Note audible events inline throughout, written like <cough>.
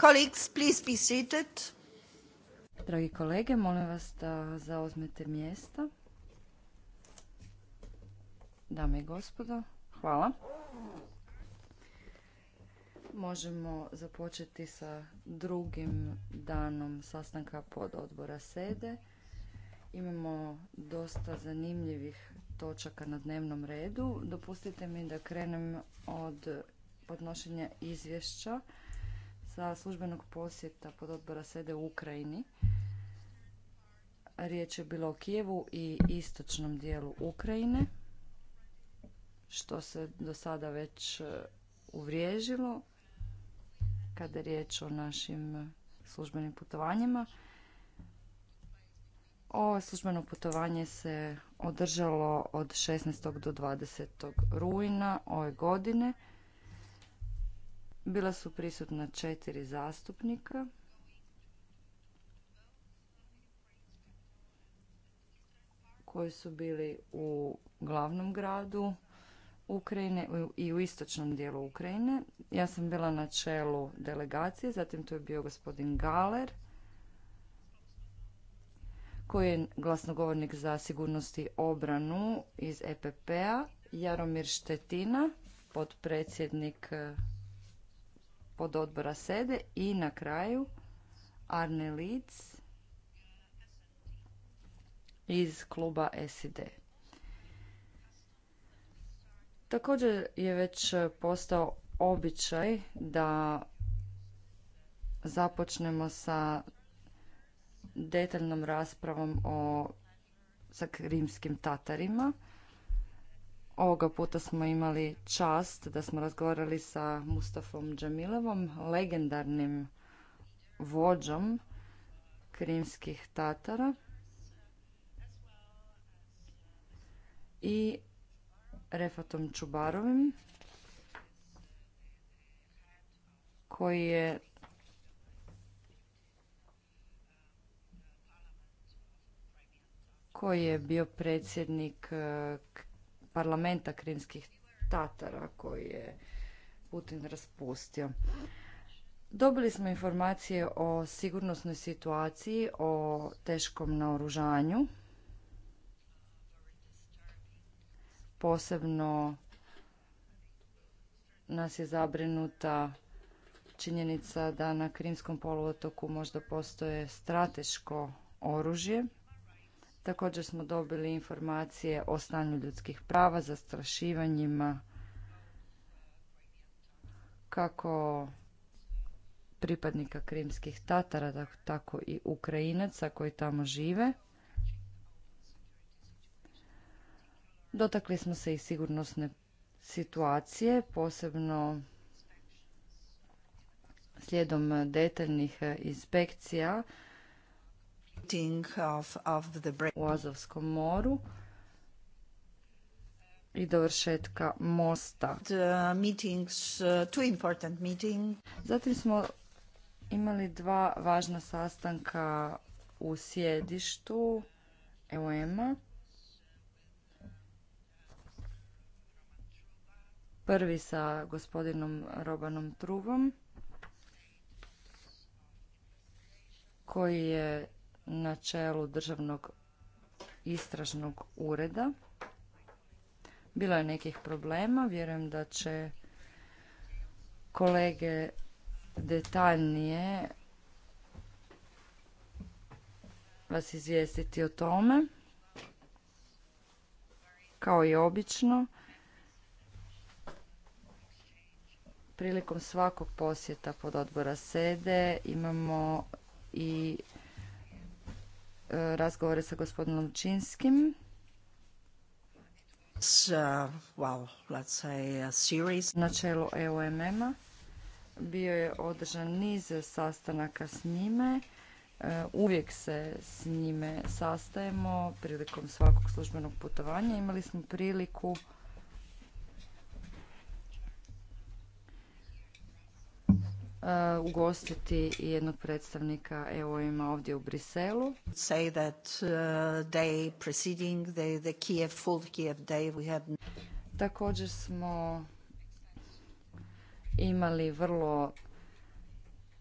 Colleagues, please Dragi kolege, molim vas da zauzmete mjesta. Dame i gospodo, hvala. Možemo započeti sa drugim danom sastanka pod odbora sede. Imamo dosta zanimljivih točaka na dnevnom redu. Dopustite mi da krenem od podnošenja izvješća sa službenog posjeta pod odbora sede u Ukrajini. Riječ je bilo o Kijevu i istočnom dijelu Ukrajine, što se do sada već e, uvriježilo kada je riječ o našim službenim putovanjima. Ovo službeno putovanje se održalo od 16. do 20. rujna ove godine. Bila su prisutna četiri zastupnika. koji su bili u glavnom gradu Ukrajine i u istočnom dijelu Ukrajine. Ja sam bila na čelu delegacije, zatim tu je bio gospodin Galer, koji je glasnogovornik za sigurnost i obranu iz EPP-a, Jaromir Štetina, potpredsjednik pod odbora sede i na kraju Arne Lidz iz kluba SID. Također je već postao običaj da započnemo sa detaljnom raspravom o sa krimskim tatarima. Ovoga puta smo imali čast da smo razgovarali sa Mustafom Džamilevom, legendarnim vođom krimskih tatara. I Refatom Čubarovim, koji je koji je bio predsjednik eh, parlamenta krimskih tatara koji je Putin raspustio. Dobili smo informacije o sigurnosnoj situaciji, o teškom naoružanju, posebno nas je zabrinuta činjenica da na Krimskom poluotoku možda postoje strateško oružje Također smo dobili informacije o stanju ljudskih prava, zastrašivanjima, kako pripadnika krimskih tatara, tako i Ukrajinaca koji tamo žive. Dotakli smo se i sigurnosne situacije, posebno slijedom detaljnih inspekcija Of, of the... u Azovskom moru i dovršetka mosta. The uh, meetings, uh, two important meeting. Zatim smo imali dva važna sastanka u sjedištu EOM-a. Prvi sa gospodinom Robanom Truvom koji je na čelu državnog istražnog ureda. Bilo je nekih problema, vjerujem da će kolege detaljnije vas izvijestiti o tome. Kao i obično, prilikom svakog posjeta pod odbora sede imamo i razgovore sa gospodinom Činskim. Na čelu eomm a bio je održan niz sastanaka s njime. E, uvijek se s njime sastajemo prilikom svakog službenog putovanja. Imali smo priliku Uh, ugostiti jednog predstavnika EU-ima ovdje u Briselu. Također smo imali vrlo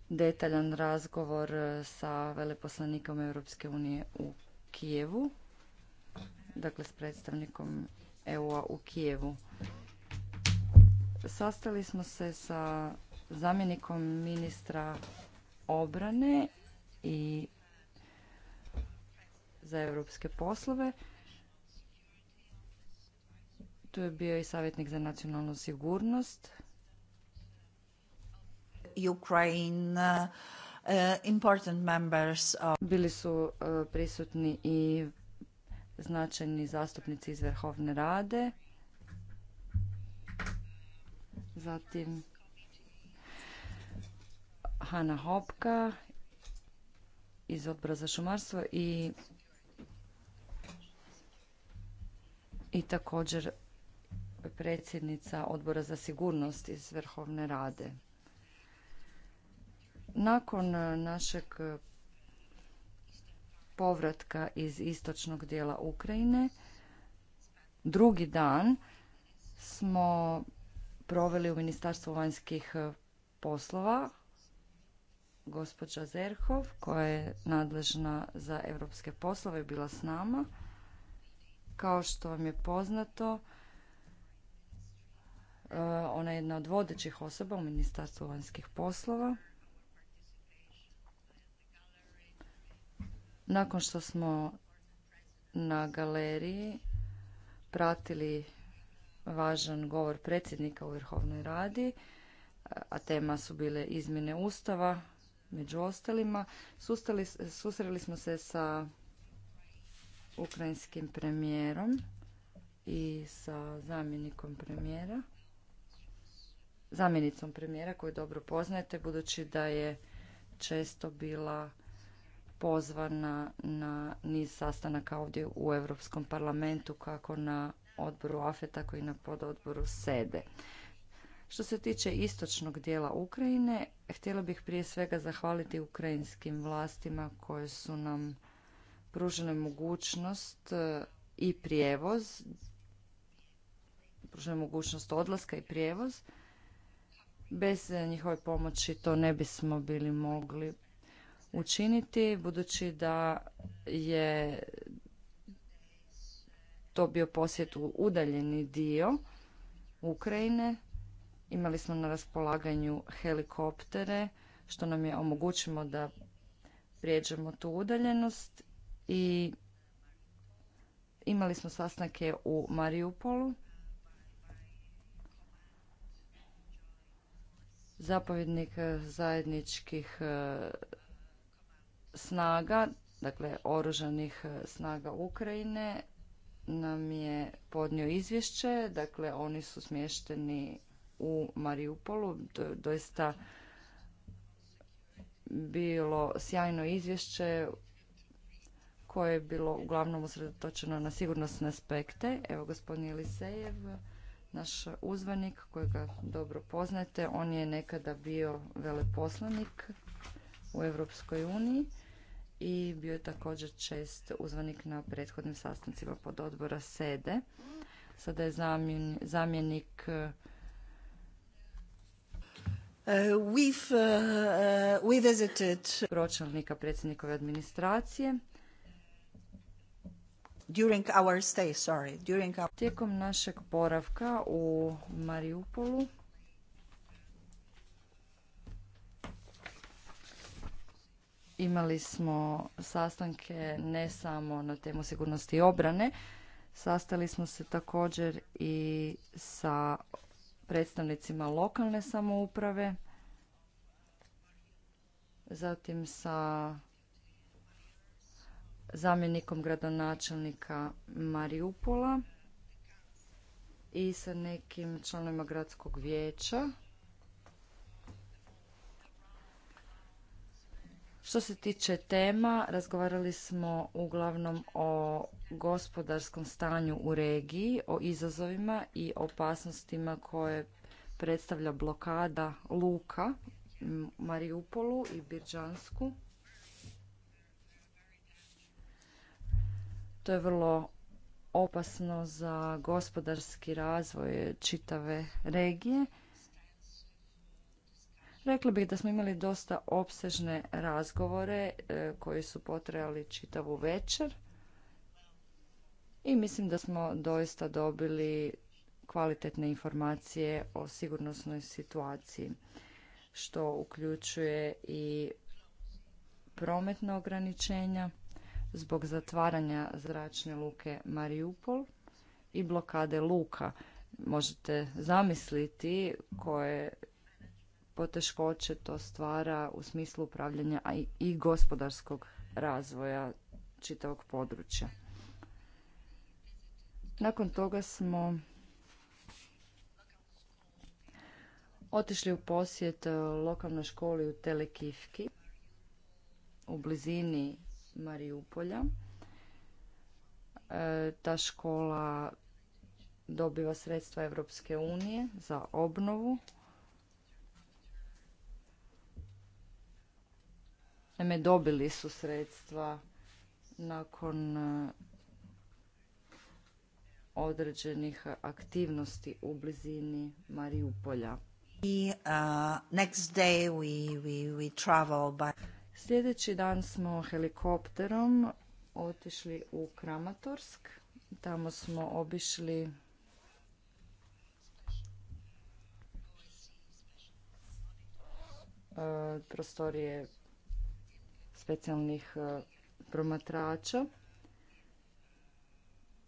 detaljan razgovor uh, sa veleposlanikom Europske unije u Kijevu, dakle s predstavnikom EU-a u Kijevu. Sastali smo se sa zamjenikom ministra obrane i za europske poslove. Tu je bio i savjetnik za nacionalnu sigurnost. Ukraine, uh, important members Bili su uh, prisutni i značajni zastupnici iz Vrhovne rade. Zatim Hanna Hopka iz odbora za šumarstvo i i također predsjednica odbora za sigurnost iz Vrhovne rade. Nakon našeg povratka iz istočnog dijela Ukrajine, drugi dan smo proveli u Ministarstvu vanjskih poslova gospođa Zerhov, koja je nadležna za europske poslove, bila s nama. Kao što vam je poznato, eh, ona je jedna od vodećih osoba u Ministarstvu vanjskih poslova. Nakon što smo na galeriji pratili važan govor predsjednika u Vrhovnoj radi, eh, a tema su bile izmjene Ustava, među ostalima. susreli smo se sa ukrajinskim premijerom i sa zamjenikom premijera, zamjenicom premijera koju dobro poznajete, budući da je često bila pozvana na niz sastanaka ovdje u Europskom parlamentu, kako na odboru AFE, tako i na pododboru SEDE. Što se tiče istočnog dijela Ukrajine, htjela bih prije svega zahvaliti ukrajinskim vlastima koje su nam pružile mogućnost e, i prijevoz, pružile mogućnost odlaska i prijevoz. Bez njihove pomoći to ne bismo bili mogli učiniti, budući da je to bio posjet u udaljeni dio Ukrajine, Imali smo na raspolaganju helikoptere, što nam je omogućimo da prijeđemo tu udaljenost i imali smo sastanke u Mariupolu. Zapovjednik e, zajedničkih e, snaga, dakle oružanih e, snaga Ukrajine, nam je podnio izvješće, dakle oni su smješteni u Mariupolu. To je doista bilo sjajno izvješće koje je bilo uglavnom usredotočeno na sigurnosne aspekte. Evo gospodin Elisejev, naš uzvanik kojega dobro poznajete, on je nekada bio veleposlanik u Europskoj uniji i bio je također čest uzvanik na prethodnim sastancima pod odbora SEDE. Sada je zamjenik Uh, uh, uh, we pročelnika predsjednikove administracije. During our stay, sorry. During Tijekom našeg boravka u Mariupolu imali smo sastanke ne samo na temu sigurnosti i obrane, sastali smo se također i sa predstavnicima lokalne samouprave, zatim sa zamjenikom gradonačelnika Mariupola i sa nekim članovima gradskog vijeća Što se tiče tema, razgovarali smo uglavnom o gospodarskom stanju u regiji, o izazovima i opasnostima koje predstavlja blokada luka Mariupolu i Birđansku. To je vrlo opasno za gospodarski razvoj čitave regije Rekla bih da smo imali dosta opsežne razgovore e, koji su potrajali čitavu večer i mislim da smo doista dobili kvalitetne informacije o sigurnosnoj situaciji, što uključuje i prometna ograničenja zbog zatvaranja zračne luke Mariupol i blokade luka. Možete zamisliti koje poteškoće to stvara u smislu upravljanja i gospodarskog razvoja čitavog područja. Nakon toga smo otišli u posjet e, lokalnoj školi u Telekivki u blizini Marijupolja. E, ta škola dobiva sredstva Europske unije za obnovu Naime, dobili su sredstva nakon e, određenih aktivnosti u blizini Marijupolja. I, e, next day Sljedeći dan smo helikopterom otišli u Kramatorsk. Tamo smo obišli e, prostorije specijalnih e, promatrača.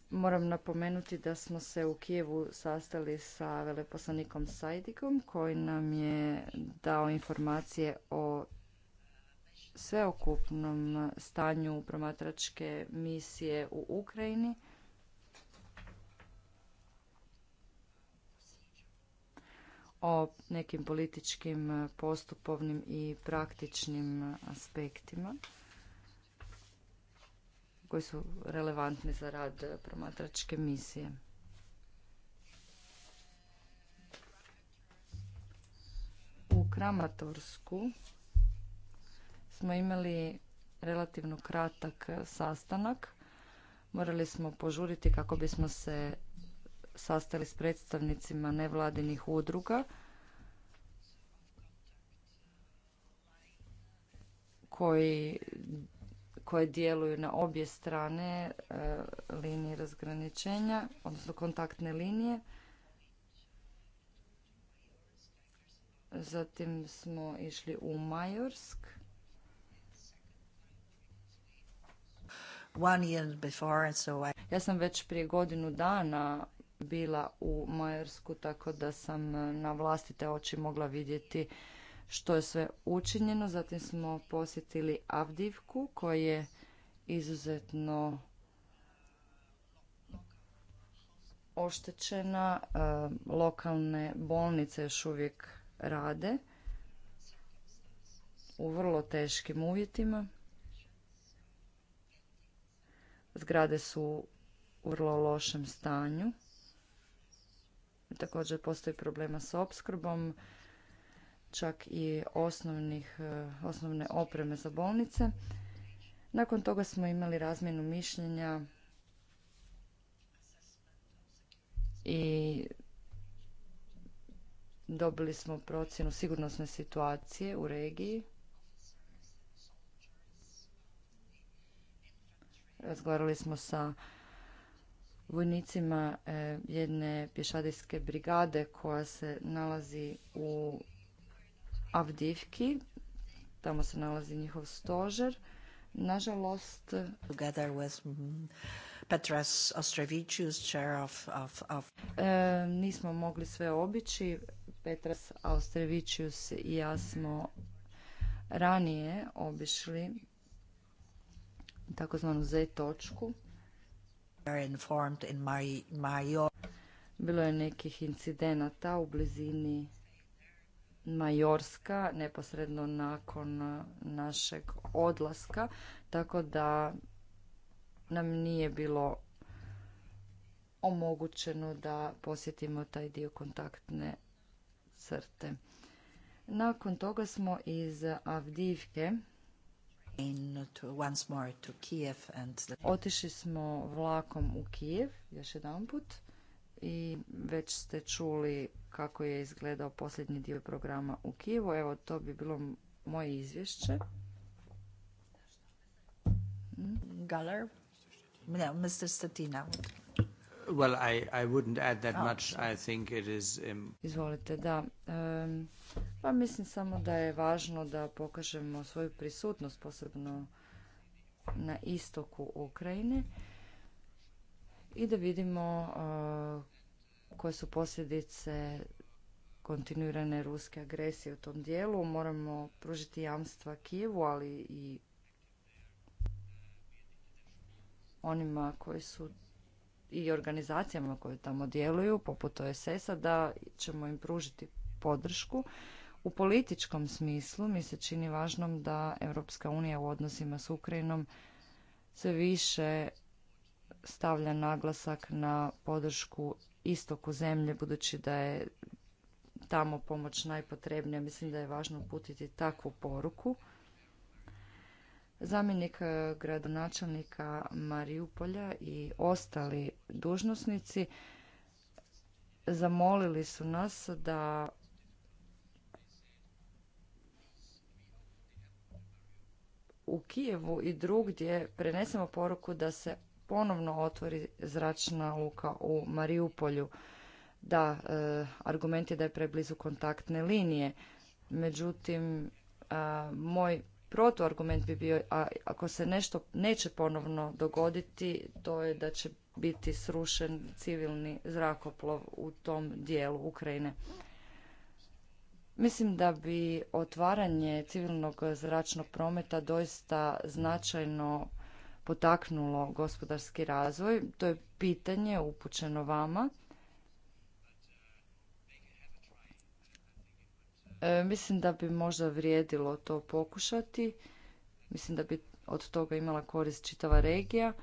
Moram napomenuti da smo se u Kijevu sastali sa veleposlanikom Sajdikom koji nam je dao informacije o sveokupnom stanju promatračke misije u Ukrajini o nekim političkim, e, postupovnim i praktičnim aspektima koji su relevantni za rad promatračke misije. U Kramatorsku smo imali relativno kratak sastanak. Morali smo požuriti kako bismo se sastali s predstavnicima nevladinih udruga koji, koje djeluju na obje strane e, linije razgraničenja, odnosno kontaktne linije. Zatim smo išli u Majorsk. Ja sam već prije godinu dana bila u Mojersku tako da sam e, na vlastite oči mogla vidjeti što je sve učinjeno. Zatim smo posjetili Avdivku koja je izuzetno oštećena. E, lokalne bolnice još uvijek rade u vrlo teškim uvjetima. Zgrade su u vrlo lošem stanju. Također postoji problema s opskrbom, čak i osnovnih, e, osnovne opreme za bolnice. Nakon toga smo imali razmjenu mišljenja i dobili smo procjenu sigurnosne situacije u regiji. Razgovarali smo sa vojnicima e, jedne pješadijske brigade koja se nalazi u Avdivki. Tamo se nalazi njihov stožer. Nažalost, mm, chair of, e, nismo mogli sve obići. Petras Austrevićus i ja smo ranije obišli takozvanu Z točku bilo je nekih incidenata u blizini Majorska neposredno nakon e, našeg odlaska, tako da nam nije bilo omogućeno da posjetimo taj dio kontaktne crte. Nakon toga smo iz Avdivke Otišli smo vlakom u Kijev, još jedan put, i već ste čuli kako je izgledao posljednji dio programa u Kijevu. Evo, to bi bilo moje izvješće. Galer? Mr. Statina. Izvolite, da. Pa mislim samo da je važno da pokažemo svoju prisutnost, posebno na istoku Ukrajine i da vidimo koje su posljedice kontinuirane ruske agresije u tom dijelu. Moramo pružiti jamstva Kijevu, ali i onima koji su i organizacijama koje tamo djeluju, poput OSS-a, da ćemo im pružiti podršku. U političkom smislu mi se čini važnom da Europska unija u odnosima s Ukrajinom sve više stavlja naglasak na podršku istoku zemlje, budući da je tamo pomoć najpotrebnija. Mislim da je važno uputiti takvu poruku zamjenik e, gradonačelnika Marijupolja i ostali dužnosnici zamolili su nas da u Kijevu i drugdje prenesemo poruku da se ponovno otvori zračna luka u mariupolju Da, e, argument je da je preblizu kontaktne linije. Međutim, moj protuargument bi bio, a ako se nešto neće ponovno dogoditi, to je da će biti srušen civilni zrakoplov u tom dijelu Ukrajine. Mislim da bi otvaranje civilnog zračnog prometa doista značajno potaknulo gospodarski razvoj. To je pitanje upućeno vama E, mislim da bi možda vrijedilo to pokušati. Mislim da bi od toga imala korist čitava regija.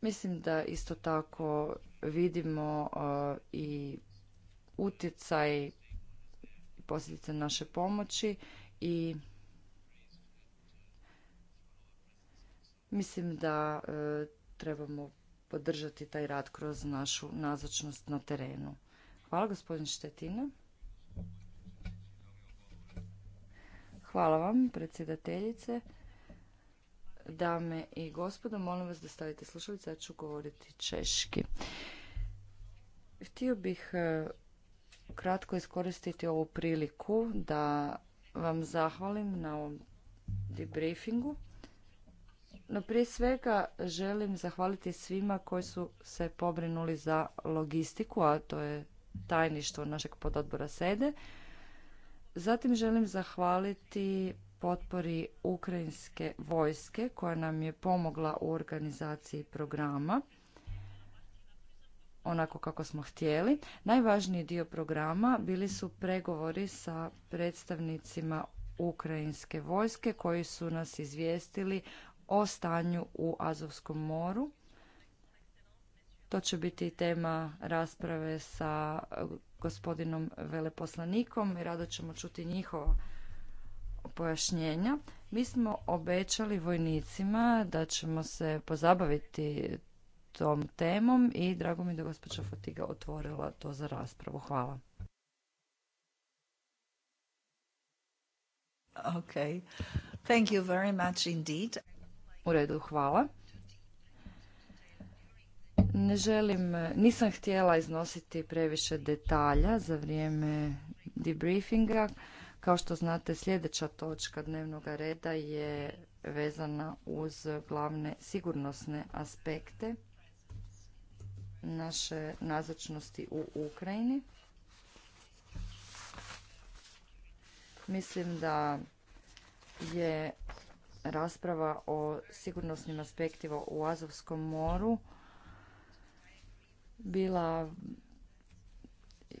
Mislim da isto tako vidimo e, i utjecaj posljedice naše pomoći i mislim da e, trebamo podržati taj rad kroz našu nazočnost na terenu. Hvala gospodin Štetina. Hvala vam, predsjedateljice. Dame i gospodo, molim vas da stavite slušalice, ja ću govoriti češki. Htio bih e, kratko iskoristiti ovu priliku da vam zahvalim na ovom debriefingu. No prije svega želim zahvaliti svima koji su se pobrinuli za logistiku, a to je tajništvo našeg pododbora SEDE. Zatim želim zahvaliti potpori ukrajinske vojske koja nam je pomogla u organizaciji programa onako kako smo htjeli. Najvažniji dio programa bili su pregovori sa predstavnicima ukrajinske vojske koji su nas izvijestili o stanju u Azovskom moru. To će biti tema rasprave sa eh, gospodinom veleposlanikom i rado ćemo čuti njihova pojašnjenja. Mi smo obećali vojnicima da ćemo se pozabaviti tom temom i drago mi da gospođa Fotiga otvorila to za raspravu. Hvala. Okay. Thank you very much indeed. U redu, hvala. Ne želim, nisam htjela iznositi previše detalja za vrijeme debriefinga. Kao što znate, sljedeća točka dnevnog reda je vezana uz glavne sigurnosne aspekte naše nazočnosti u Ukrajini. Mislim da je rasprava o sigurnosnim aspektima u Azovskom moru bila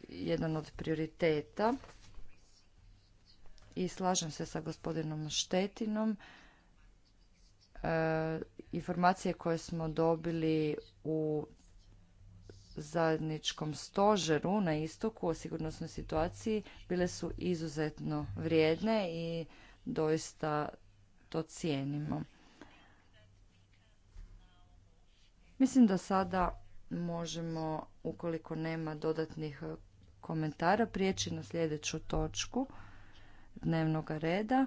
jedan od prioriteta i slažem se sa gospodinom Štetinom. E, informacije koje smo dobili u zajedničkom stožeru na istoku o sigurnosnoj situaciji bile su izuzetno vrijedne i doista to cijenimo. Mislim da sada možemo, ukoliko nema dodatnih komentara, prijeći na sljedeću točku dnevnog reda,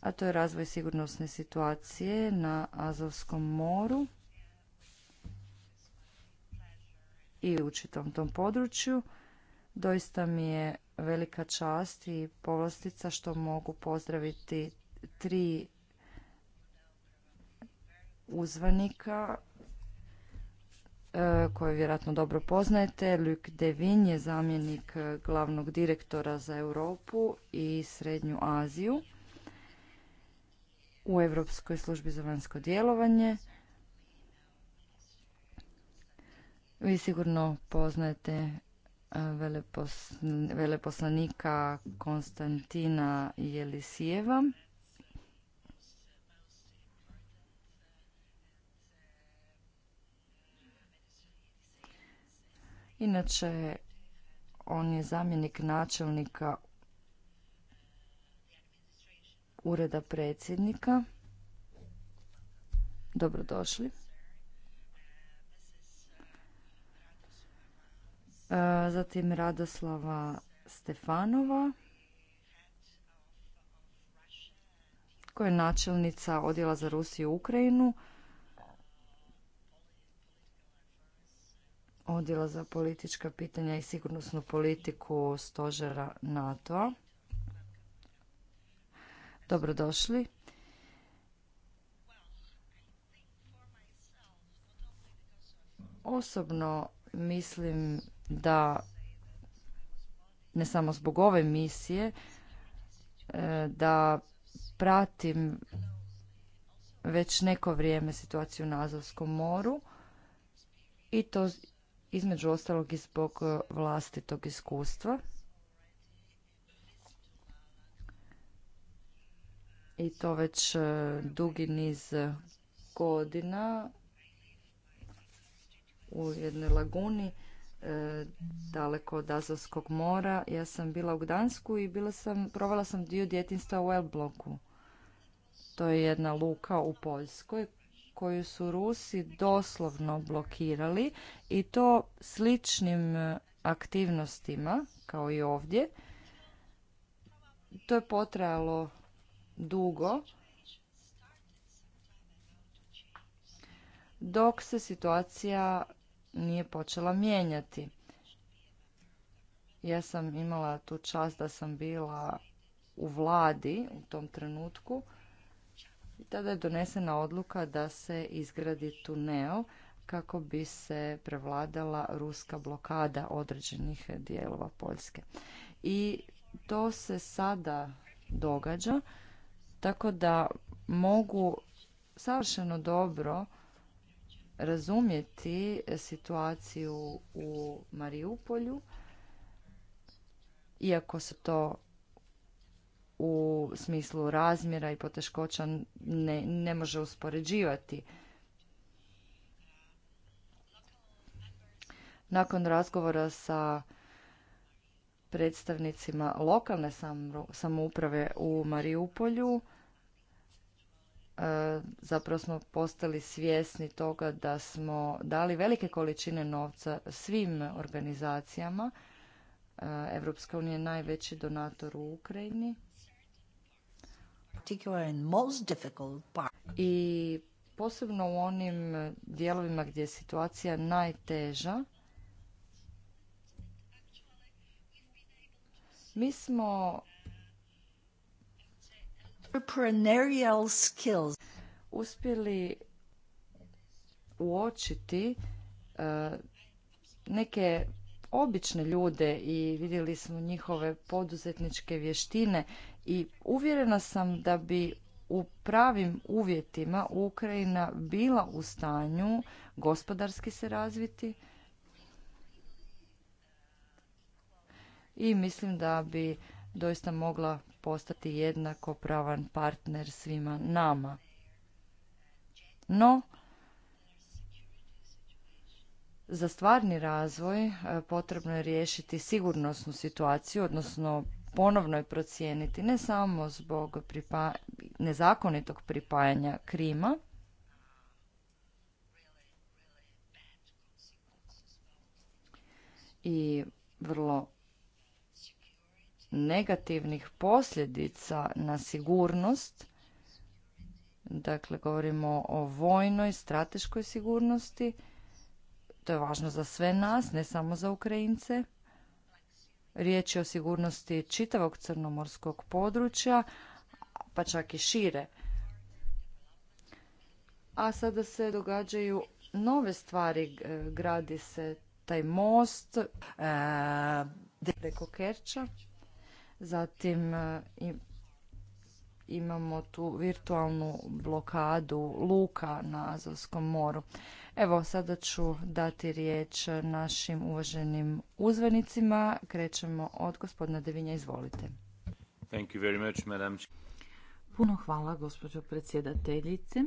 a to je razvoj sigurnosne situacije na Azovskom moru i u čitom tom području. Doista mi je velika čast i povlastica što mogu pozdraviti tri uzvanika e, koje vjerojatno dobro poznajete. Luc Devin je zamjenik glavnog direktora za Europu i Srednju Aziju u Europskoj službi za vanjsko djelovanje. Vi sigurno poznajete e, veleposlanika Konstantina Jelisijeva. Inače, on je zamjenik načelnika ureda predsjednika. Dobrodošli. E, zatim Radoslava Stefanova, koja je načelnica odjela za Rusiju i Ukrajinu. odjela za politička pitanja i sigurnosnu politiku stožera NATO-a. Dobrodošli. Osobno mislim da ne samo zbog ove misije e, da pratim već neko vrijeme situaciju na Azovskom moru i to između ostalog i zbog e, vlastitog iskustva. I to već e, dugi niz godina u jednoj laguni e, daleko od Azovskog mora. Ja sam bila u Gdansku i bila sam, provela sam dio djetinstva u Elbloku. To je jedna luka u Poljskoj koju su Rusi doslovno blokirali i to sličnim e, aktivnostima kao i ovdje. To je potrajalo dugo dok se situacija nije počela mijenjati. Ja sam imala tu čast da sam bila u vladi u tom trenutku i tada je donesena odluka da se izgradi tunel kako bi se prevladala ruska blokada određenih dijelova Poljske. I to se sada događa, tako da mogu savršeno dobro razumjeti situaciju u Marijupolju, iako se to u smislu razmjera i poteškoća ne, može uspoređivati. Nakon razgovora sa predstavnicima lokalne samouprave u Marijupolju e, zapravo smo postali svjesni toga da smo dali velike količine novca svim organizacijama. E, Evropska unija je najveći donator u Ukrajini i posebno u onim dijelovima gdje je situacija najteža, mi smo skills uspjeli uočiti e, neke obične ljude i vidjeli smo njihove poduzetničke vještine i uvjerena sam da bi u pravim uvjetima Ukrajina bila u stanju gospodarski se razviti i mislim da bi doista mogla postati jednako pravan partner svima nama. No, za stvarni razvoj e, potrebno je riješiti sigurnosnu situaciju, odnosno ponovno je procijeniti ne samo zbog nezakonitog pripajanja Krima, i vrlo negativnih posljedica na sigurnost. Dakle, govorimo o vojnoj, strateškoj sigurnosti. To je važno za sve nas, ne samo za Ukrajince. Riječ je o sigurnosti čitavog crnomorskog područja, pa čak i šire. A sada se događaju nove stvari, gradi se taj most e, preko Kerča, zatim e, imamo tu virtualnu blokadu luka na Azovskom moru. Evo, sada ću dati riječ našim uvaženim uzvanicima. Krećemo od gospodina Devinja, izvolite. Thank you very much, madam. Puno hvala, gospođo predsjedateljice.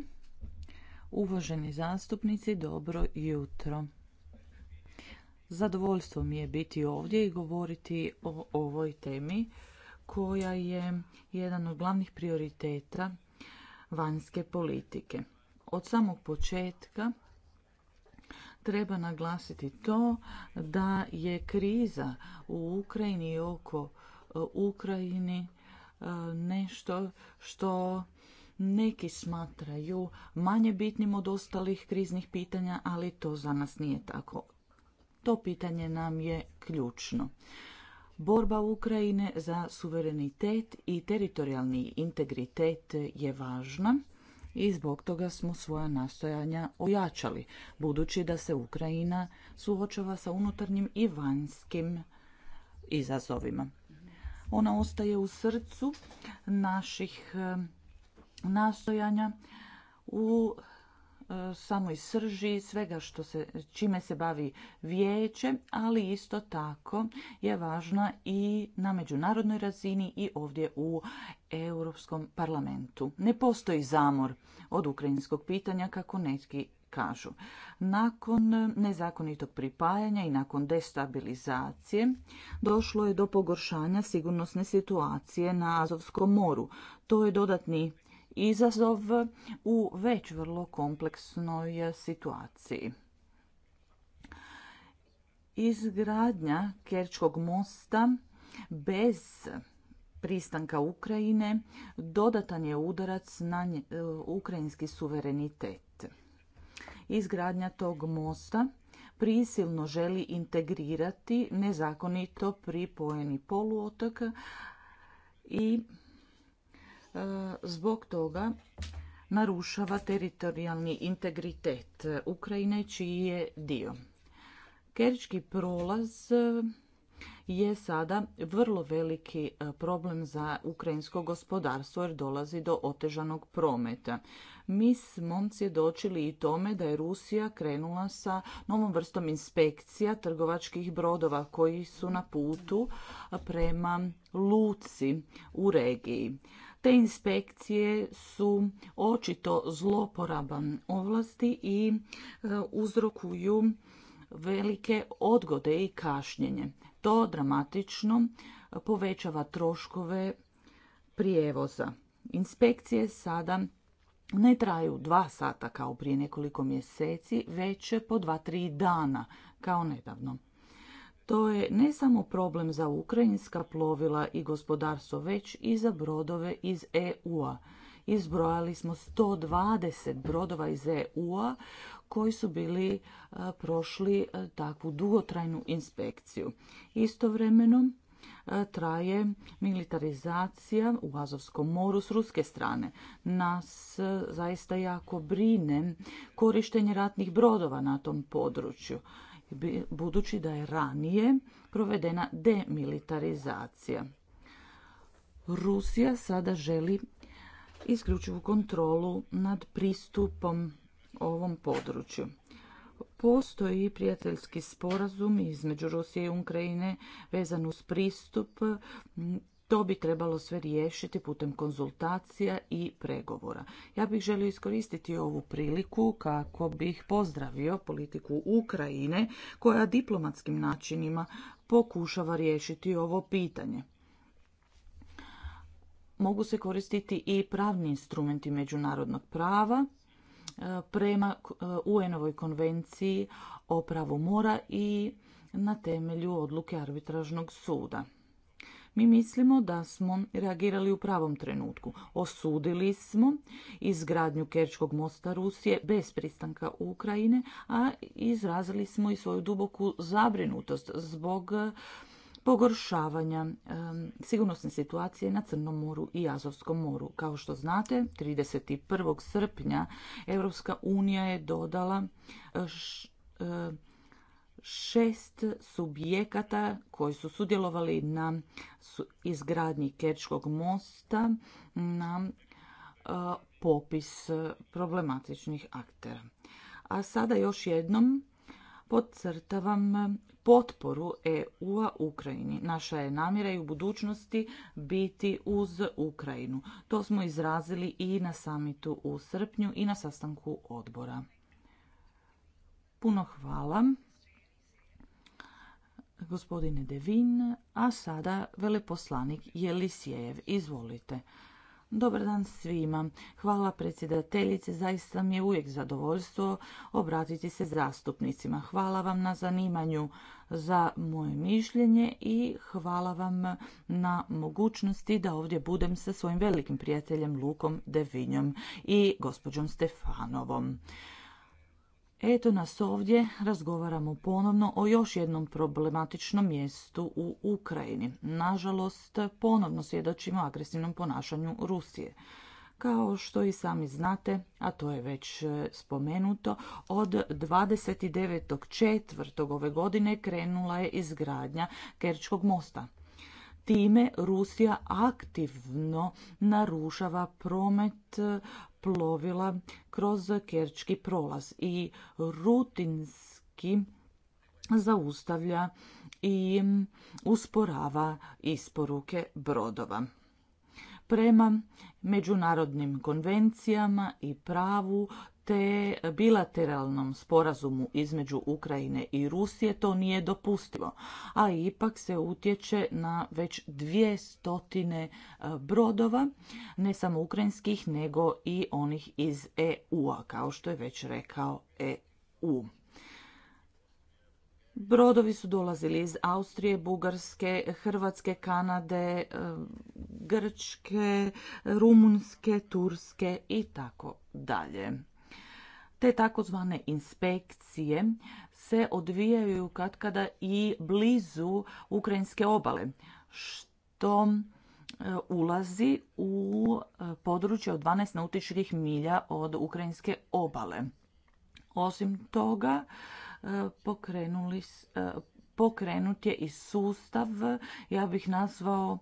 Uvaženi zastupnici, dobro jutro. Zadovoljstvo mi je biti ovdje i govoriti o ovoj temi koja je jedan od glavnih prioriteta vanjske politike. Od samog početka treba naglasiti to da je kriza u Ukrajini i oko e, Ukrajini e, nešto što neki smatraju manje bitnim od ostalih kriznih pitanja, ali to za nas nije tako. To pitanje nam je ključno. Borba Ukrajine za suverenitet i teritorijalni integritet je važna i zbog toga smo svoja nastojanja ojačali, budući da se Ukrajina suočava sa unutarnjim i vanjskim izazovima. Ona ostaje u srcu naših eh, nastojanja u E, samoj srži svega što se, čime se bavi vijeće, ali isto tako je važna i na međunarodnoj razini i ovdje u Europskom parlamentu. Ne postoji zamor od ukrajinskog pitanja kako neki kažu. Nakon nezakonitog pripajanja i nakon destabilizacije došlo je do pogoršanja sigurnosne situacije na Azovskom moru. To je dodatni izazov u već vrlo kompleksnoj situaciji. Izgradnja Kerčkog mosta bez pristanka Ukrajine dodatan je udarac na e, ukrajinski suverenitet. Izgradnja tog mosta prisilno želi integrirati nezakonito pripojeni poluotok i E, zbog toga narušava teritorijalni integritet Ukrajine čiji je dio. Kerički prolaz e, je sada vrlo veliki e, problem za ukrajinsko gospodarstvo jer dolazi do otežanog prometa. Mi smo svjedočili i tome da je Rusija krenula sa novom vrstom inspekcija trgovačkih brodova koji su na putu prema luci u regiji. Te inspekcije su očito zloporaban ovlasti i e, uzrokuju velike odgode i kašnjenje. To dramatično povećava troškove prijevoza. Inspekcije sada ne traju dva sata kao prije nekoliko mjeseci, već po dva, tri dana kao nedavno. To je ne samo problem za ukrajinska plovila i gospodarstvo, već i za brodove iz EU-a. Izbrojali smo 120 brodova iz EU-a koji su bili e, prošli e, takvu dugotrajnu inspekciju. Istovremeno e, traje militarizacija u Azovskom moru s ruske strane. Nas zaista jako brine korištenje ratnih brodova na tom području budući da je ranije provedena demilitarizacija. Rusija sada želi isključivu kontrolu nad pristupom ovom području. Postoji prijateljski sporazum između Rusije i Ukrajine vezan uz pristup to bi trebalo sve riješiti putem konzultacija i pregovora. Ja bih želio iskoristiti ovu priliku kako bih pozdravio politiku Ukrajine koja diplomatskim načinima pokušava riješiti ovo pitanje. Mogu se koristiti i pravni instrumenti međunarodnog prava e, prema e, UN-ovoj konvenciji o pravu mora i na temelju odluke arbitražnog suda. Mi mislimo da smo reagirali u pravom trenutku. Osudili smo izgradnju Kerčkog mosta Rusije bez pristanka Ukrajine, a izrazili smo i svoju duboku zabrinutost zbog eh, pogoršavanja sigurnosne situacije na Crnom moru i Azovskom moru. Kao što znate, 31. srpnja Europska unija je dodala eh, eh, šest subjekata koji su sudjelovali na izgradnji Kečkog mosta na e, popis problematičnih aktera. A sada još jednom podcrtavam potporu EU-a Ukrajini. Naša je namjera i u budućnosti biti uz Ukrajinu. To smo izrazili i na samitu u srpnju i na sastanku odbora. Puno hvala gospodine Devin, a sada veleposlanik Jelisijev. Izvolite. Dobar dan svima. Hvala predsjedateljice, zaista mi je uvijek zadovoljstvo obratiti se zastupnicima. Hvala vam na zanimanju za moje mišljenje i hvala vam na mogućnosti da ovdje budem sa svojim velikim prijateljem Lukom Devinjom i gospođom Stefanovom. Eto nas ovdje razgovaramo ponovno o još jednom problematičnom mjestu u Ukrajini. Nažalost, ponovno svjedočimo agresivnom ponašanju Rusije. Kao što i sami znate, a to je već e, spomenuto, od 29.4. ove godine krenula je izgradnja Kerčkog mosta. Time Rusija aktivno narušava promet e, plovila kroz Kerčki prolaz i rutinski zaustavlja i usporava isporuke brodova. Prema međunarodnim konvencijama i pravu te bilateralnom sporazumu između Ukrajine i Rusije to nije dopustivo, a ipak se utječe na već dvije stotine e, brodova, ne samo ukrajinskih, nego i onih iz EU-a, kao što je već rekao EU. Brodovi su dolazili iz Austrije, Bugarske, Hrvatske, Kanade, e, Grčke, Rumunske, Turske i tako dalje. Te takozvane inspekcije se odvijaju katkada i blizu ukrajinske obale, što e, ulazi u e, područje od 12 nautičkih milja od ukrajinske obale. Osim toga, e, pokrenuli, pokrenut je i sustav, ja bih nazvao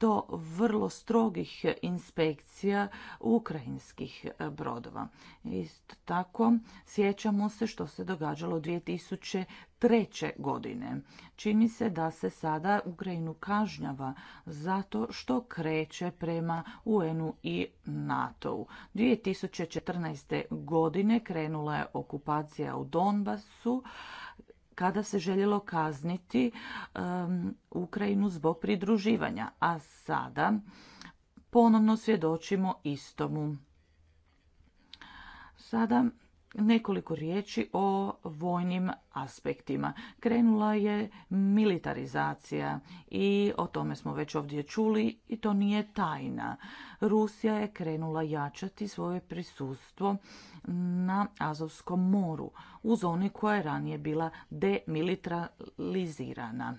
do vrlo strogih inspekcija ukrajinskih e, brodova. Isto tako sjećamo se što se događalo 2003. godine. Čini se da se sada Ukrajinu kažnjava zato što kreće prema UN-u i NATO-u. 2014. godine krenula je okupacija u Donbasu, kada se željelo kazniti Ukrajinu zbog pridruživanja, a sada ponovno svjedočimo istomu. Sada Nekoliko riječi o vojnim aspektima. Krenula je militarizacija i o tome smo već ovdje čuli i to nije tajna. Rusija je krenula jačati svoje prisustvo na Azovskom moru u zoni koja je ranije bila demilitarizirana.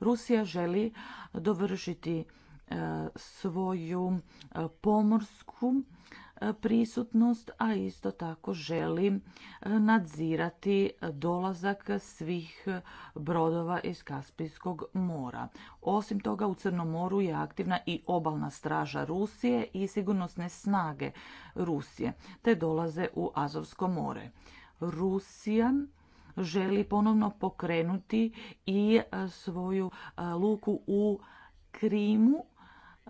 Rusija želi dovršiti e, svoju e, pomorsku prisutnost, a isto tako želi e, nadzirati dolazak svih brodova iz Kaspijskog mora. Osim toga u Crnom moru je aktivna i obalna straža Rusije i sigurnosne snage Rusije, te dolaze u Azovsko more. Rusija želi ponovno pokrenuti i e, svoju e, luku u Krimu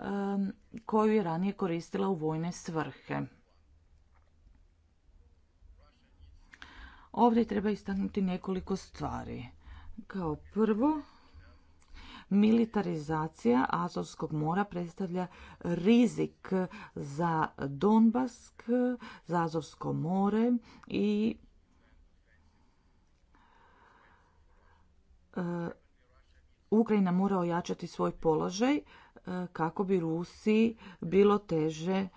Um, koju je ranije koristila u vojne svrhe. Ovdje treba istaknuti nekoliko stvari. Kao prvo, militarizacija Azovskog mora predstavlja rizik za Donbask, za Azovsko more i uh, Ukrajina mora ojačati svoj položaj kako bi Rusiji bilo teže e,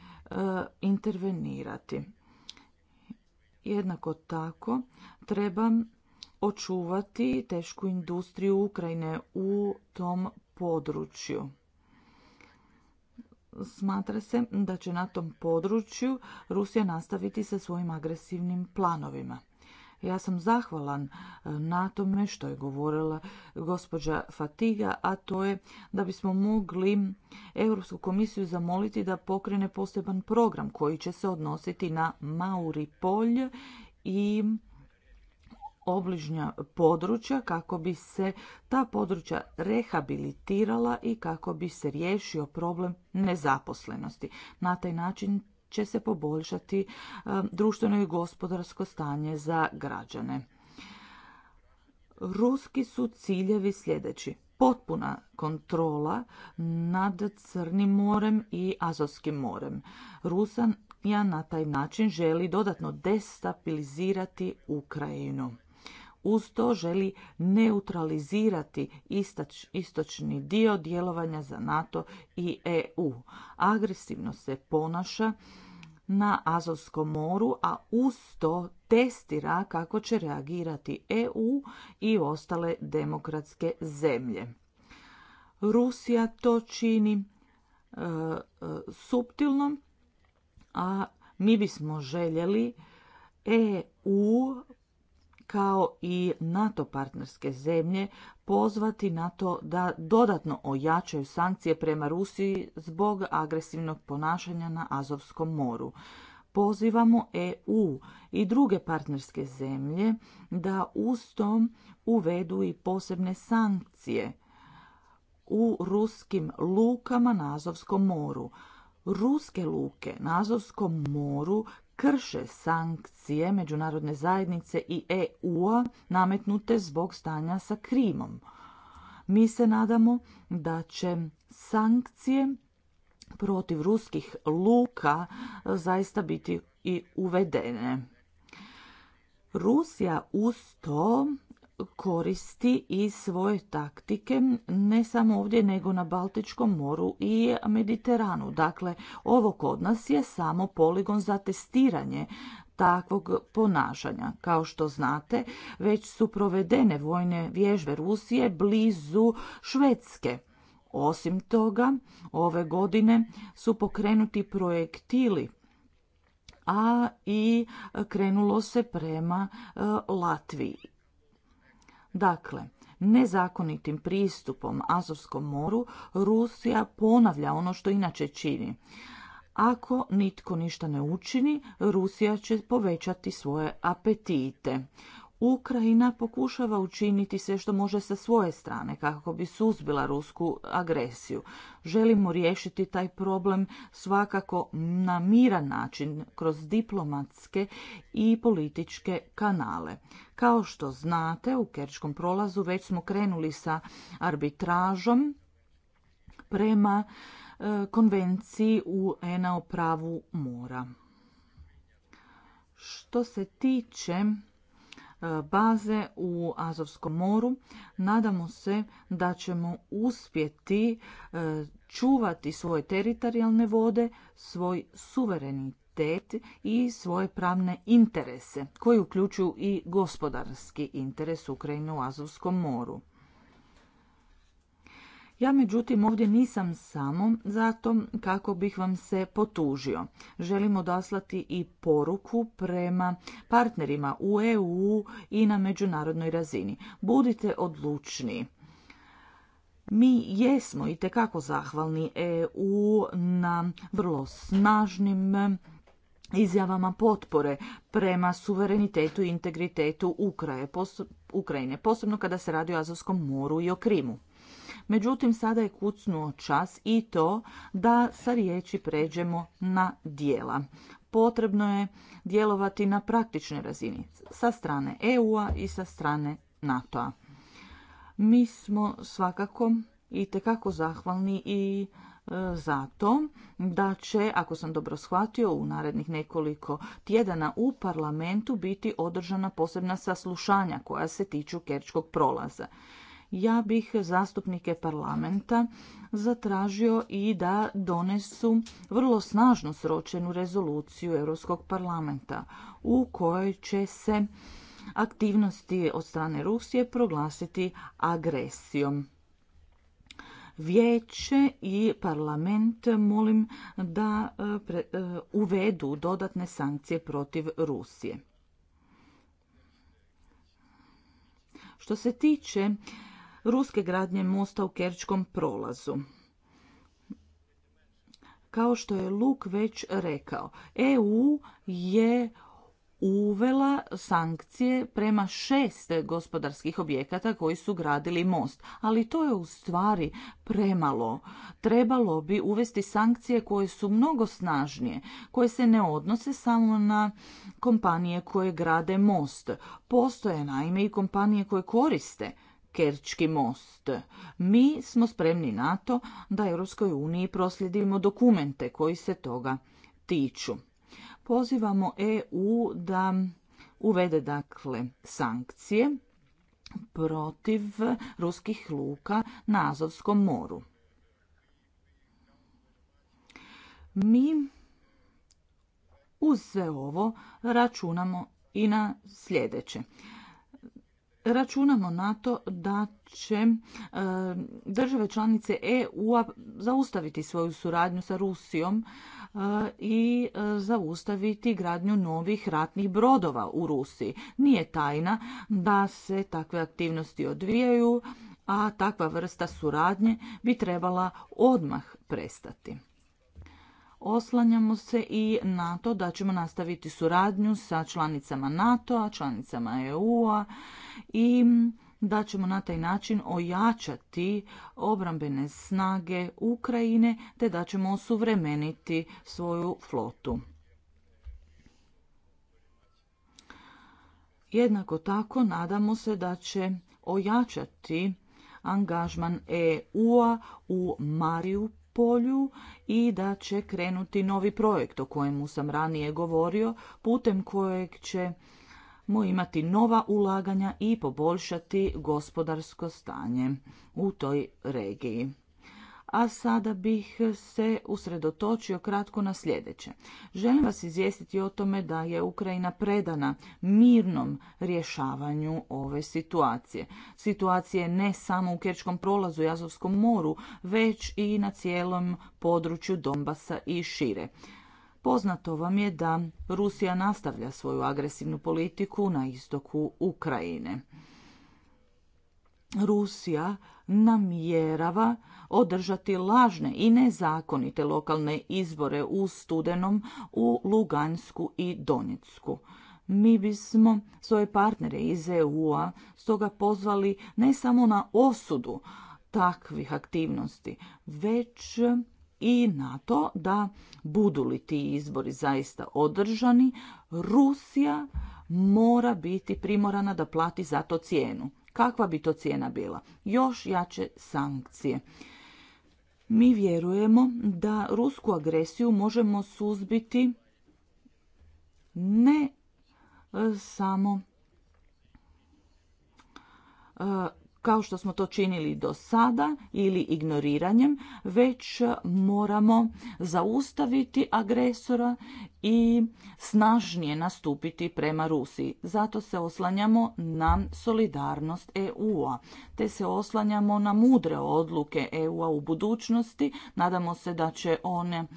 intervenirati. Jednako tako treba očuvati tešku industriju Ukrajine u tom području. Smatra se da će na tom području Rusija nastaviti sa svojim agresivnim planovima. Ja sam zahvalan e, na tome što je govorila gospođa Fatiga, a to je da bismo mogli Europsku komisiju zamoliti da pokrene poseban program koji će se odnositi na Mauri polj i obližnja područja kako bi se ta područja rehabilitirala i kako bi se riješio problem nezaposlenosti. Na taj način će se poboljšati e, društveno i gospodarsko stanje za građane. Ruski su ciljevi sljedeći. Potpuna kontrola nad Crnim morem i Azovskim morem. Rusan ja na taj način želi dodatno destabilizirati Ukrajinu. Uz to želi neutralizirati istočni dio djelovanja za NATO i EU. Agresivno se ponaša na Azovskom moru, a uz to testira kako će reagirati EU i ostale demokratske zemlje. Rusija to čini e, e suptilno, a mi bismo željeli EU kao i NATO partnerske zemlje pozvati na to da dodatno ojačaju sankcije prema Rusiji zbog agresivnog ponašanja na Azovskom moru. Pozivamo EU i druge partnerske zemlje da uz to uvedu i posebne sankcije u ruskim lukama na Azovskom moru. Ruske luke na Azovskom moru krše sankcije međunarodne zajednice i EU-a nametnute zbog stanja sa Krimom. Mi se nadamo da će sankcije protiv ruskih luka e, zaista biti i uvedene. Rusija uz to koristi i svoje taktike ne samo ovdje nego na Baltičkom moru i Mediteranu. Dakle, ovo kod nas je samo poligon za testiranje takvog ponašanja. Kao što znate, već su provedene vojne vježbe Rusije blizu Švedske. Osim toga, ove godine su pokrenuti projektili a i krenulo se prema e, Latviji. Dakle, nezakonitim pristupom Azovskom moru Rusija ponavlja ono što inače čini. Ako nitko ništa ne učini, Rusija će povećati svoje apetite. Ukrajina pokušava učiniti sve što može sa svoje strane kako bi suzbila rusku agresiju. Želimo riješiti taj problem svakako na miran način kroz diplomatske i političke kanale. Kao što znate, u Kerčkom prolazu već smo krenuli sa arbitražom prema e, konvenciji u a o pravu mora. Što se tiče E, baze u Azovskom moru. Nadamo se da ćemo uspjeti e, čuvati svoje teritorijalne vode, svoj suverenitet i svoje pravne interese koji uključuju i gospodarski interes Ukrajine u Azovskom moru. Ja međutim ovdje nisam samo zato kako bih vam se potužio. Želim odaslati i poruku prema partnerima u EU i na međunarodnoj razini. Budite odlučni. Mi jesmo i tekako zahvalni EU na vrlo snažnim izjavama potpore prema suverenitetu i integritetu Ukraje, Ukrajine, posebno kada se radi o Azovskom moru i o Krimu. Međutim, sada je kucnuo čas i to da sa riječi pređemo na dijela. Potrebno je djelovati na praktičnoj razini sa strane EU-a i sa strane NATO-a. Mi smo svakako i tekako zahvalni i e, zato da će, ako sam dobro shvatio, u narednih nekoliko tjedana u parlamentu biti održana posebna saslušanja koja se tiču Kerčkog prolaza ja bih zastupnike parlamenta zatražio i da donesu vrlo snažno sročenu rezoluciju Europskog parlamenta u kojoj će se aktivnosti od strane Rusije proglasiti agresijom. Vijeće i parlament molim da e, e, uvedu dodatne sankcije protiv Rusije. Što se tiče ruske gradnje mosta u Kerčkom prolazu. Kao što je Luk već rekao, EU je uvela sankcije prema šest gospodarskih objekata koji su gradili most. Ali to je u stvari premalo. Trebalo bi uvesti sankcije koje su mnogo snažnije, koje se ne odnose samo na kompanije koje grade most. Postoje naime i kompanije koje koriste Kerčki most. Mi smo spremni na to da Europskoj uniji proslijedimo dokumente koji se toga tiču. Pozivamo EU da uvede dakle sankcije protiv ruskih luka na Azovskom moru. Mi uz sve ovo računamo i na sljedeće računamo na to da će e, države članice eu zaustaviti svoju suradnju sa Rusijom e, i e, zaustaviti gradnju novih ratnih brodova u Rusiji. Nije tajna da se takve aktivnosti odvijaju, a takva vrsta suradnje bi trebala odmah prestati. Oslanjamo se i na to da ćemo nastaviti suradnju sa članicama NATO-a, članicama EU-a i da ćemo na taj način ojačati obrambene snage Ukrajine te da ćemo osuvremeniti svoju flotu. Jednako tako nadamo se da će ojačati angažman EU-a u Mariju polju i da će krenuti novi projekt o kojemu sam ranije govorio, putem kojeg ćemo imati nova ulaganja i poboljšati gospodarsko stanje u toj regiji a sada bih se usredotočio kratko na sljedeće. Želim vas izvijestiti o tome da je Ukrajina predana mirnom rješavanju ove situacije. Situacije ne samo u Kerčkom prolazu i Azovskom moru, već i na cijelom području Donbasa i šire. Poznato vam je da Rusija nastavlja svoju agresivnu politiku na istoku Ukrajine. Rusija namjerava održati lažne i nezakonite lokalne izbore u studenom u Lugansku i Donjecku. Mi bismo svoje partnere iz EU-a stoga pozvali ne samo na osudu takvih aktivnosti, već i na to da budu li ti izbori zaista održani, Rusija mora biti primorana da plati za to cijenu. Kakva bi to cijena bila? Još jače sankcije. Mi vjerujemo da rusku agresiju možemo suzbiti ne e, samo e, kao što smo to činili do sada ili ignoriranjem, već moramo zaustaviti agresora i snažnije nastupiti prema Rusiji. Zato se oslanjamo na solidarnost EU-a, te se oslanjamo na mudre odluke EU-a u budućnosti. Nadamo se da će one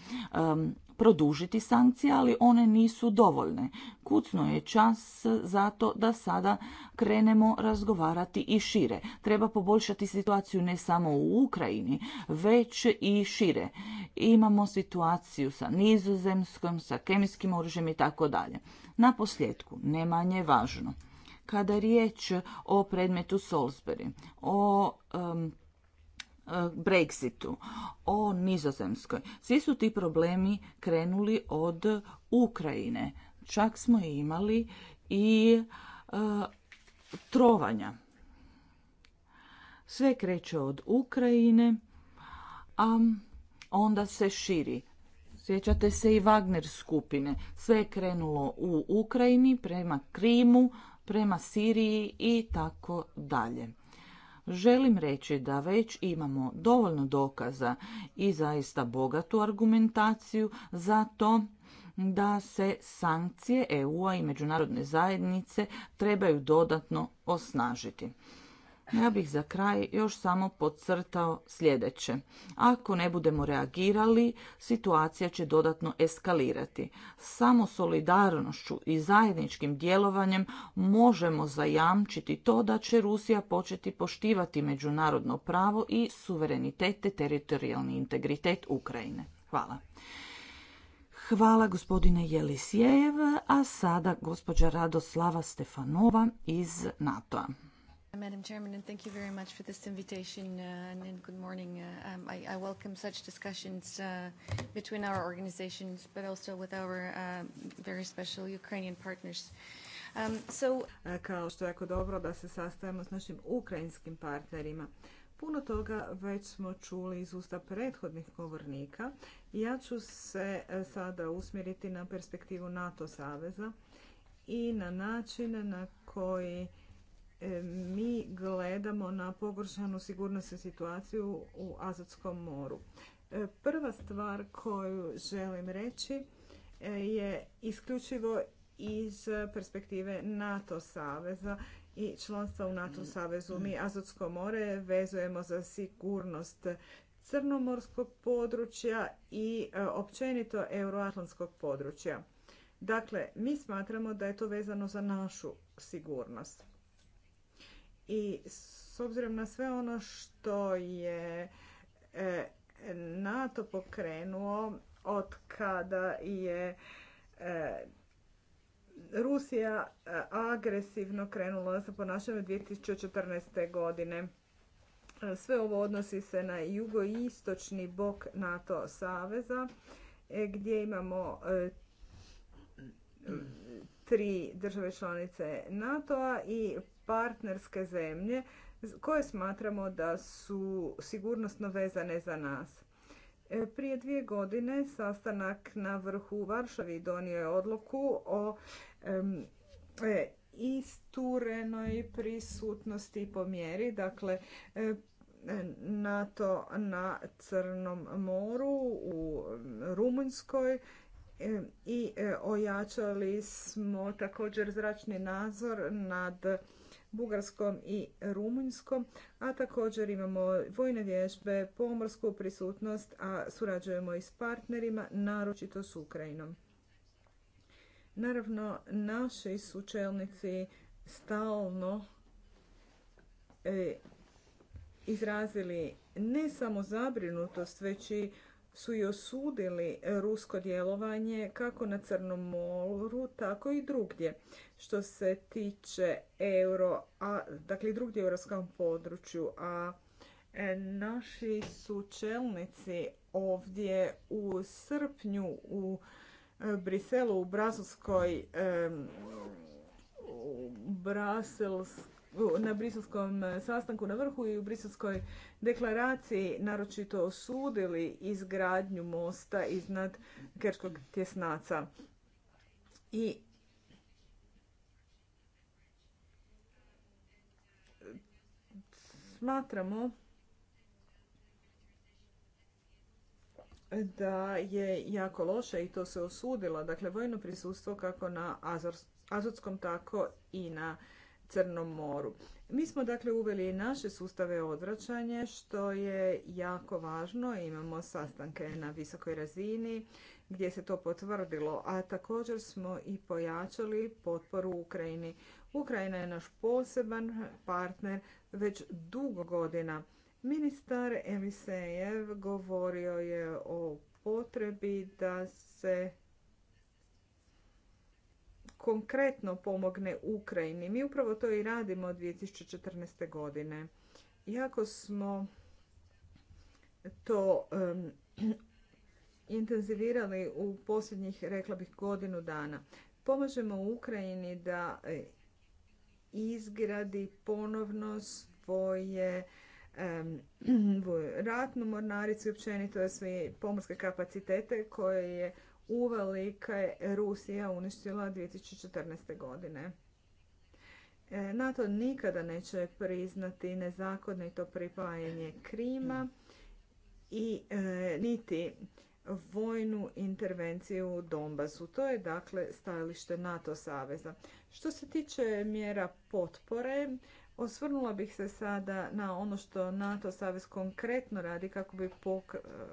produžiti sankcije, ali one nisu dovoljne. Kucno je čas zato da sada krenemo razgovarati i šire. Treba poboljšati situaciju ne samo u Ukrajini, već i šire. Imamo situaciju sa nizozemskom, sa kemijskim oružjem i tako dalje. Na posljedku, ne manje važno, kada je riječ o predmetu Solsberi, o Brexitu, o Nizozemskoj. Svi su ti problemi krenuli od Ukrajine. Čak smo imali i e, trovanja. Sve kreće od Ukrajine, a onda se širi. Sjećate se i Wagner skupine. Sve je krenulo u Ukrajini, prema Krimu, prema Siriji i tako dalje. Želim reći da već imamo dovoljno dokaza i zaista bogatu argumentaciju za to da se sankcije EU-a i međunarodne zajednice trebaju dodatno osnažiti. Ja bih za kraj još samo podcrtao sljedeće. Ako ne budemo reagirali, situacija će dodatno eskalirati. Samo solidarnošću i zajedničkim djelovanjem možemo zajamčiti to da će Rusija početi poštivati međunarodno pravo i suverenitet te teritorijalni integritet Ukrajine. Hvala. Hvala gospodine Jelisijev, a sada gospođa Radoslava Stefanova iz NATO-a. Madam Chairman, and thank you very much for this invitation uh, and, good morning. Uh, um, I, I welcome such discussions uh, between our organizations, but also with our uh, very special Ukrainian partners. Um, so... E, kao što je jako dobro da se sastajemo s našim ukrajinskim partnerima. Puno toga već smo čuli iz usta prethodnih govornika. Ja ću se e, sada usmjeriti na perspektivu NATO saveza i na način na koji E, mi gledamo na pogoršanu sigurnosnu situaciju u Azotskom moru. E, prva stvar koju želim reći e, je isključivo iz perspektive NATO saveza i članstva u NATO savezu. Mi Azotsko more vezujemo za sigurnost crnomorskog područja i općenito euroatlantskog područja. Dakle, mi smatramo da je to vezano za našu sigurnost i s obzirom na sve ono što je e, NATO pokrenuo od kada je e, Rusija e, agresivno krenula sa ponašanjem 2014. godine. Sve ovo odnosi se na jugoistočni bok NATO saveza gdje imamo tri države članice NATO-a i partnerske zemlje koje smatramo da su sigurnosno vezane za nas. E, prije dvije godine sastanak na vrhu u Varšavi donio je odluku o e, isturenoj prisutnosti po mjeri, dakle e, NATO na Crnom moru u Rumunjskoj, E, i e, ojačali smo također zračni nadzor nad Bugarskom i Rumunjskom, a također imamo vojne vježbe, pomorsku prisutnost, a surađujemo i s partnerima, naročito s Ukrajinom. Naravno, naši su čelnici stalno e, izrazili ne samo zabrinutost, već i su i osudili e, rusko djelovanje kako na Crnom moru, tako i drugdje. Što se tiče euro, a, dakle drugdje u europskom području, a e, naši su čelnici ovdje u srpnju u e, Briselu, u Brazilskoj e, u na briselskom e, sastanku na vrhu i u briselskoj deklaraciji naročito osudili izgradnju mosta iznad Kerčkog tjesnaca. I smatramo da je jako loše i to se osudilo. Dakle, vojno prisustvo kako na Azorskom, tako i na Crnom moru. Mi smo dakle uveli i naše sustave odvraćanje što je jako važno. Imamo sastanke na visokoj razini gdje se to potvrdilo, a također smo i pojačali potporu Ukrajini. Ukrajina je naš poseban partner već dugo godina. Ministar Elisejev govorio je o potrebi da se konkretno pomogne Ukrajini. Mi upravo to i radimo od 2014. godine. Iako smo to intenzivirali u posljednjih, rekla bih, godinu dana. Pomažemo Ukrajini da e, izgradi ponovno svoje <clears throat> ratnu mornaricu i općenito pomorske kapacitete koje je uvelika je Rusija uništila 2014. godine. E, NATO nikada neće priznati nezakonito pripajanje Krima i e, niti vojnu intervenciju u Donbasu. To je dakle stajalište NATO saveza. Što se tiče mjera potpore, osvrnula bih se sada na ono što NATO savez konkretno radi kako bi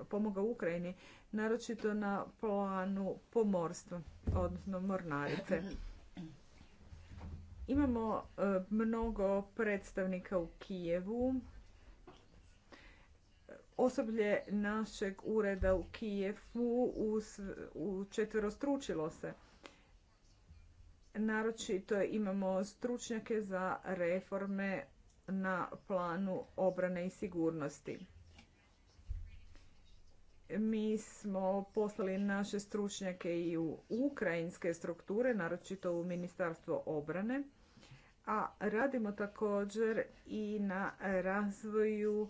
pomogao Ukrajini naročito na planu pomorstva, odnosno mornarice. Imamo e, mnogo predstavnika u Kijevu. Osoblje našeg ureda u Kijevu učetverostručilo se. Naročito imamo stručnjake za reforme na planu obrane i sigurnosti. Mi smo poslali naše stručnjake i u ukrajinske strukture, naročito u Ministarstvo obrane, a radimo također i na razvoju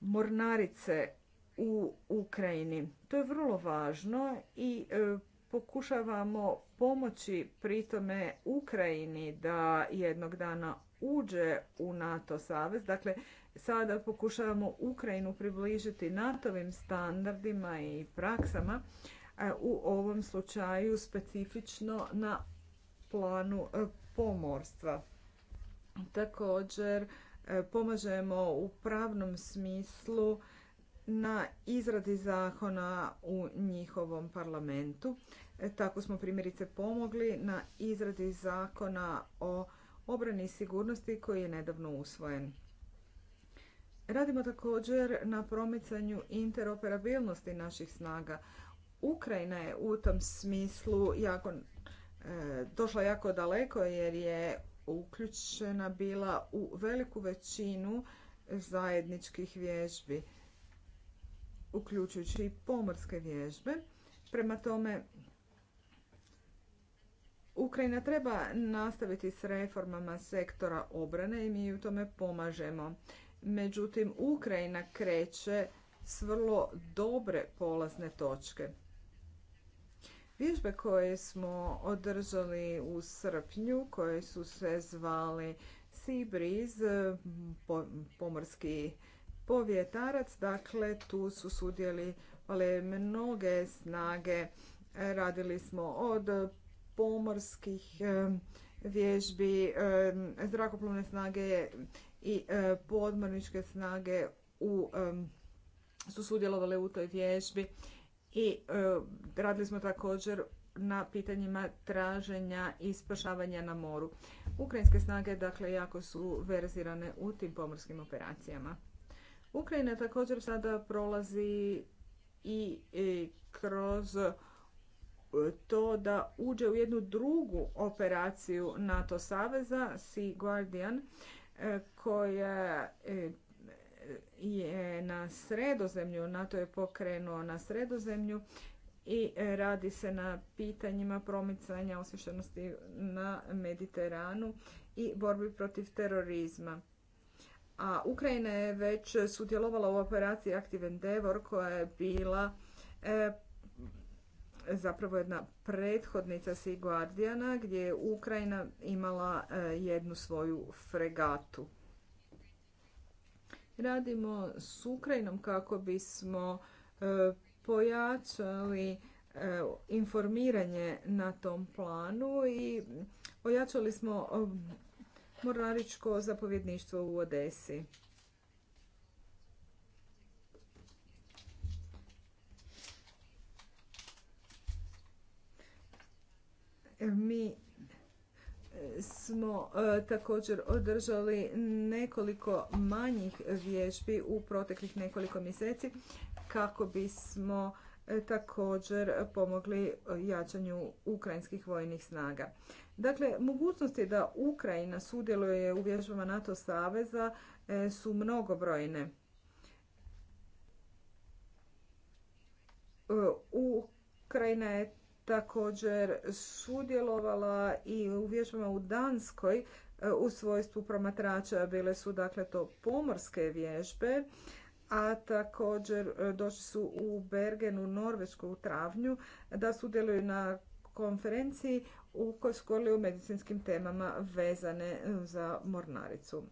mornarice u Ukrajini. To je vrlo važno i e, pokušavamo pomoći pritome Ukrajini da jednog dana uđe u NATO savez. Dakle, sada pokušavamo Ukrajinu približiti NATO-vim standardima i praksama, e, u ovom slučaju specifično na planu e, pomorstva. Također e, pomažemo u pravnom smislu na izradi zakona u njihovom parlamentu. Tako smo primjerice pomogli na izradi zakona o obrani i sigurnosti koji je nedavno usvojen. Radimo također na promicanju interoperabilnosti naših snaga. Ukrajina je u tom smislu jako, e, došla jako daleko jer je uključena bila u veliku većinu zajedničkih vježbi, uključujući i pomorske vježbe. Prema tome, Ukrajina treba nastaviti s reformama sektora obrane i mi u tome pomažemo. Međutim, Ukrajina kreće s vrlo dobre polazne točke. Vježbe koje smo održali u srpnju, koje su se zvali Sea Breeze, pomorski povjetarac, dakle tu su sudjelovale mnoge snage. Radili smo od pomorskih eh, vježbi, eh, zrakoplovne snage, i e, podmorničke snage u, e, su sudjelovali u toj vježbi i e, radili smo također na pitanjima traženja i spašavanja na moru. Ukrajinske snage dakle jako su verzirane u tim pomorskim operacijama. Ukrajina također sada prolazi i kroz to da uđe u jednu drugu operaciju NATO saveza, Sea Guardian, koja e, je na sredozemlju, NATO je pokrenuo na sredozemlju i e, radi se na pitanjima promicanja osvještenosti na Mediteranu i borbi protiv terorizma. A Ukrajina je već sudjelovala u operaciji Active Endeavor koja je bila e, zapravo jedna prethodnica Sea Guardiana gdje je Ukrajina imala e, jednu svoju fregatu. Radimo s Ukrajinom kako bismo e, pojačali e, informiranje na tom planu i ojačali smo mornaričko zapovjedništvo u Odesi. Mi e, smo e, također održali nekoliko manjih vježbi u proteklih nekoliko mjeseci kako bismo e, također pomogli jačanju ukrajinskih vojnih snaga. Dakle, mogućnosti da Ukrajina sudjeluje u vježbama NATO saveza su mnogobrojne. Ukrajina je također sudjelovala i u vježbama u Danskoj e, u svojstvu promatrača. Bile su dakle to pomorske vježbe, a također e, došli su u Bergen u Norvešku u travnju da sudjeluju na konferenciji u školi u medicinskim temama vezane za mornaricu.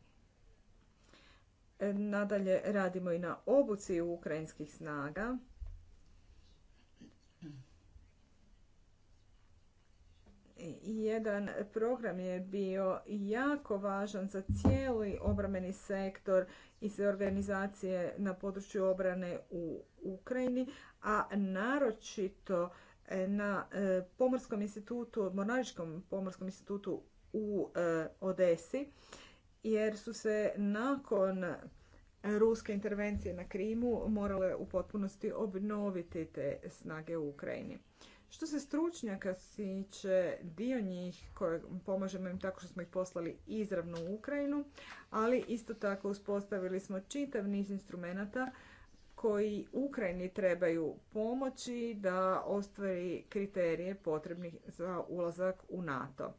E, nadalje radimo i na obuci ukrajinskih snaga. jedan program je bio jako važan za cijeli obrameni sektor i sve organizacije na području obrane u Ukrajini, a naročito e, na e, Pomorskom institutu, Mornaričkom Pomorskom institutu u e, Odesi, jer su se nakon ruske intervencije na Krimu morale u potpunosti obnoviti te snage u Ukrajini. Što se stručnjaka siče, dio njih koje pomažemo im tako što smo ih poslali izravno u Ukrajinu, ali isto tako uspostavili smo čitav niz instrumenata koji Ukrajini trebaju pomoći da ostvari kriterije potrebnih za ulazak u NATO.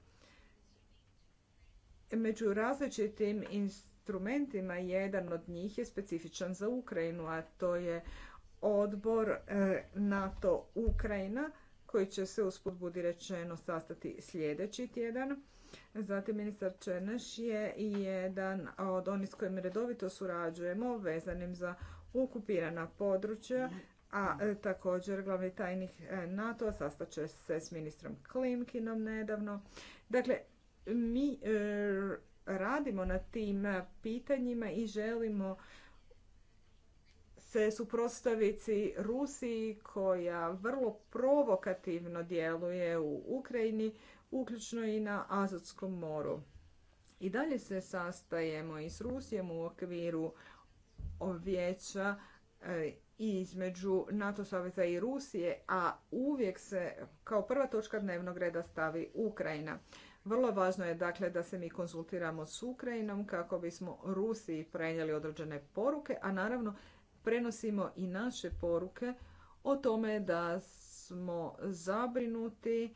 Među različitim instrumentima jedan od njih je specifičan za Ukrajinu, a to je odbor eh, NATO Ukrajina koji će se usput budi rečeno sastati sljedeći tjedan. Zatim ministar Černaš je jedan od onih s kojim redovito surađujemo vezanim za okupirana područja, a e, također glavni tajnik e, NATO sastaće se s ministrom Klimkinom nedavno. Dakle, mi e, radimo na tim pitanjima i želimo se suprotstaviti Rusiji koja vrlo provokativno djeluje u Ukrajini, uključno i na Azotskom moru. I dalje se sastajemo i s Rusijom u okviru vijeća e, između NATO saveza i Rusije, a uvijek se kao prva točka dnevnog reda stavi Ukrajina. Vrlo važno je dakle da se mi konzultiramo s Ukrajinom kako bismo Rusiji prenijeli određene poruke, a naravno prenosimo i naše poruke o tome da smo zabrinuti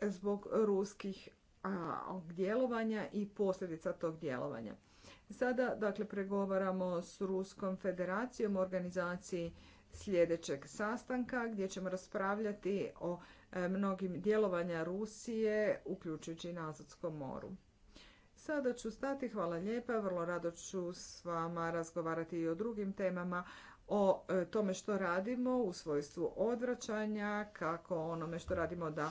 zbog ruskih djelovanja i posljedica tog djelovanja. Sada dakle pregovaramo s Ruskom federacijom organizaciji sljedećeg sastanka gdje ćemo raspravljati o e, mnogim djelovanja Rusije uključujući i na Azotskom moru. Sada ću stati, hvala lijepa, vrlo rado ću s vama razgovarati i o drugim temama, o e, tome što radimo u svojstvu odvraćanja, kako onome što radimo da e,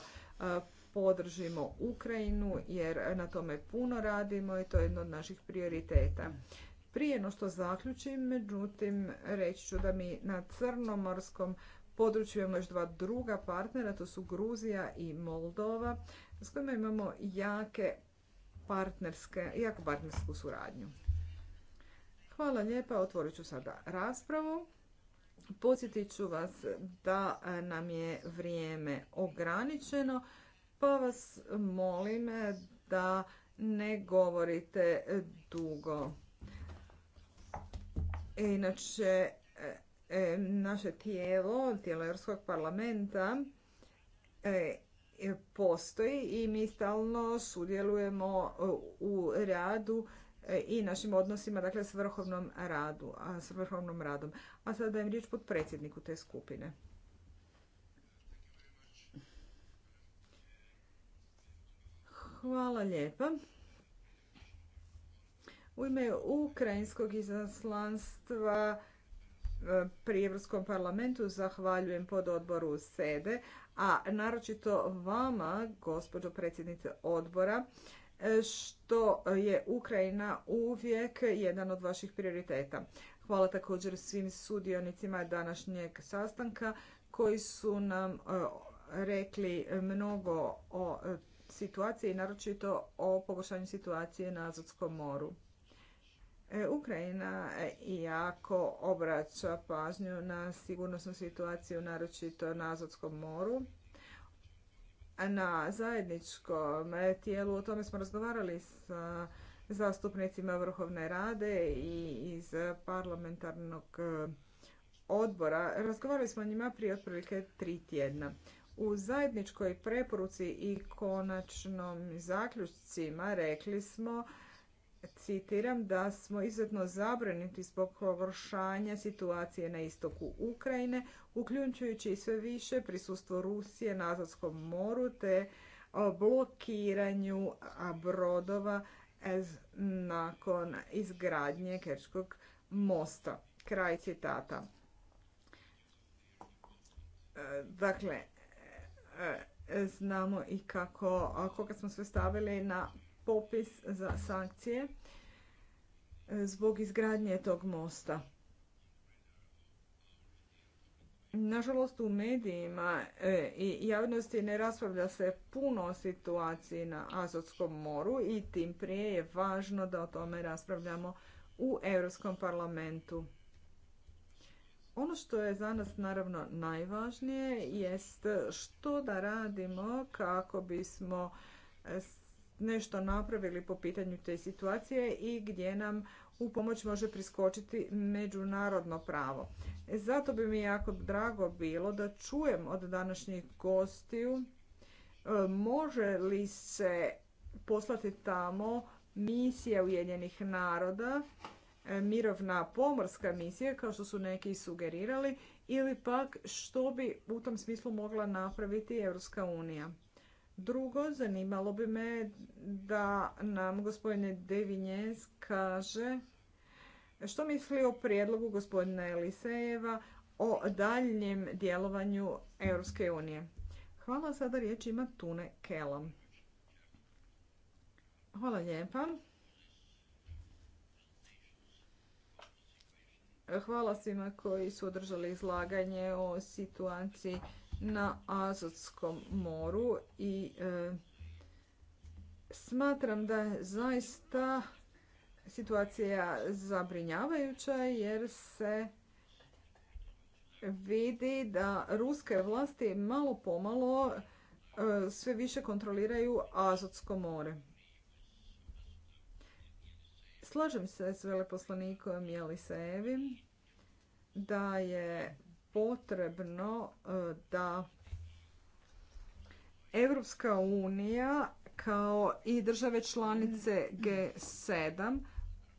podržimo Ukrajinu, jer na tome puno radimo i to je jedno od naših prioriteta. Prije no što zaključim, međutim, reći ću da mi na crnomorskom području imamo još dva druga partnera, to su Gruzija i Moldova, s kojima imamo jake partnerske, jako partnersku suradnju. Hvala lijepa, otvorit ću sada raspravu. Podsjetit ću vas da nam je vrijeme ograničeno, pa vas molim da ne govorite dugo. Inače, e, naše tijelo, tijelo Europskog parlamenta, e, postoji i mi stalno sudjelujemo e, u radu e, i našim odnosima, dakle s vrhovnom radu, s vrhovnom radom. A sada dajem riječ pod predsjedniku te skupine. Hvala lijepa. U ime Ukrajinskog izaslanstva e, pri Europskom parlamentu zahvaljujem pod odboru SEDE, a naročito vama, gospođo predsjednice odbora, e, što je Ukrajina uvijek jedan od vaših prioriteta. Hvala također svim sudionicima današnjeg sastanka koji su nam e, rekli mnogo o e, situaciji, naročito o pogošanju situacije na Azotskom moru. E, Ukrajina e, jako obraća pažnju na sigurnosnu situaciju, naročito na Azotskom moru. Na zajedničkom e, tijelu, o tome smo razgovarali sa zastupnicima Vrhovne rade i iz parlamentarnog odbora. Razgovarali smo o njima prije otprilike tri tjedna. U zajedničkoj preporuci i konačnom zaključcima rekli smo citiram, da smo izuzetno zabrinuti zbog pogoršanja situacije na istoku Ukrajine, uključujući i sve više prisustvo Rusije na Azovskom moru te blokiranju brodova nakon izgradnje Kerčkog mosta. Kraj citata. Dakle, e, e, znamo i kako, koga smo sve stavili na popis za sankcije e, zbog izgradnje tog mosta. Nažalost, u medijima e, i javnosti ne raspravlja se puno o situaciji na Azotskom moru i tim prije je važno da o tome raspravljamo u Europskom parlamentu. Ono što je za nas naravno najvažnije jest što da radimo kako bismo nešto napravili po pitanju te situacije i gdje nam u pomoć može priskočiti međunarodno pravo. Zato bi mi jako drago bilo da čujem od današnjih gostiju e, može li se poslati tamo misija Ujedinjenih naroda, e, mirovna pomorska misija, kao što su neki sugerirali, ili pak što bi u tom smislu mogla napraviti Europska unija. Drugo, zanimalo bi me da nam gospodine Devinjez kaže što misli o prijedlogu gospodina Elisejeva o daljnjem djelovanju Europske unije. Hvala, sada riječ ima Tune Kelam. Hvala lijepa. Hvala svima koji su održali izlaganje o situaciji na Azotskom moru i e, smatram da je zaista situacija zabrinjavajuća jer se vidi da ruske vlasti malo pomalo e, sve više kontroliraju Azotsko more. Slažem se s veleposlanikom Jelisejevim da je potrebno e, da Evropska unija kao i države članice G7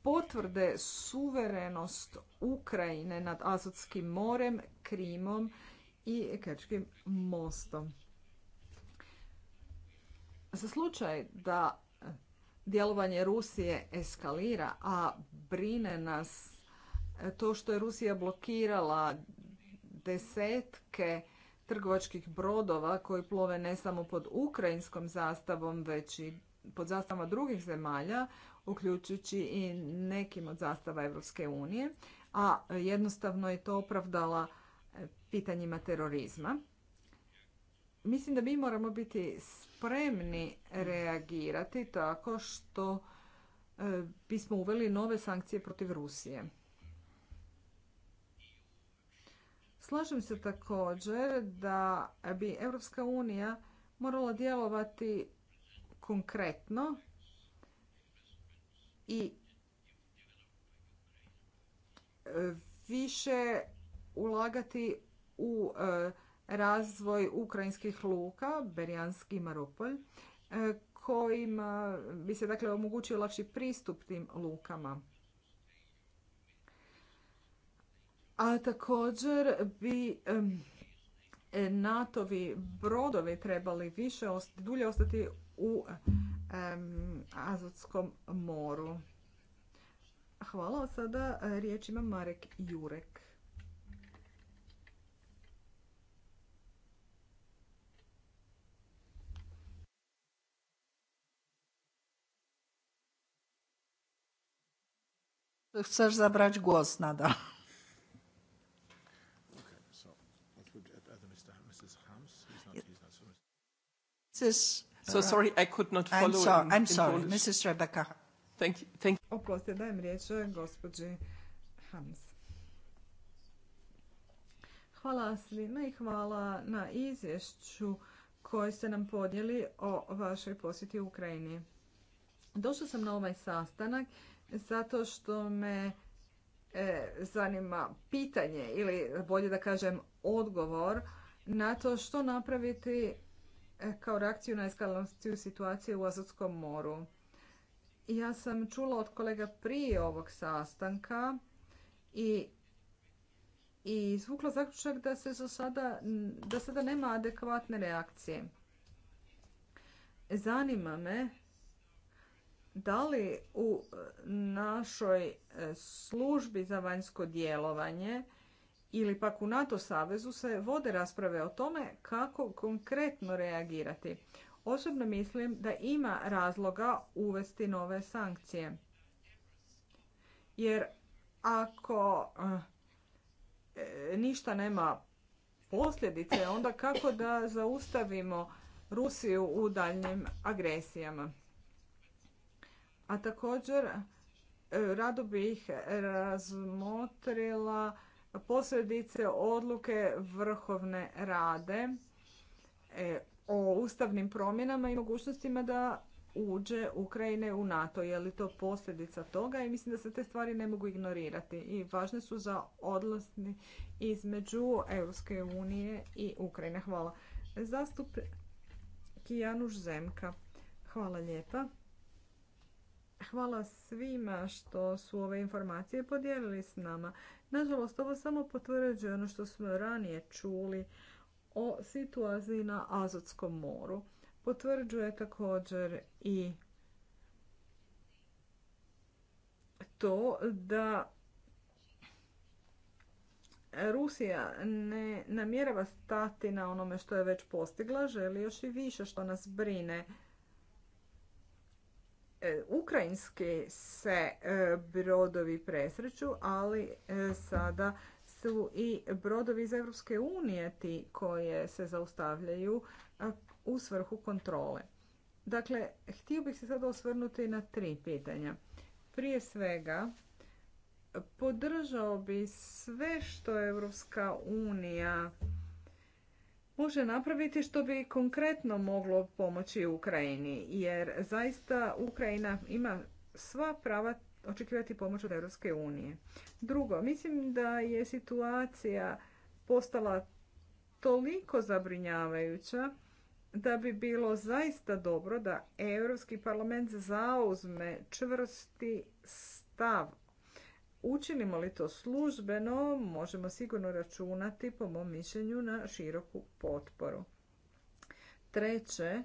potvrde suverenost Ukrajine nad Azotskim morem, Krimom i Krčkim mostom. Za slučaj da djelovanje Rusije eskalira, a brine nas to što je Rusija blokirala desetke trgovačkih brodova koji plove ne samo pod ukrajinskom zastavom, već i pod zastavama drugih zemalja, uključujući i nekim od zastava Europske unije, a jednostavno je to opravdala e, pitanjima terorizma. Mislim da mi moramo biti spremni reagirati tako što e, bismo uveli nove sankcije protiv Rusije. Slažem se također da bi Europska unija morala djelovati konkretno i više ulagati u e, razvoj ukrajinskih luka, Berijanski i Maropolj, e, kojima bi se dakle omogućio lakši pristup tim lukama. a također bi e, NATO-vi brodovi trebali više dulje ostati u um, Azotskom moru. Hvala. Sada e, riječ ima Marek Jurek. Chcesz zabrać głos nadal. this? So uh, sorry, I could not follow. I'm, I'm sorry, Mrs. Rebecca. Thank you. Thank you. Oprostite, dajem riječ gospođi Hams. Hvala svima i hvala na izvješću koje ste nam podijeli o vašoj posjeti u Ukrajini. Došla sam na ovaj sastanak zato što me e, zanima pitanje ili bolje da kažem odgovor na to što napraviti kao reakciju na eskalaciju situacije u Azotskom moru. Ja sam čula od kolega prije ovog sastanka i i zaključak da se za sada, da sada nema adekvatne reakcije. Zanima me da li u našoj e, službi za vanjsko djelovanje ili pak u NATO savezu se vode rasprave o tome kako konkretno reagirati. Osobno mislim da ima razloga uvesti nove sankcije. Jer ako eh, ništa nema posljedice, onda kako da zaustavimo Rusiju u daljnjim agresijama. A također eh, rado bih razmotrila posljedice odluke Vrhovne rade e, o ustavnim promjenama i mogućnostima da uđe Ukrajine u NATO. Je li to posljedica toga? I mislim da se te stvari ne mogu ignorirati i važne su za odlasni između Europske unije i Ukrajine. Hvala. Zastup Kijanuš Zemka. Hvala lijepa. Hvala svima što su ove informacije podijelili s nama. Nažalost, ovo samo potvrđuje ono što smo ranije čuli o situaciji na Azotskom moru. Potvrđuje također i to da Rusija ne namjerava stati na onome što je već postigla, želi još i više što nas brine. E, ukrajinski se e, brodovi presreću, ali e, sada su i brodovi iz Europske unije ti koje se zaustavljaju u svrhu kontrole. Dakle, htio bih se sada osvrnuti na tri pitanja. Prije svega, podržao bi sve što Europska unija može napraviti što bi konkretno moglo pomoći Ukrajini, jer zaista Ukrajina ima sva prava očekivati pomoć od Europske unije. Drugo, mislim da je situacija postala toliko zabrinjavajuća da bi bilo zaista dobro da Europski parlament zauzme čvrsti stav Učinimo li to službeno, možemo sigurno računati, po mom mišljenju, na široku potporu. Treće,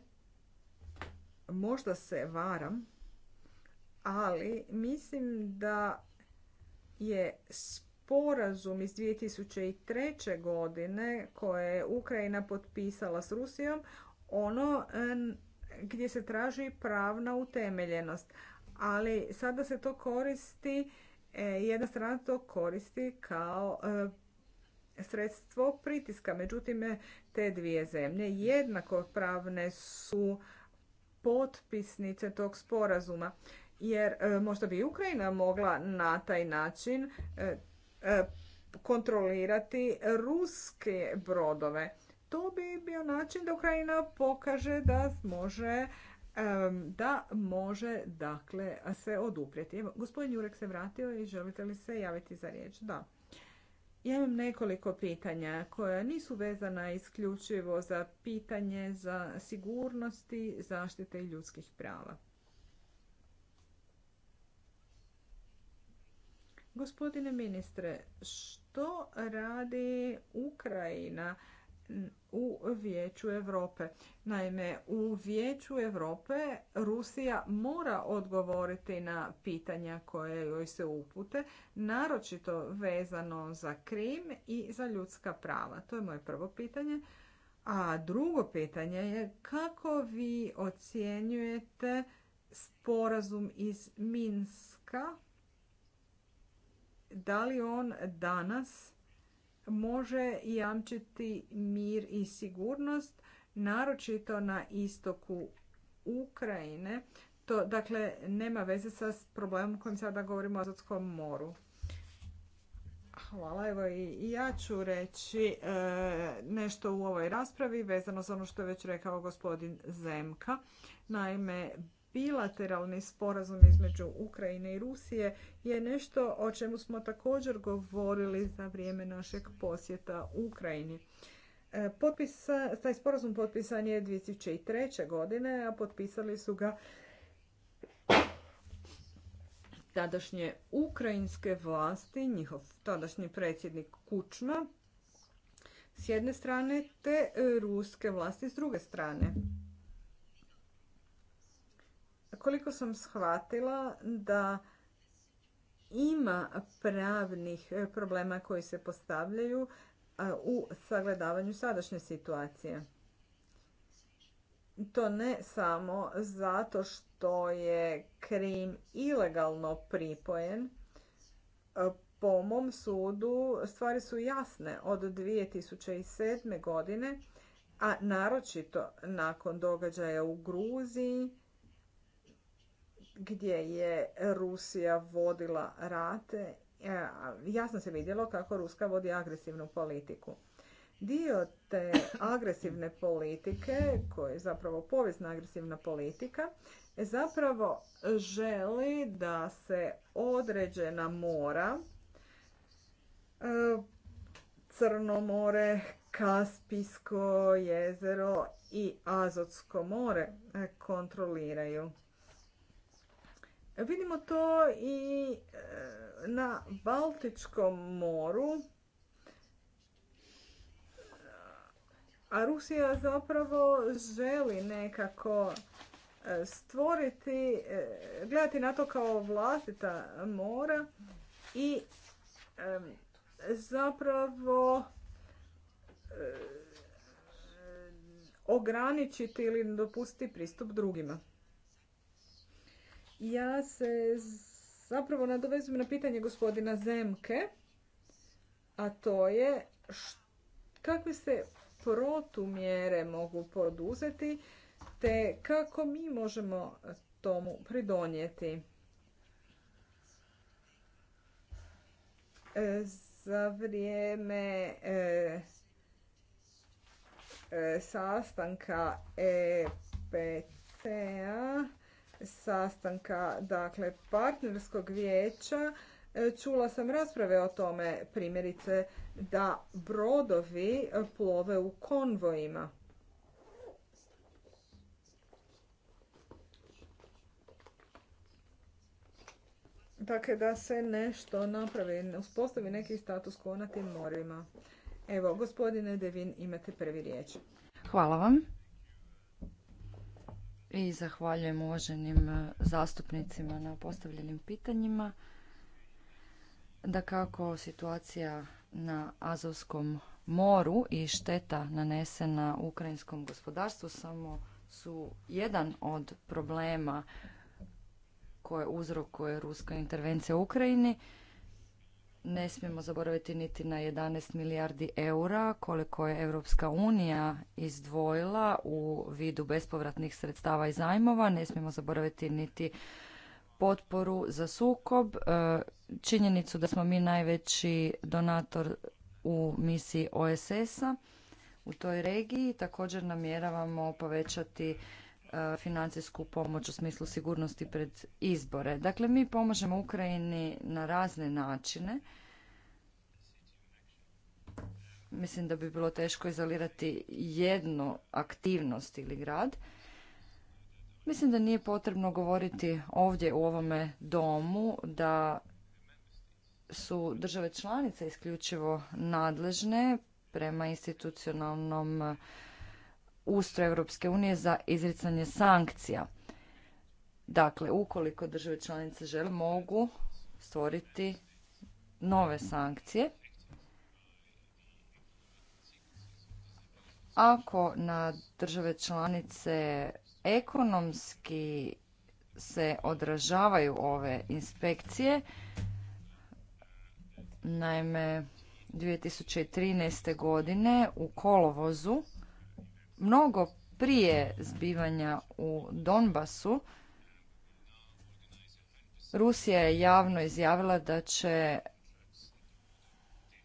možda se varam, ali mislim da je sporazum iz 2003. godine koje je Ukrajina potpisala s Rusijom, ono gdje se traži pravna utemeljenost. Ali sada se to koristi E, jedna strana to koristi kao e, sredstvo pritiska. Međutim, te dvije zemlje jednako pravne su potpisnice tog sporazuma. Jer e, možda bi Ukrajina mogla na taj način kontrolirati ruske brodove. To bi bio način da Ukrajina pokaže da može da može dakle se oduprijeti. gospodin Jurek se vratio i želite li se javiti za riječ? Da. Ja imam nekoliko pitanja koja nisu vezana isključivo za pitanje za sigurnosti, zaštite i ljudskih prava. Gospodine ministre, što radi Ukrajina? u Vijeću Europe. Naime, u Vijeću Europe Rusija mora odgovoriti na pitanja koje joj se upute, naročito vezano za Krim i za ljudska prava. To je moje prvo pitanje. A drugo pitanje je kako vi ocjenjujete sporazum iz Minska? Da li on danas može jamčiti mir i sigurnost, naročito na istoku Ukrajine. To, dakle, nema veze sa problemom kojim sada govorimo o Azotskom moru. Hvala, evo i ja ću reći e, nešto u ovoj raspravi vezano za ono što je već rekao gospodin Zemka. Naime, bilateralni sporazum između Ukrajine i Rusije je nešto o čemu smo također govorili za vrijeme našeg posjeta Ukrajini. E, taj sporazum potpisan je 2003. godine, a potpisali su ga tadašnje ukrajinske vlasti, njihov tadašnji predsjednik Kučma s jedne strane, te ruske vlasti s druge strane koliko sam shvatila da ima pravnih e, problema koji se postavljaju e, u sagledavanju sadašnje situacije. To ne samo zato što je Krim ilegalno pripojen. E, po mom sudu stvari su jasne od 2007. godine, a naročito nakon događaja u Gruziji gdje je Rusija vodila rate, e, jasno se vidjelo kako Ruska vodi agresivnu politiku. Dio te agresivne politike, koja je zapravo povijesna agresivna politika, zapravo želi da se određena mora, e, Crno more, Kaspijsko jezero i Azotsko more e, kontroliraju. Vidimo to i e, na Baltičkom moru. A Rusija zapravo želi nekako e, stvoriti, e, gledati na to kao vlastita mora i zapravo ograničiti ili dopustiti pristup drugima. Ja se zapravo nadovezujem na pitanje gospodina Zemke, a to je kakve se protumjere mogu poduzeti te kako mi možemo tomu pridonijeti. E, za vrijeme e, e, sastanka EPT-a sastanka dakle, partnerskog vijeća e, čula sam rasprave o tome, primjerice da brodovi plove u konvojima. Dakle, da se nešto napravi, uspostavi neki status quo tim morima. Evo, gospodine Devin, imate prvi riječ. Hvala vam i zahvaljujem uvaženim e, zastupnicima na postavljenim pitanjima. Da kako situacija na Azovskom moru i šteta nanesena ukrajinskom gospodarstvu samo su jedan od problema koje uzrokuje ruska intervencija u Ukrajini ne smijemo zaboraviti niti na 11 milijardi eura koliko je Europska unija izdvojila u vidu bespovratnih sredstava i zajmova. Ne smijemo zaboraviti niti potporu za sukob. E, činjenicu da smo mi najveći donator u misiji OSS-a u toj regiji. Također namjeravamo povećati E, financijsku pomoć u smislu sigurnosti pred izbore. Dakle, mi pomažemo Ukrajini na razne načine. Mislim da bi bilo teško izolirati jednu aktivnost ili grad. Mislim da nije potrebno govoriti ovdje u ovome domu da su države članice isključivo nadležne prema institucionalnom ustroj Europske unije za izricanje sankcija. Dakle, ukoliko države članice žele, mogu stvoriti nove sankcije. Ako na države članice ekonomski se odražavaju ove inspekcije, naime 2013. godine u kolovozu mnogo prije zbivanja u Donbasu Rusija je javno izjavila da će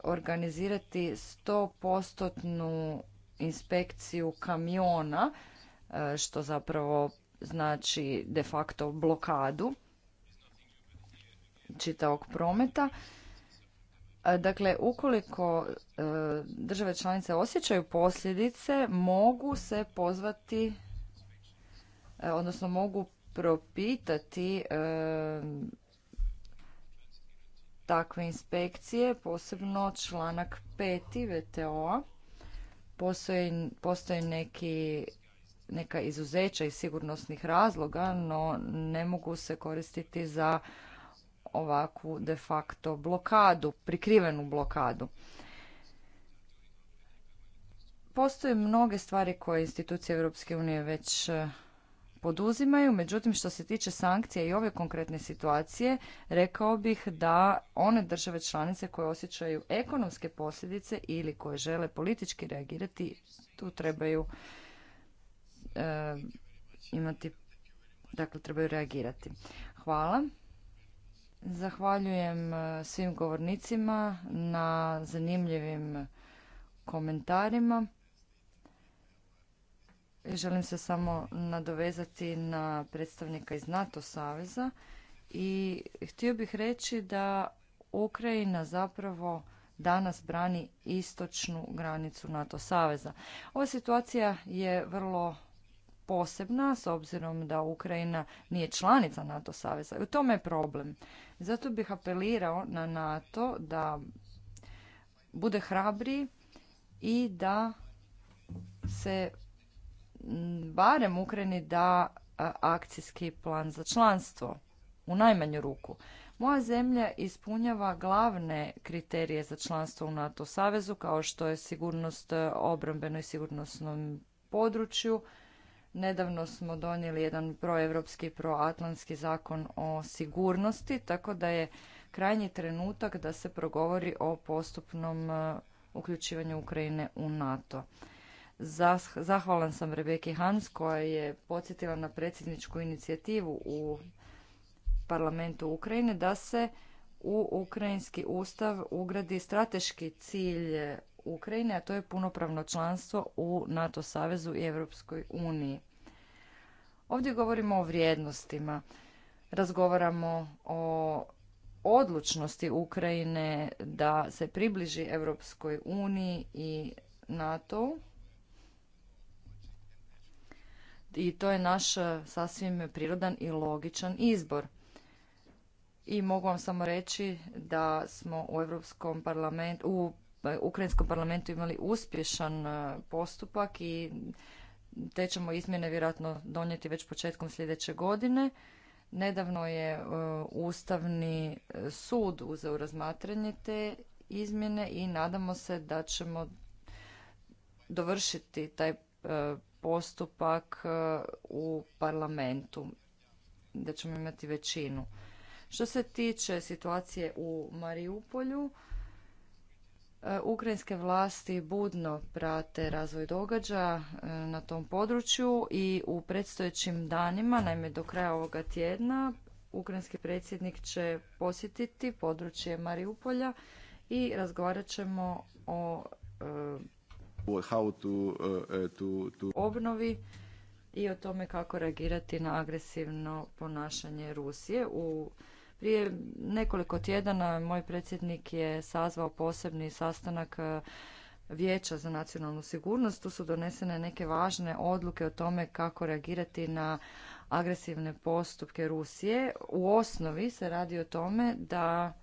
organizirati 100% inspekciju kamiona, e, što zapravo znači de facto blokadu čitavog prometa. E, dakle, ukoliko e, države članice osjećaju posljedice, mogu se pozvati, e, odnosno mogu propitati takve inspekcije, posebno članak 5. VTO-a. neki, neka izuzeća iz sigurnosnih razloga, no ne mogu se koristiti za ovakvu de facto blokadu, prikrivenu blokadu. Postoje mnoge stvari koje institucije Europske unije već e, poduzimaju, međutim što se tiče sankcija i ove konkretne situacije, rekao bih da one države članice koje osjećaju ekonomske posljedice ili koje žele politički reagirati, tu trebaju e, imati, dakle trebaju reagirati. Hvala. Zahvaljujem e, svim govornicima na zanimljivim komentarima. Želim se samo nadovezati na predstavnika iz NATO saveza i htio bih reći da Ukrajina zapravo danas brani istočnu granicu NATO saveza. Ova situacija je vrlo posebna s obzirom da Ukrajina nije članica NATO saveza. u tome je problem. Zato bih apelirao na NATO da bude hrabri i da se barem Ukrajini da akcijski plan za članstvo u najmanju ruku. Moja zemlja ispunjava glavne kriterije za članstvo u NATO savezu kao što je sigurnost e, obrambeno i sigurnosnom području, Nedavno smo donijeli jedan proevropski proatlantski zakon o sigurnosti, tako da je krajnji trenutak da se progovori o postupnom e, uključivanju Ukrajine u NATO. Zahvalan sam Rebeki Hans koja je podsjetila na predsjedničku inicijativu u parlamentu Ukrajine da se u ukrajinski ustav ugradi strateški cilj Ukrajine, a to je punopravno članstvo u NATO savezu i Europskoj uniji. Ovdje govorimo o vrijednostima, razgovaramo o odlučnosti Ukrajine da se približi Europskoj uniji i NATO-u. I to je naš sasvim prirodan i logičan izbor. I mogu vam samo reći da smo u Europskom parlamentu, u pa ukrajinskom parlamentu imali uspješan e, postupak i te ćemo izmjene vjerojatno donijeti već početkom sljedeće godine. Nedavno je e, Ustavni e, sud uzeo razmatranje te izmjene i nadamo se da ćemo dovršiti taj postupak u parlamentu, da ćemo imati većinu. Što se tiče situacije u Mariupolju... E, ukrajinske vlasti budno prate razvoj događaja e, na tom području i u predstojećim danima, naime do kraja ovoga tjedna, ukrajinski predsjednik će posjetiti područje Mariupolja i razgovarat ćemo o e, obnovi i o tome kako reagirati na agresivno ponašanje Rusije u prije nekoliko tjedana moj predsjednik je sazvao posebni sastanak e, Vijeća za nacionalnu sigurnost. Tu su donesene neke važne odluke o tome kako reagirati na agresivne postupke Rusije. U osnovi se radi o tome da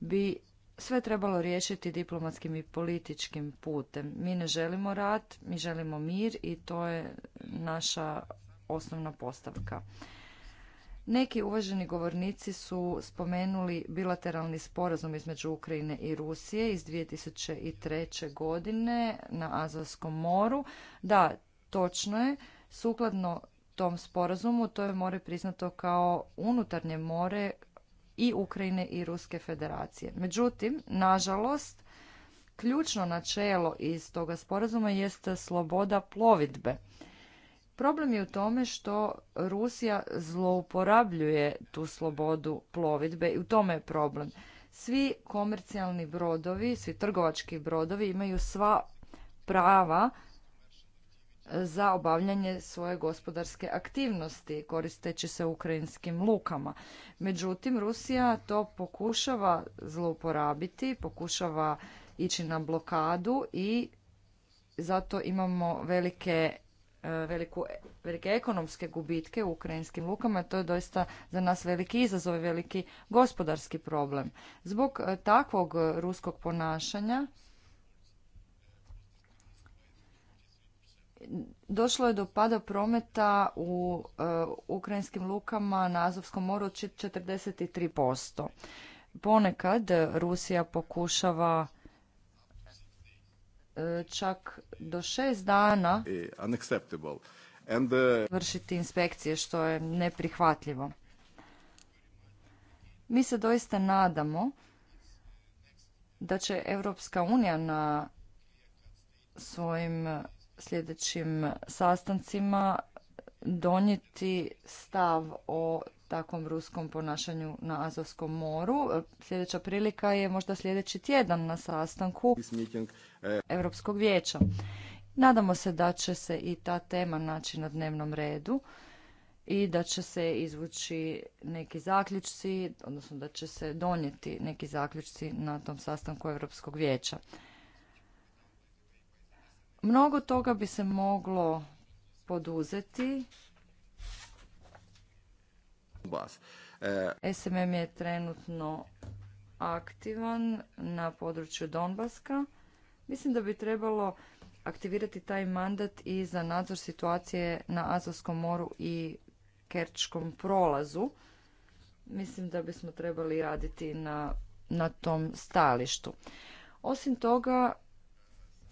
bi sve trebalo riješiti diplomatskim i političkim putem. Mi ne želimo rat, mi želimo mir i to je naša osnovna postavka. Neki uvaženi govornici su spomenuli bilateralni sporazum između Ukrajine i Rusije iz 2003. godine na Azovskom moru. Da, točno je, sukladno tom sporazumu to je more priznato kao unutarnje more i Ukrajine i Ruske federacije. Međutim, nažalost, ključno načelo iz toga sporazuma jest sloboda plovidbe. Problem je u tome što Rusija zlouporabljuje tu slobodu plovidbe i u tome je problem. Svi komercijalni brodovi, svi trgovački brodovi imaju sva prava za obavljanje svoje gospodarske aktivnosti koristeći se ukrajinskim lukama. Međutim, Rusija to pokušava zlouporabiti, pokušava ići na blokadu i zato imamo velike E, veliku, velike ekonomske gubitke u ukrajinskim lukama. To je doista za nas veliki izazov i veliki gospodarski problem. Zbog e, takvog ruskog ponašanja došlo je do pada prometa u e, ukrajinskim lukama na Azovskom moru od 43%. Ponekad Rusija pokušava čak do šest dana e, uh, vršiti inspekcije, što je neprihvatljivo. Mi se doista nadamo da će Europska unija na svojim sljedećim sastancima donijeti stav o takvom ruskom ponašanju na Azovskom moru. E, sljedeća prilika je možda sljedeći tjedan na sastanku e, Europskog vijeća. Nadamo se da će se i ta tema naći na dnevnom redu i da će se izvući neki zaključci, odnosno da će se donijeti neki zaključci na tom sastanku Europskog vijeća. Mnogo toga bi se moglo poduzeti Bas. E, SMM je trenutno aktivan na području Donbaska. Mislim da bi trebalo aktivirati taj mandat i za nadzor situacije na Azovskom moru i Kerčkom prolazu. Mislim da bismo trebali raditi na, na tom stalištu. Osim toga,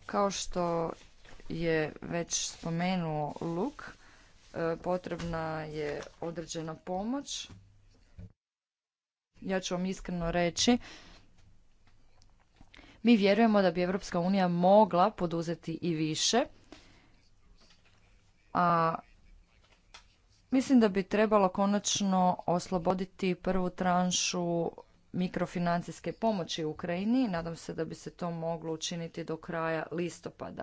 kao što je već spomenuo Luk, potrebna je određena pomoć. Ja ću vam iskreno reći, mi vjerujemo da bi Europska unija mogla poduzeti i više, a mislim da bi trebalo konačno osloboditi prvu tranšu mikrofinancijske pomoći Ukrajini. Nadam se da bi se to moglo učiniti do kraja listopada.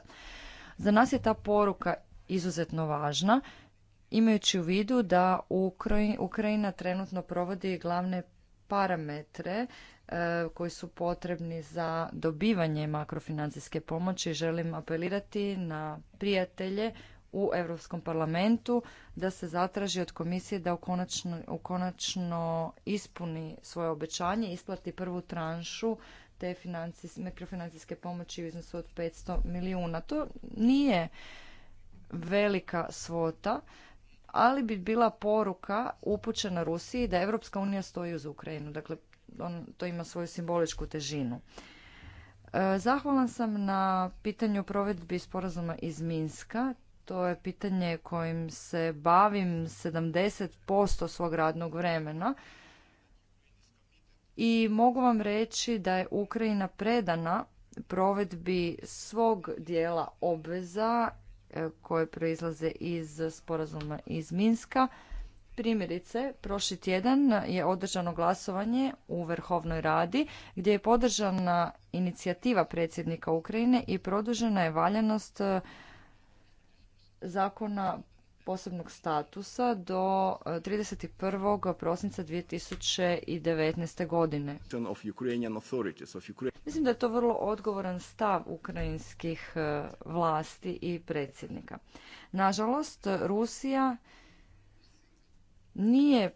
Za nas je ta poruka izuzetno važna imajući u vidu da Ukrajina trenutno provodi glavne parametre e, koji su potrebni za dobivanje makrofinancijske pomoći. Želim apelirati na prijatelje u Europskom parlamentu da se zatraži od komisije da ukonačno, ispuni svoje obećanje, isplati prvu tranšu te mikrofinancijske pomoći u iznosu od 500 milijuna. To nije velika svota, ali bi bila poruka upućena Rusiji da Europska unija stoji uz Ukrajinu. Dakle, on, to ima svoju simboličku težinu. E, zahvalan sam na pitanju provedbi sporazuma iz Minska. To je pitanje kojim se bavim 70% svog radnog vremena. I mogu vam reći da je Ukrajina predana provedbi svog dijela obveza E, koje proizlaze iz sporazuma iz Minska. Primjerice, prošli tjedan je održano glasovanje u Vrhovnoj radi gdje je podržana inicijativa predsjednika Ukrajine i produžena je valjanost e, zakona posebnog statusa do 31. E, prosinca 2019. godine. Mislim da je to vrlo odgovoran stav ukrajinskih e, vlasti i predsjednika. Nažalost, Rusija nije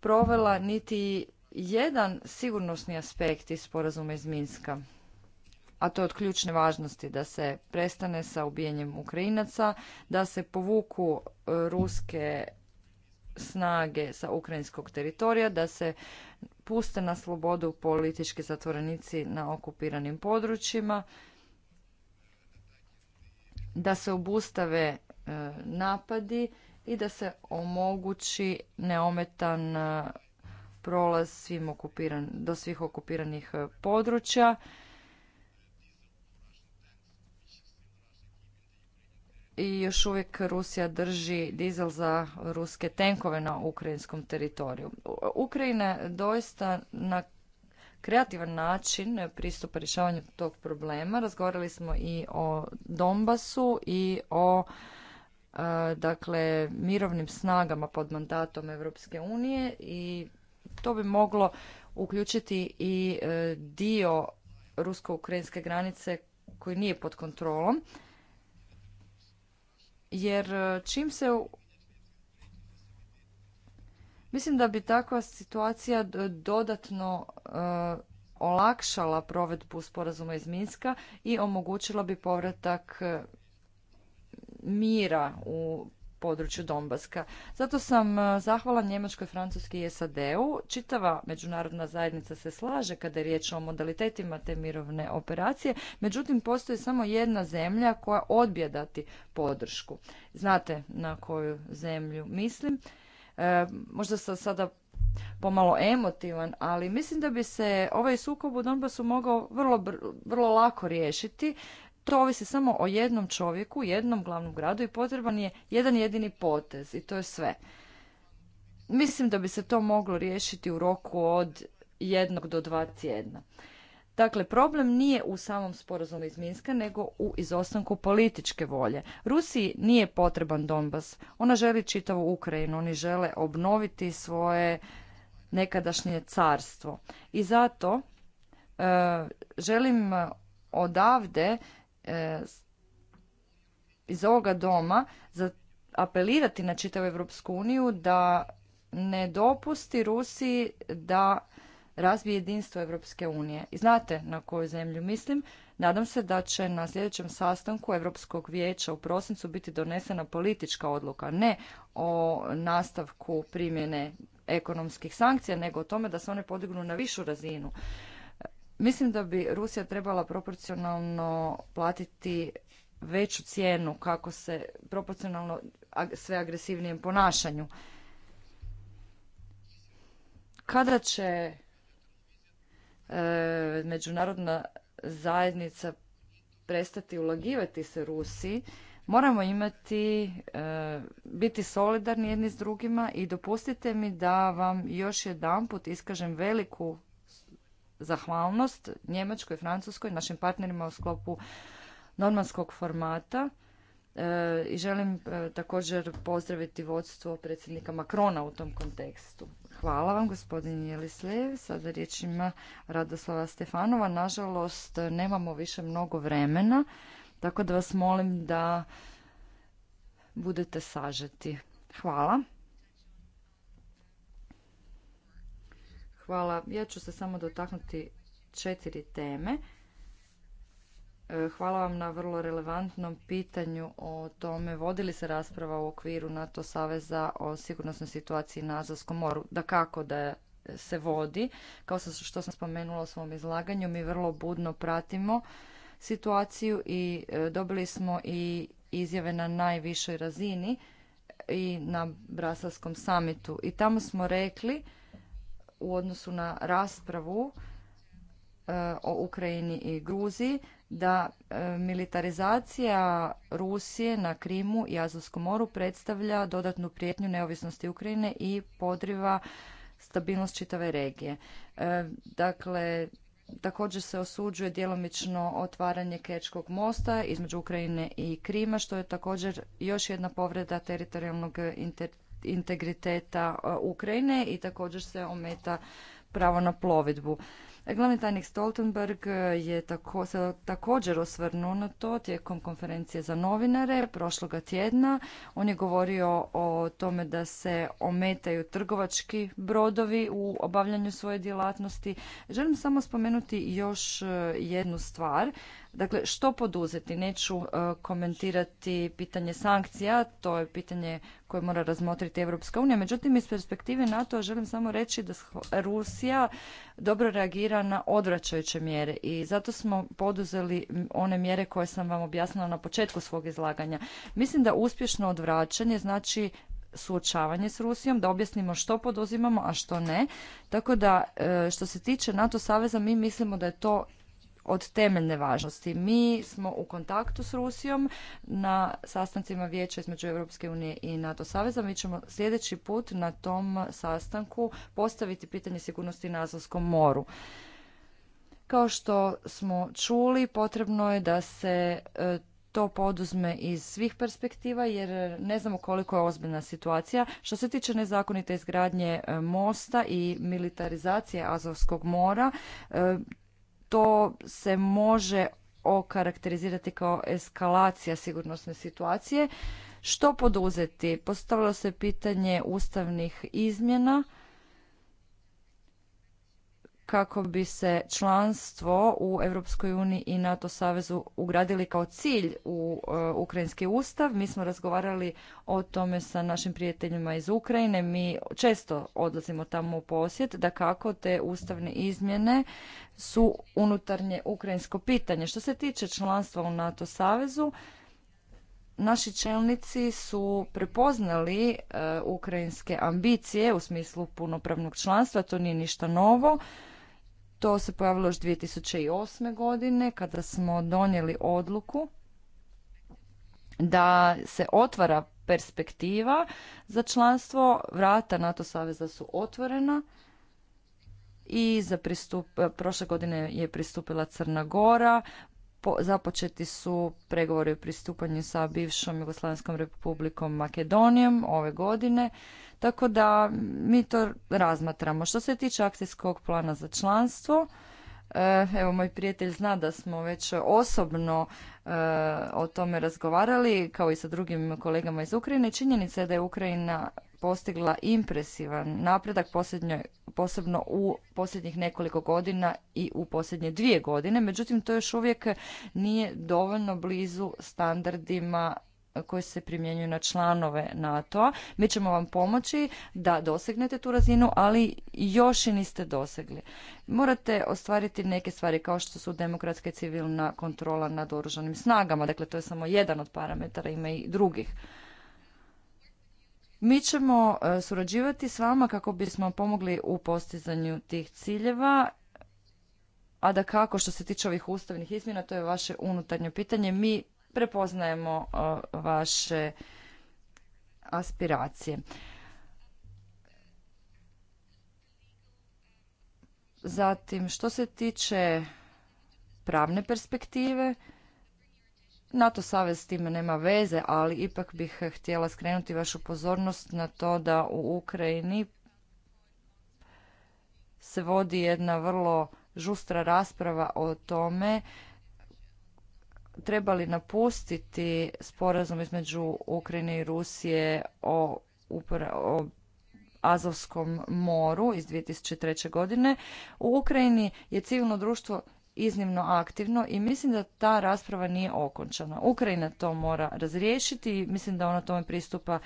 provela niti jedan sigurnosni aspekt iz sporazuma iz Minska a to je od ključne važnosti da se prestane sa ubijanjem Ukrajinaca, da se povuku e, ruske snage sa ukrajinskog teritorija, da se puste na slobodu politički zatvorenici na okupiranim područjima, da se obustave e, napadi i da se omogući neometan e, prolaz svim okupiran, do svih okupiranih područja i još uvijek Rusija drži dizel za ruske tenkove na ukrajinskom teritoriju. Ukrajina doista na kreativan način pristupa rješavanju tog problema. Razgovarali smo i o Donbasu i o e, dakle mirovnim snagama pod mandatom Europske unije i to bi moglo uključiti i e, dio rusko-ukrajinske granice koji nije pod kontrolom jer e, čim se Mislim da bi takva situacija dodatno e, olakšala provedbu sporazuma iz Minska i omogućila bi povratak e, mira u području Donbaska. Zato sam e, zahvala Njemačkoj, Francuski i SAD-u. Čitava međunarodna zajednica se slaže kada je riječ o modalitetima te mirovne operacije. Međutim, postoji samo jedna zemlja koja odbija dati podršku. Znate na koju zemlju mislim. E, možda sam sada pomalo emotivan, ali mislim da bi se ovaj sukob u Donbasu mogao vrlo, vrlo lako riješiti to ovisi samo o jednom čovjeku, jednom glavnom gradu i potreban je jedan jedini potez i to je sve. Mislim da bi se to moglo riješiti u roku od jednog do dva tjedna. Dakle, problem nije u samom sporazumu iz Minska, nego u izostanku političke volje. Rusiji nije potreban Donbas. Ona želi čitavu Ukrajinu. Oni žele obnoviti svoje nekadašnje carstvo. I zato e, želim odavde E, iz ovoga doma apelirati na čitavu Europsku uniju da ne dopusti Rusiji da razvije jedinstvo Europske unije. I znate na koju zemlju mislim. Nadam se da će na sljedećem sastanku Europskog vijeća u prosincu biti donesena politička odluka, ne o nastavku primjene ekonomskih sankcija, nego o tome da se one podignu na višu razinu. Mislim da bi Rusija trebala proporcionalno platiti veću cijenu kako se proporcionalno sve agresivnijem ponašanju. Kada će e, međunarodna zajednica prestati ulagivati se Rusiji, moramo imati, e, biti solidarni jedni s drugima i dopustite mi da vam još jedanput iskažem veliku zahvalnost Njemačkoj, Francuskoj, našim partnerima u sklopu normanskog formata e, i želim e, također pozdraviti vodstvo predsjednika Makrona u tom kontekstu. Hvala vam gospodin Jelislev. Sada riječ ima Radoslava Stefanova. Nažalost, nemamo više mnogo vremena, tako da vas molim da budete sažeti. Hvala. Hvala. Ja ću se samo dotaknuti četiri teme. E, hvala vam na vrlo relevantnom pitanju o tome vodili se rasprava u okviru NATO saveza o sigurnosnoj situaciji na Azovskom moru. Da kako da se vodi, kao što sam spomenula u svom izlaganju, mi vrlo budno pratimo situaciju i e, dobili smo i izjave na najvišoj razini i na Brasovskom samitu. I tamo smo rekli u odnosu na raspravu e, o Ukrajini i Gruziji da e, militarizacija Rusije na Krimu i Azovskom moru predstavlja dodatnu prijetnju neovisnosti Ukrajine i podriva stabilnost čitave regije. E, dakle, također se osuđuje djelomično otvaranje Kečkog mosta između Ukrajine i Krima, što je također još jedna povreda teritorijalnog integriteta integriteta e, Ukrajine i također se ometa pravo na plovidbu. Glavni tajnik Stoltenberg je tako, se također osvrnuo na to tijekom konferencije za novinare prošloga tjedna. On je govorio o tome da se ometaju trgovački brodovi u obavljanju svoje djelatnosti. Želim samo spomenuti još e, jednu stvar, Dakle, što poduzeti? Neću e, komentirati pitanje sankcija, to je pitanje koje mora razmotriti Evropska unija. Međutim, iz perspektive NATO želim samo reći da Rusija dobro reagira na odvraćajuće mjere i zato smo poduzeli one mjere koje sam vam objasnila na početku svog izlaganja. Mislim da uspješno odvraćanje znači suočavanje s Rusijom, da objasnimo što poduzimamo, a što ne. Tako da e, što se tiče NATO saveza mi mislimo da je to od temeljne važnosti. Mi smo u kontaktu s Rusijom na sastancima vijeća između Europske unije i NATO saveza. Mi ćemo sljedeći put na tom sastanku postaviti pitanje sigurnosti na Azovskom moru. Kao što smo čuli, potrebno je da se e, to poduzme iz svih perspektiva jer ne znamo koliko je ozbiljna situacija. Što se tiče nezakonite izgradnje e, mosta i militarizacije Azovskog mora, e, to se može okarakterizirati kao eskalacija sigurnosne situacije. Što poduzeti? Postavilo se pitanje ustavnih izmjena kako bi se članstvo u Europskoj uniji i NATO savezu ugradili kao cilj u uh, ukrajinski ustav. Mi smo razgovarali o tome sa našim prijateljima iz Ukrajine. Mi često odlazimo tamo u posjet da kako te ustavne izmjene su unutarnje ukrajinsko pitanje. Što se tiče članstva u NATO savezu, naši čelnici su prepoznali e, ukrajinske ambicije u smislu punopravnog članstva, to nije ništa novo. To se pojavilo još 2008. godine kada smo donijeli odluku da se otvara perspektiva za članstvo. Vrata NATO saveza su otvorena i za pristup, prošle godine je pristupila Crna Gora. započeti su pregovori o pristupanju sa bivšom Jugoslavenskom republikom Makedonijom ove godine. Tako da mi to razmatramo. Što se tiče akcijskog plana za članstvo, e, Evo, moj prijatelj zna da smo već osobno e, o tome razgovarali, kao i sa drugim kolegama iz Ukrajine. Činjenica je da je Ukrajina postigla impresivan napredak, posebno u posljednjih nekoliko godina i u posljednje dvije godine. Međutim, to još uvijek nije dovoljno blizu standardima koji se primjenjuju na članove NATO-a. Mi ćemo vam pomoći da dosegnete tu razinu, ali još i niste dosegli. Morate ostvariti neke stvari kao što su demokratska i civilna kontrola nad oružanim snagama. Dakle, to je samo jedan od parametara, ima i drugih. Mi ćemo e, surađivati s vama kako bismo pomogli u postizanju tih ciljeva a da kako što se tiče ovih ustavnih izmjena, to je vaše unutarnje pitanje. Mi prepoznajemo vaše aspiracije. Zatim, što se tiče pravne perspektive, NATO savez s time nema veze, ali ipak bih htjela skrenuti vašu pozornost na to da u Ukrajini se vodi jedna vrlo žustra rasprava o tome trebali napustiti sporazum između Ukrajine i Rusije o, o Azovskom moru iz 2003. godine. U Ukrajini je civilno društvo iznimno aktivno i mislim da ta rasprava nije okončana. Ukrajina to mora razriješiti i mislim da ona tome pristupa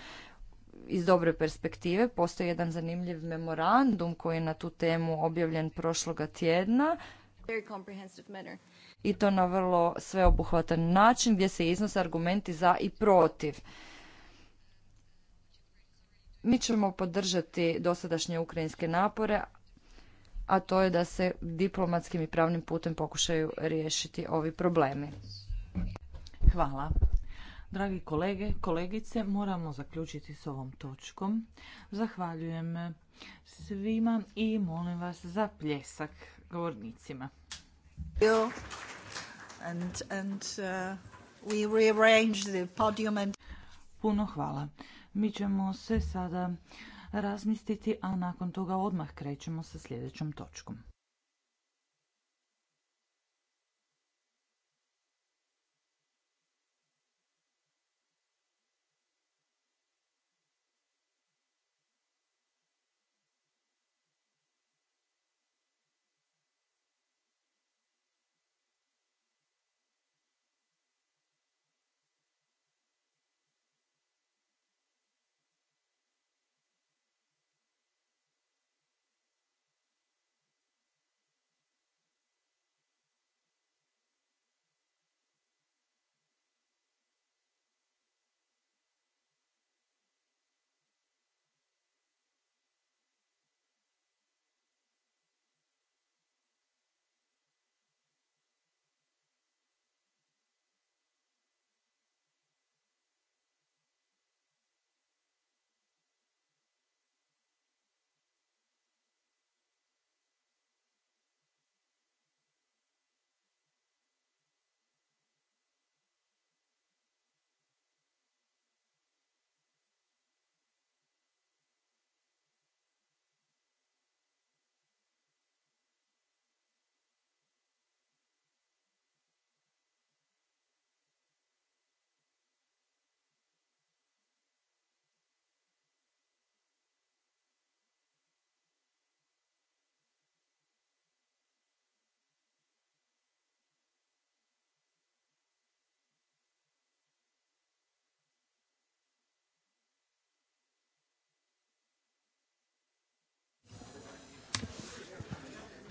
iz dobre perspektive. Postoji jedan zanimljiv memorandum koji je na tu temu objavljen prošloga tjedna i to na vrlo sveobuhvatan način gdje se iznose argumenti za i protiv. Mi ćemo podržati dosadašnje ukrajinske napore, a to je da se diplomatskim i pravnim putem pokušaju riješiti ovi problemi. Hvala. Dragi kolege, kolegice, moramo zaključiti s ovom točkom. Zahvaljujem svima i molim vas za pljesak govornicima. Uh, and, Puno hvala. Mi ćemo se sada razmistiti, a nakon toga odmah krećemo sa sljedećom točkom.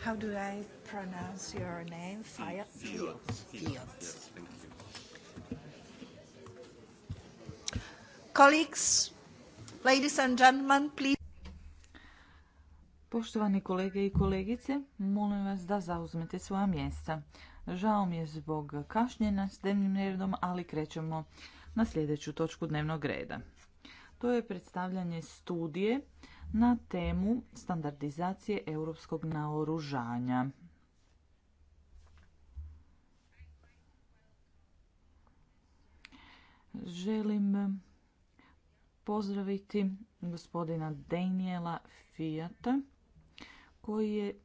How do I pronounce your name? Fiat? Colleagues, ladies and gentlemen, please. Poštovani kolege i kolegice, molim vas da zauzmete svoja mjesta. Žao mi je zbog kašnjenja s dnevnim redom, ali krećemo na sljedeću točku dnevnog reda. To je predstavljanje studije na temu standardizacije europskog naoružanja. Želim pozdraviti gospodina Daniela Fijata koji je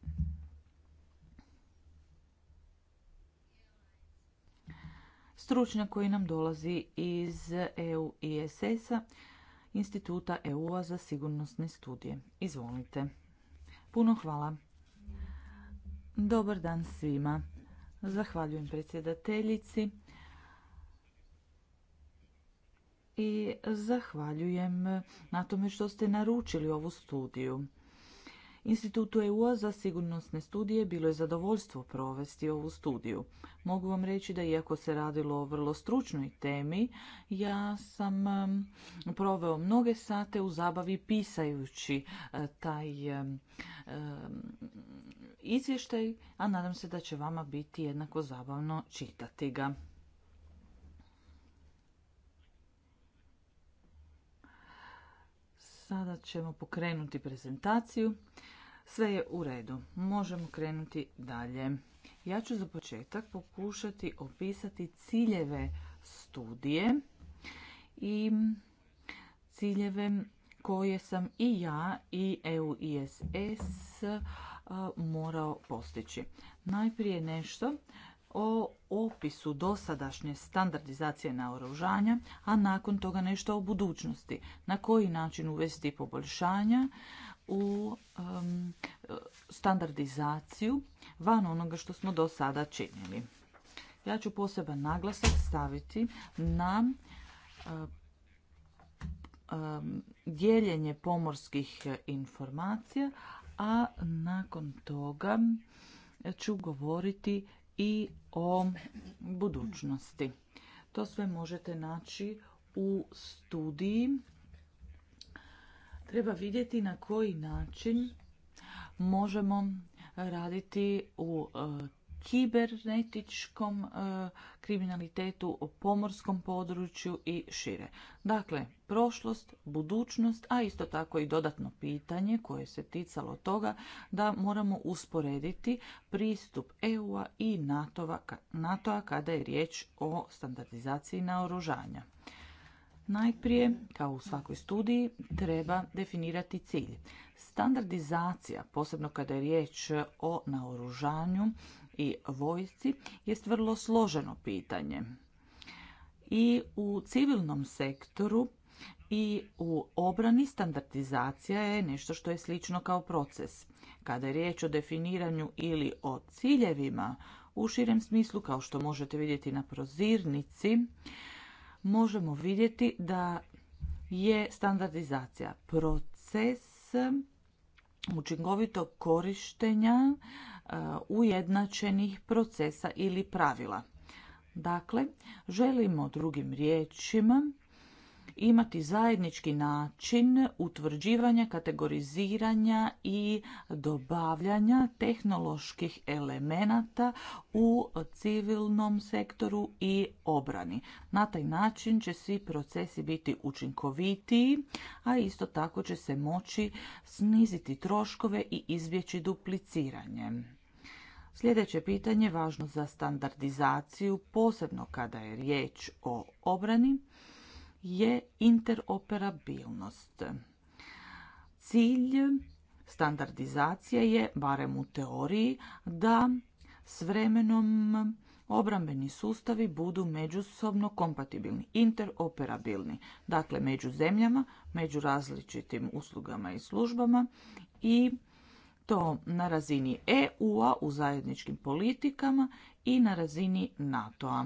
stručnjak koji nam dolazi iz EU ISS-a Instituta EU-a za sigurnosne studije. Izvolite. Puno hvala. Dobar dan svima. Zahvaljujem predsjedateljici i zahvaljujem na tome što ste naručili ovu studiju. Institutu eu za sigurnosne studije bilo je zadovoljstvo provesti ovu studiju. Mogu vam reći da iako se radilo o vrlo stručnoj temi, ja sam proveo mnoge sate u zabavi pisajući e, taj izvještaj, a nadam se da će vama biti jednako zabavno čitati ga. Sada ćemo pokrenuti prezentaciju. Sve je u redu. Možemo krenuti dalje. Ja ću za početak pokušati opisati ciljeve studije i ciljeve koje sam i ja i EU ISS e, morao postići. Najprije nešto o opisu dosadašnje standardizacije naoružanja, a nakon toga nešto o budućnosti. Na koji način uvesti poboljšanja u standardizaciju van onoga što smo do sada činili. Ja ću poseban naglasak staviti na dijeljenje pomorskih informacija, a nakon toga ću govoriti i o budućnosti. To sve možete naći u studiji Treba vidjeti na koji način možemo raditi u e, kibernetičkom e, kriminalitetu, o pomorskom području i šire. Dakle, prošlost, budućnost, a isto tako i dodatno pitanje koje se ticalo toga da moramo usporediti pristup EU-a i NATO-a kada je riječ o standardizaciji naoružanja. Najprije, kao u svakoj studiji, treba definirati cilj. Standardizacija, posebno kada je riječ o naoružanju i vojsci, je vrlo složeno pitanje. I u civilnom sektoru i u obrani standardizacija je nešto što je slično kao proces. Kada je riječ o definiranju ili o ciljevima, u širem smislu, kao što možete vidjeti na prozirnici, možemo vidjeti da je standardizacija proces učinkovitog korištenja e, ujednačenih procesa ili pravila. Dakle, želimo drugim riječima imati zajednički način utvrđivanja, kategoriziranja i dobavljanja tehnoloških elemenata u civilnom sektoru i obrani. Na taj način će svi procesi biti učinkovitiji, a isto tako će se moći sniziti troškove i izbjeći dupliciranje. Sljedeće pitanje važno za standardizaciju, posebno kada je riječ o obrani, je interoperabilnost. Cilj standardizacije je, barem u teoriji, da s vremenom obrambeni sustavi budu međusobno kompatibilni, interoperabilni, dakle među zemljama, među različitim uslugama i službama i to na razini EU-a u zajedničkim politikama i na razini NATO-a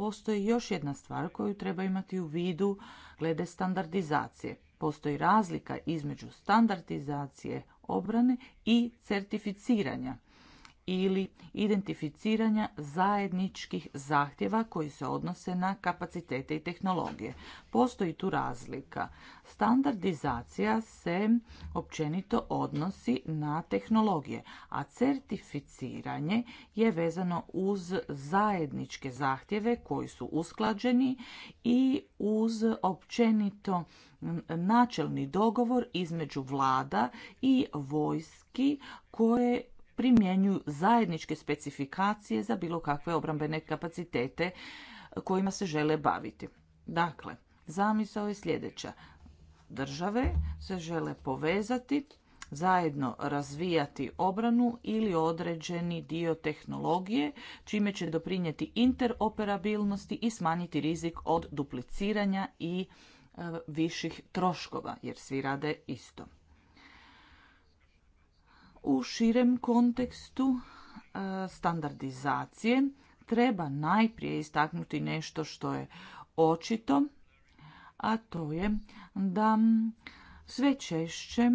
postoji još jedna stvar koju treba imati u vidu glede standardizacije. Postoji razlika između standardizacije obrane i certificiranja ili identificiranja zajedničkih zahtjeva koji se odnose na kapacitete i tehnologije. Postoji tu razlika. Standardizacija se općenito odnosi na tehnologije, a certificiranje je vezano uz zajedničke zahtjeve koji su usklađeni i uz općenito načelni dogovor između vlada i vojski koje primjenjuju zajedničke specifikacije za bilo kakve obrambene kapacitete kojima se žele baviti. Dakle, zamisao je sljedeća. Države se žele povezati, zajedno razvijati obranu ili određeni dio tehnologije, čime će doprinijeti interoperabilnosti i smanjiti rizik od dupliciranja i e, viših troškova, jer svi rade isto. U širem kontekstu e, standardizacije treba najprije istaknuti nešto što je očito, a to je da sve češće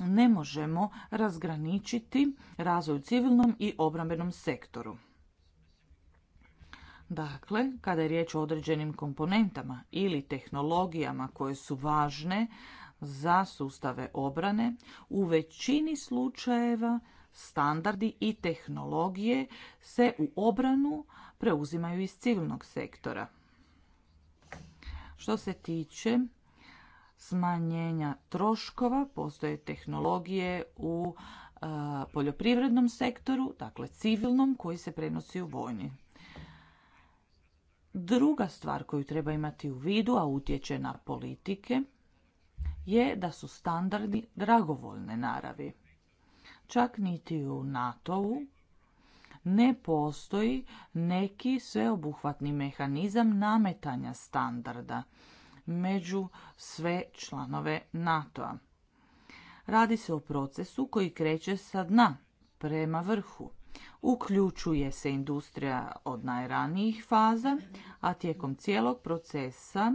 ne možemo razgraničiti razvoj u civilnom i obrambenom sektoru. Dakle, kada je riječ o određenim komponentama ili tehnologijama koje su važne za sustave obrane u većini slučajeva standardi i tehnologije se u obranu preuzimaju iz civilnog sektora. Što se tiče smanjenja troškova, postoje tehnologije u e, poljoprivrednom sektoru, dakle civilnom, koji se prenosi u vojni. Druga stvar koju treba imati u vidu, a utječe na politike, je da su standardi dragovoljne naravi. Čak niti u NATO-u ne postoji neki sveobuhvatni mehanizam nametanja standarda među sve članove NATO-a. Radi se o procesu koji kreće sa dna prema vrhu. Uključuje se industrija od najranijih faza, a tijekom cijelog procesa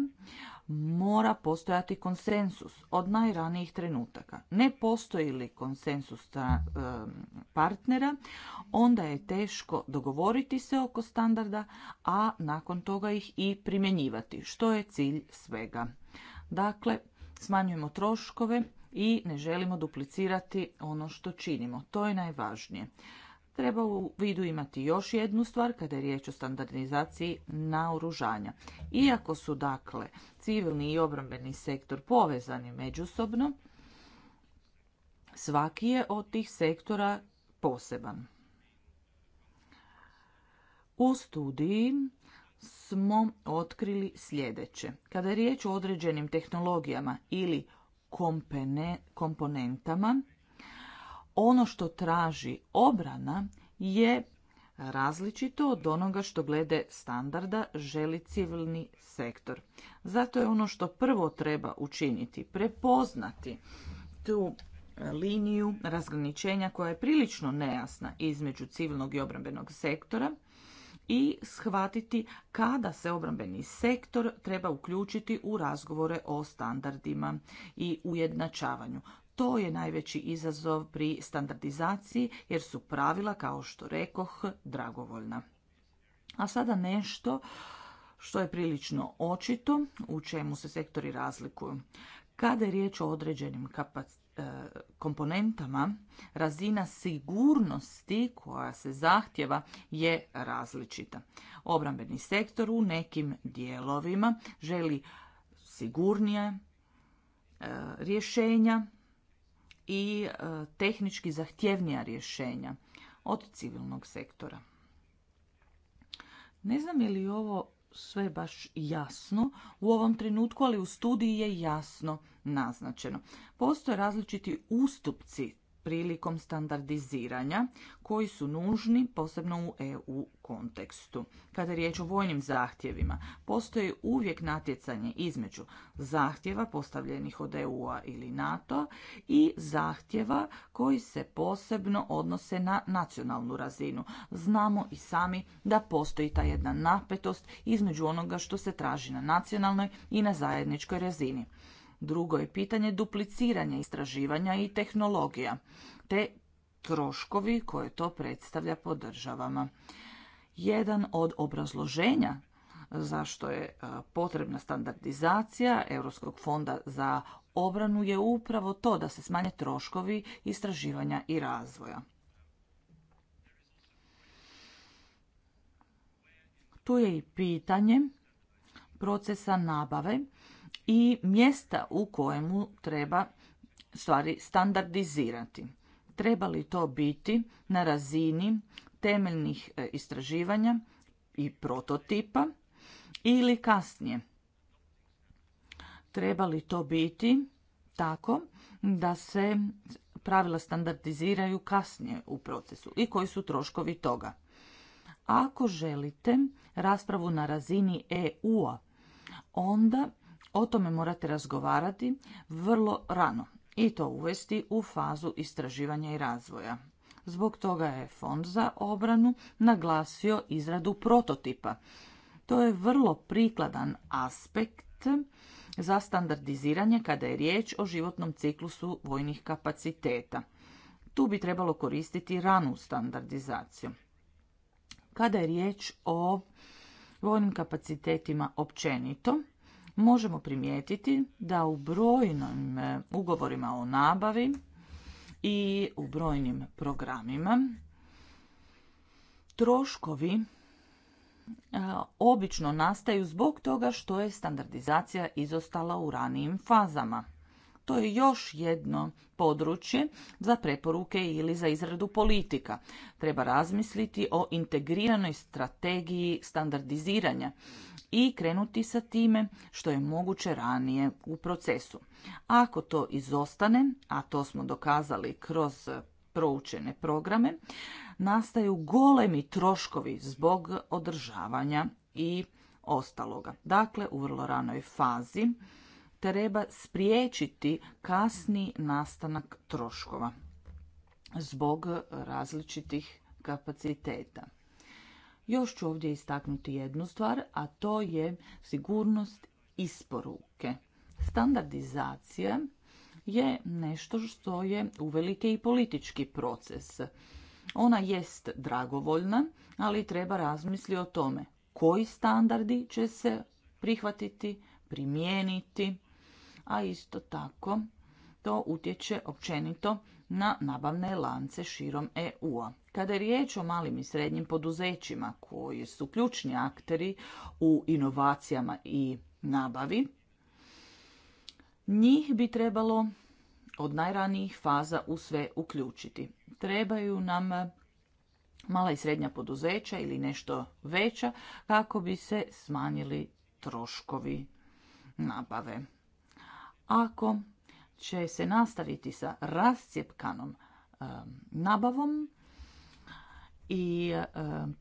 mora postojati konsensus od najranijih trenutaka. Ne postoji li konsensus partnera, onda je teško dogovoriti se oko standarda, a nakon toga ih i primjenjivati, što je cilj svega. Dakle, smanjujemo troškove i ne želimo duplicirati ono što činimo. To je najvažnije. Treba u vidu imati još jednu stvar kada je riječ o standardizaciji naoružanja. Iako su dakle civilni i obrambeni sektor povezani međusobno, svaki je od tih sektora poseban. U studiji smo otkrili sljedeće. Kada je riječ o određenim tehnologijama ili komponentama, ono što traži obrana je različito od onoga što glede standarda želi civilni sektor. Zato je ono što prvo treba učiniti prepoznati tu liniju razgraničenja koja je prilično nejasna između civilnog i obrambenog sektora i shvatiti kada se obrambeni sektor treba uključiti u razgovore o standardima i ujednačavanju. To je najveći izazov pri standardizaciji jer su pravila, kao što rekoh, dragovoljna. A sada nešto što je prilično očito, u čemu se sektori razlikuju. Kada je riječ o određenim e, komponentama, razina sigurnosti koja se zahtjeva je različita. Obrambeni sektor u nekim dijelovima želi sigurnije e, rješenja, i e, tehnički zahtjevnija rješenja od civilnog sektora. Ne znam je li ovo sve baš jasno u ovom trenutku, ali u studiji je jasno naznačeno. Postoje različiti ustupci prilikom standardiziranja koji su nužni posebno u EU kontekstu. Kada je riječ o vojnim zahtjevima, postoji uvijek natjecanje između zahtjeva postavljenih od EU-a ili NATO i zahtjeva koji se posebno odnose na nacionalnu razinu. Znamo i sami da postoji ta jedna napetost između onoga što se traži na nacionalnoj i na zajedničkoj razini. Drugo je pitanje dupliciranja istraživanja i tehnologija, te troškovi koje to predstavlja po državama. Jedan od obrazloženja zašto je e, potrebna standardizacija Europskog fonda za obranu je upravo to da se smanje troškovi istraživanja i razvoja. Tu je i pitanje procesa nabave i mjesta u kojemu treba stvari standardizirati. Treba li to biti na razini temeljnih e, istraživanja i prototipa ili kasnije? Treba li to biti tako da se pravila standardiziraju kasnije u procesu i koji su troškovi toga? Ako želite raspravu na razini EU-a, onda o tome morate razgovarati vrlo rano i to uvesti u fazu istraživanja i razvoja. Zbog toga je Fond za obranu naglasio izradu prototipa. To je vrlo prikladan aspekt za standardiziranje kada je riječ o životnom ciklusu vojnih kapaciteta. Tu bi trebalo koristiti ranu standardizaciju. Kada je riječ o vojnim kapacitetima općenito, možemo primijetiti da u brojnim e, ugovorima o nabavi i u brojnim programima troškovi e, obično nastaju zbog toga što je standardizacija izostala u ranijim fazama. To je još jedno područje za preporuke ili za izradu politika. Treba razmisliti o integriranoj strategiji standardiziranja i krenuti sa time što je moguće ranije u procesu. Ako to izostane, a to smo dokazali kroz proučene programe, nastaju golemi troškovi zbog održavanja i ostaloga. Dakle, u vrlo ranoj fazi treba spriječiti kasni nastanak troškova zbog različitih kapaciteta. Još ću ovdje istaknuti jednu stvar, a to je sigurnost isporuke. Standardizacija je nešto što je uvelike i politički proces. Ona jest dragovoljna, ali treba razmisli o tome koji standardi će se prihvatiti, primijeniti a isto tako to utječe općenito na nabavne lance širom EU-a. Kada je riječ o malim i srednjim poduzećima koji su ključni akteri u inovacijama i nabavi, njih bi trebalo od najranijih faza u sve uključiti. Trebaju nam mala i srednja poduzeća ili nešto veća kako bi se smanjili troškovi nabave ako će se nastaviti sa rascijepkanom e, nabavom i e,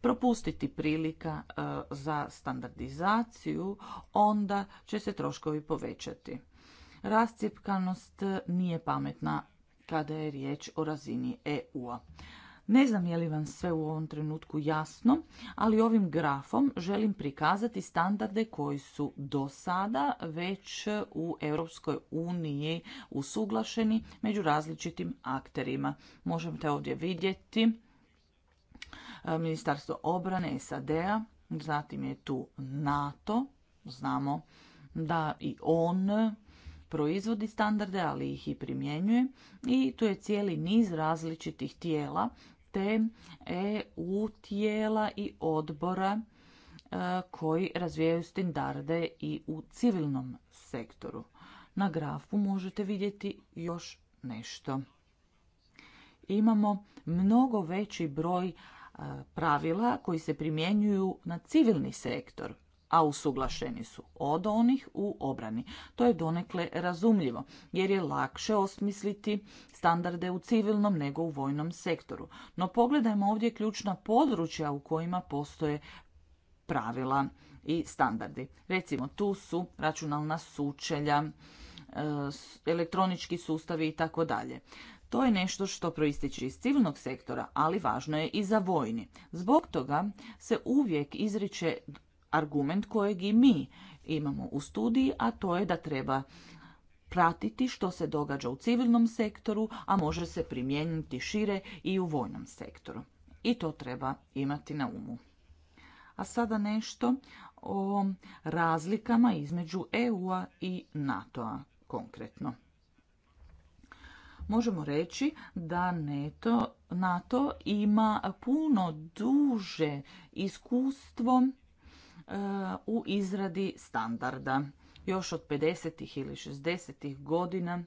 propustiti prilika e, za standardizaciju, onda će se troškovi povećati. Rascijepkanost nije pametna kada je riječ o razini EU-a. Ne znam je li vam sve u ovom trenutku jasno, ali ovim grafom želim prikazati standarde koji su do sada već u Europskoj uniji usuglašeni među različitim akterima. Možete ovdje vidjeti e, Ministarstvo obrane SAD-a, zatim je tu NATO, znamo da i on proizvodi standarde, ali ih i primjenjuje. I tu je cijeli niz različitih tijela te EU tijela i odbora e, koji razvijaju standarde i u civilnom sektoru. Na grafu možete vidjeti još nešto. Imamo mnogo veći broj e, pravila koji se primjenjuju na civilni sektor a usuglašeni su od onih u obrani. To je donekle razumljivo, jer je lakše osmisliti standarde u civilnom nego u vojnom sektoru. No pogledajmo ovdje ključna područja u kojima postoje pravila i standardi. Recimo, tu su računalna sučelja, e, elektronički sustavi i tako dalje. To je nešto što proističe iz civilnog sektora, ali važno je i za vojni. Zbog toga se uvijek izriče argument kojeg i mi imamo u studiji, a to je da treba pratiti što se događa u civilnom sektoru, a može se primijeniti šire i u vojnom sektoru. I to treba imati na umu. A sada nešto o razlikama između EU-a i NATO-a konkretno. Možemo reći da NATO ima puno duže iskustvo E, u izradi standarda. Još od 50. ili 60. godina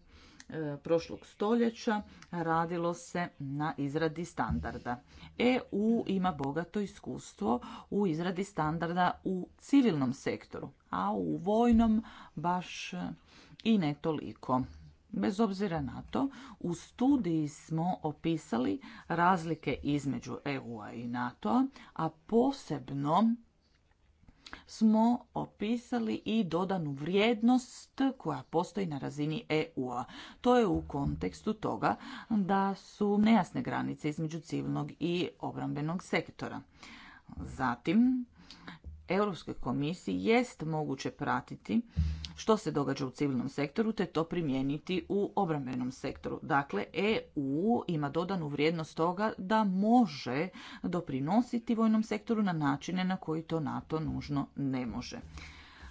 e, prošlog stoljeća radilo se na izradi standarda. EU ima bogato iskustvo u izradi standarda u civilnom sektoru, a u vojnom baš i ne toliko. Bez obzira na to, u studiji smo opisali razlike između EU-a i NATO-a, a posebno smo opisali i dodanu vrijednost koja postoji na razini EU-a. To je u kontekstu toga da su nejasne granice između civilnog i obrambenog sektora. Zatim, Europskoj komisiji jest moguće pratiti što se događa u civilnom sektoru te to primijeniti u obrambenom sektoru. Dakle, EU ima dodanu vrijednost toga da može doprinositi vojnom sektoru na načine na koji to NATO nužno ne može.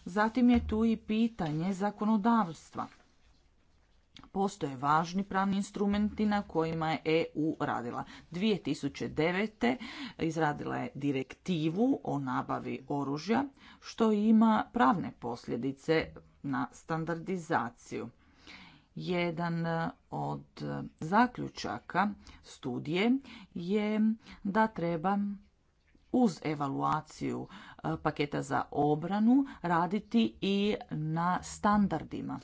Zatim je tu i pitanje zakonodavstva. Postoje važni pravni instrumenti na kojima je EU radila. 2009. izradila je direktivu o nabavi oružja, što ima pravne posljedice na standardizaciju. Jedan od zaključaka studije je da treba uz evaluaciju e, paketa za obranu raditi i na standardima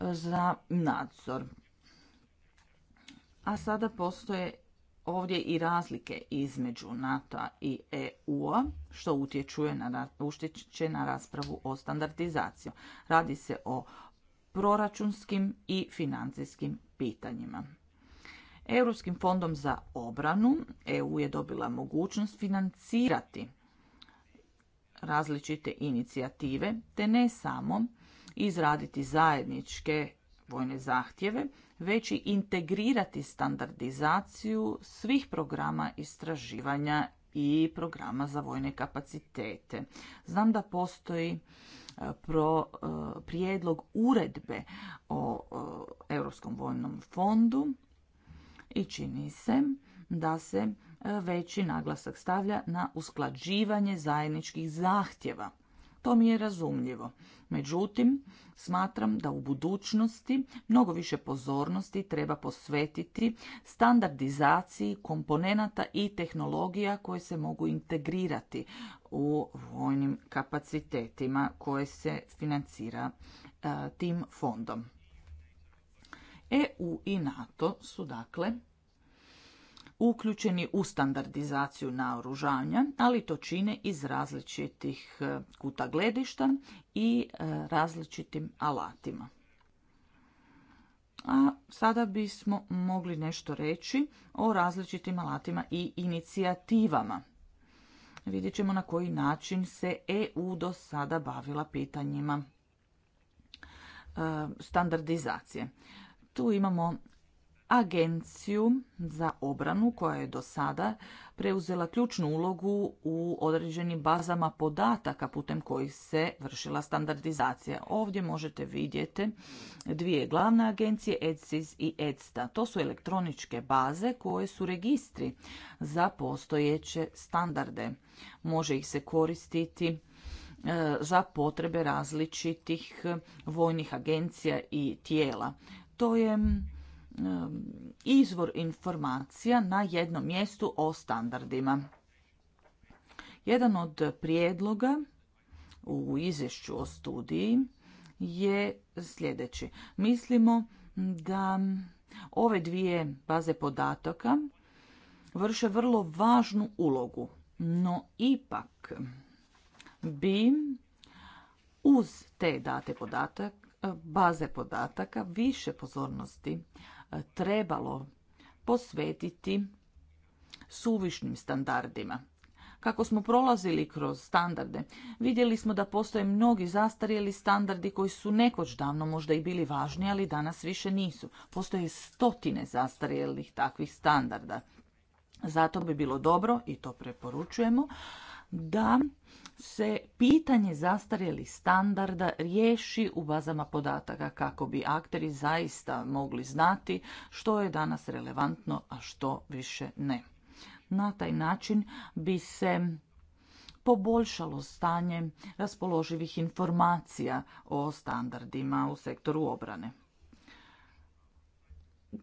za nadzor. A sada postoje ovdje i razlike između NATO-a i EU-a, što utječuje na, utječe na raspravu o standardizaciju. Radi se o proračunskim i financijskim pitanjima. Europskim fondom za obranu EU je dobila mogućnost financirati različite inicijative, te ne samo izraditi zajedničke vojne zahtjeve, već i integrirati standardizaciju svih programa istraživanja i programa za vojne kapacitete. Znam da postoji e, pro e, prijedlog uredbe o e, Europskom vojnom fondu i čini se da se veći naglasak stavlja na usklađivanje zajedničkih zahtjeva to mi je razumljivo. Međutim, smatram da u budućnosti mnogo više pozornosti treba posvetiti standardizaciji komponenata i tehnologija koje se mogu integrirati u vojnim kapacitetima koje se financira e, tim fondom. EU i NATO su dakle uključeni u standardizaciju naoružanja, ali to čine iz različitih e, kuta gledišta i e, različitim alatima. A sada bismo mogli nešto reći o različitim alatima i inicijativama. Vidjet ćemo na koji način se EU do sada bavila pitanjima e, standardizacije. Tu imamo agenciju za obranu koja je do sada preuzela ključnu ulogu u određenim bazama podataka putem kojih se vršila standardizacija. Ovdje možete vidjeti dvije glavne agencije, EDSIS i EDSTA. To su elektroničke baze koje su registri za postojeće standarde. Može ih se koristiti e, za potrebe različitih vojnih agencija i tijela. To je Um, izvor informacija na jednom mjestu o standardima. Jedan od prijedloga u izvješću o studiji je sljedeći. Mislimo da ove dvije baze podataka vrše vrlo važnu ulogu, no ipak bi uz te date podatak, baze podataka više pozornosti trebalo posvetiti suvišnim standardima. Kako smo prolazili kroz standarde, vidjeli smo da postoje mnogi zastarjeli standardi koji su nekoć davno možda i bili važni, ali danas više nisu. Postoje stotine zastarjelih takvih standarda. Zato bi bilo dobro, i to preporučujemo, da se pitanje zastarjeli standarda riješi u bazama podataka kako bi akteri zaista mogli znati što je danas relevantno, a što više ne. Na taj način bi se poboljšalo stanje raspoloživih informacija o standardima u sektoru obrane.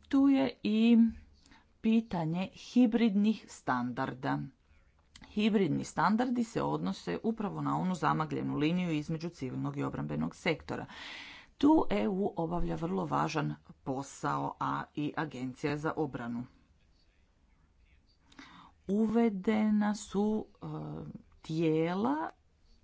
Tu je i pitanje hibridnih standarda Hibridni standardi se odnose upravo na onu zamagljenu liniju između civilnog i obrambenog sektora. Tu EU obavlja vrlo važan posao, a i Agencija za obranu. Uvedena su e, tijela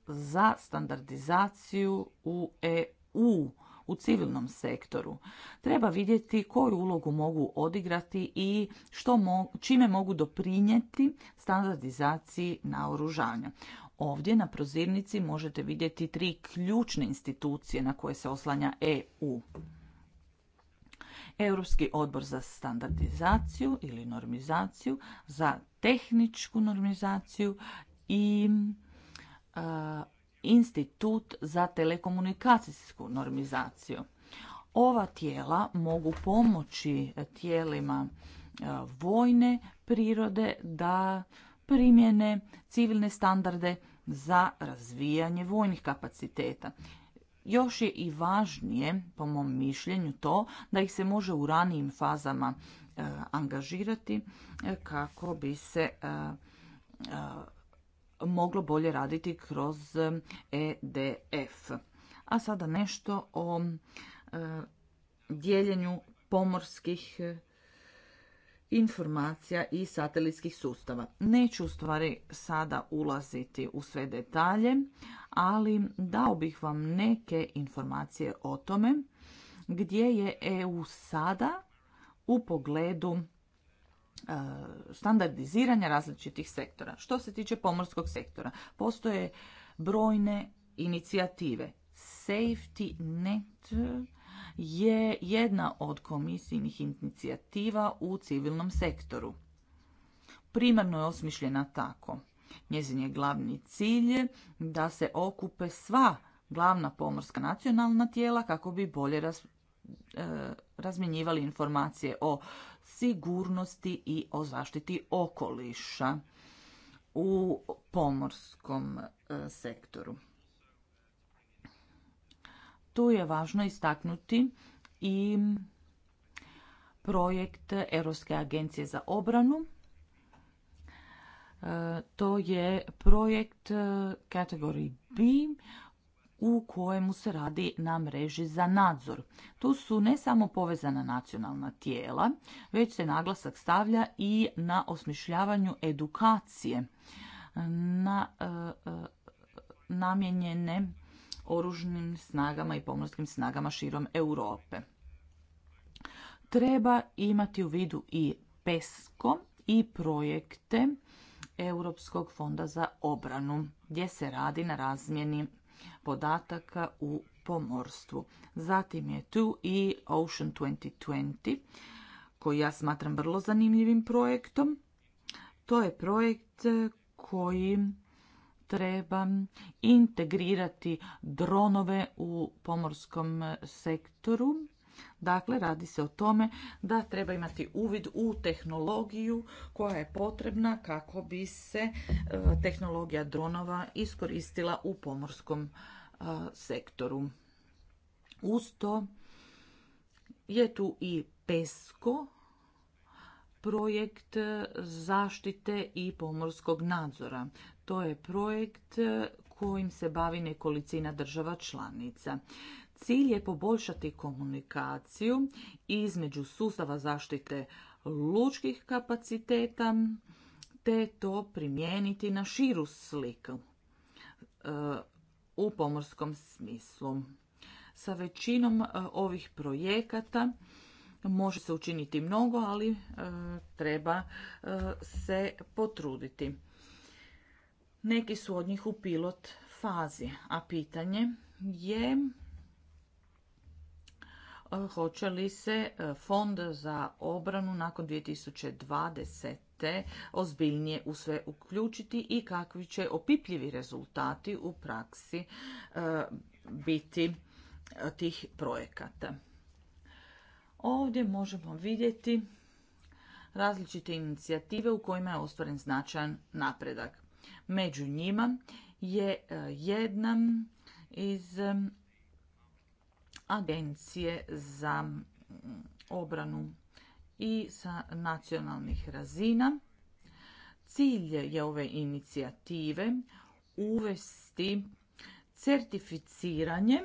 za standardizaciju u EU u civilnom sektoru. Treba vidjeti koju ulogu mogu odigrati i što čime mogu doprinijeti standardizaciji naoružanja. Ovdje na prozirnici možete vidjeti tri ključne institucije na koje se oslanja EU. Europski odbor za standardizaciju ili normizaciju, za tehničku normizaciju i institut za telekomunikacijsku normizaciju. Ova tijela mogu pomoći tijelima e, vojne prirode da primjene civilne standarde za razvijanje vojnih kapaciteta. Još je i važnije, po mom mišljenju, to da ih se može u ranijim fazama e, angažirati e, kako bi se moglo bolje raditi kroz EDF. E A sada nešto o dijeljenju pomorskih informacija i satelitskih sustava. Neću u stvari sada ulaziti u sve detalje, ali dao bih vam neke informacije o tome gdje je EU sada u pogledu E, standardiziranja različitih sektora. Što se tiče pomorskog sektora, postoje brojne inicijative. Safety Net je jedna od komisijnih inicijativa u civilnom sektoru. Primarno je osmišljena tako. Njezin je glavni cilj da se okupe sva glavna pomorska nacionalna tijela kako bi bolje raz, e, razmjenjivali informacije o sigurnosti i o zaštiti okoliša u pomorskom e, sektoru. Tu je važno istaknuti i projekt Europske agencije za obranu. E, to je projekt e, kategoriji B u kojemu se radi na mreži za nadzor. Tu su ne samo povezana nacionalna tijela, već se naglasak stavlja i na osmišljavanju edukacije na e, e, namijenjene oružnim snagama i pomorskim snagama širom Europe. Treba imati u vidu i PESCO i projekte Europskog fonda za obranu, gdje se radi na razmjeni podataka u pomorstvu. Zatim je tu i Ocean 2020 koji ja smatram vrlo zanimljivim projektom. To je projekt koji treba integrirati dronove u pomorskom sektoru Dakle, radi se o tome da treba imati uvid u tehnologiju koja je potrebna kako bi se e, tehnologija dronova iskoristila u pomorskom e, sektoru. Uz to je tu i PESCO, projekt e, zaštite i pomorskog nadzora. To je projekt kojim se bavi nekolicina država članica. Cilj je poboljšati komunikaciju između sustava zaštite lučkih kapaciteta te to primijeniti na širu sliku e, u pomorskom smislu. Sa većinom e, ovih projekata može se učiniti mnogo, ali e, treba se potruditi. Neki su od njih u pilot fazi, a pitanje je hoće li se e, fond za obranu nakon 2020 ozbiljnije u sve uključiti i kakvi će opipljivi rezultati u praksi e, biti e, tih projekata. Ovdje možemo vidjeti različite inicijative u kojima je ostvaren značajan napredak. Među njima je jedna iz agencije za obranu i sa nacionalnih razina. Cilj je ove inicijative uvesti certificiranje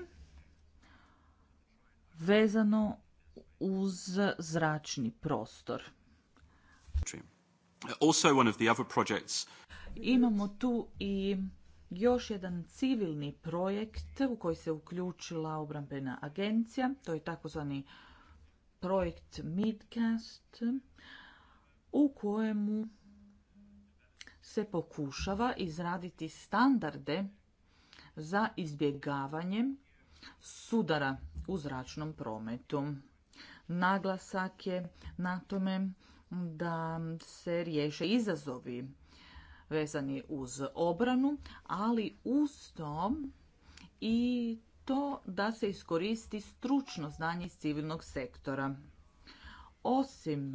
vezano uz zračni prostor. Imamo tu i još jedan civilni projekt u koji se uključila obrambena agencija, to je takozvani projekt Midcast, u kojemu se pokušava izraditi standarde za izbjegavanje sudara u zračnom prometu. Naglasak je na tome da se riješe izazovi vezani uz obranu, ali uz to i to da se iskoristi stručno znanje iz civilnog sektora. Osim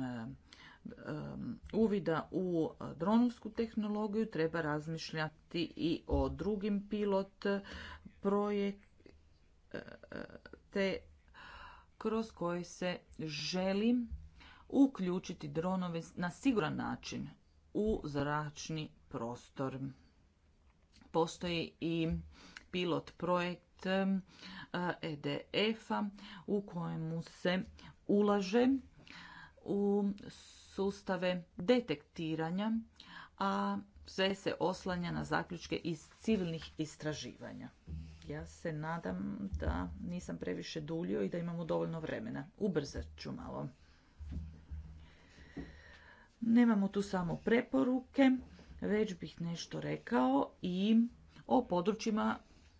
uvida u dronovsku tehnologiju treba razmišljati i o drugim pilot projekte kroz koje se želi uključiti dronove na siguran način u zračni prostor. Postoji i pilot projekt EDF-a e u kojemu se ulaže u sustave detektiranja, a sve se oslanja na zaključke iz civilnih istraživanja. Ja se nadam da nisam previše duljio i da imamo dovoljno vremena. Ubrzat ću malo. Nemamo tu samo preporuke, već bih nešto rekao i o područjima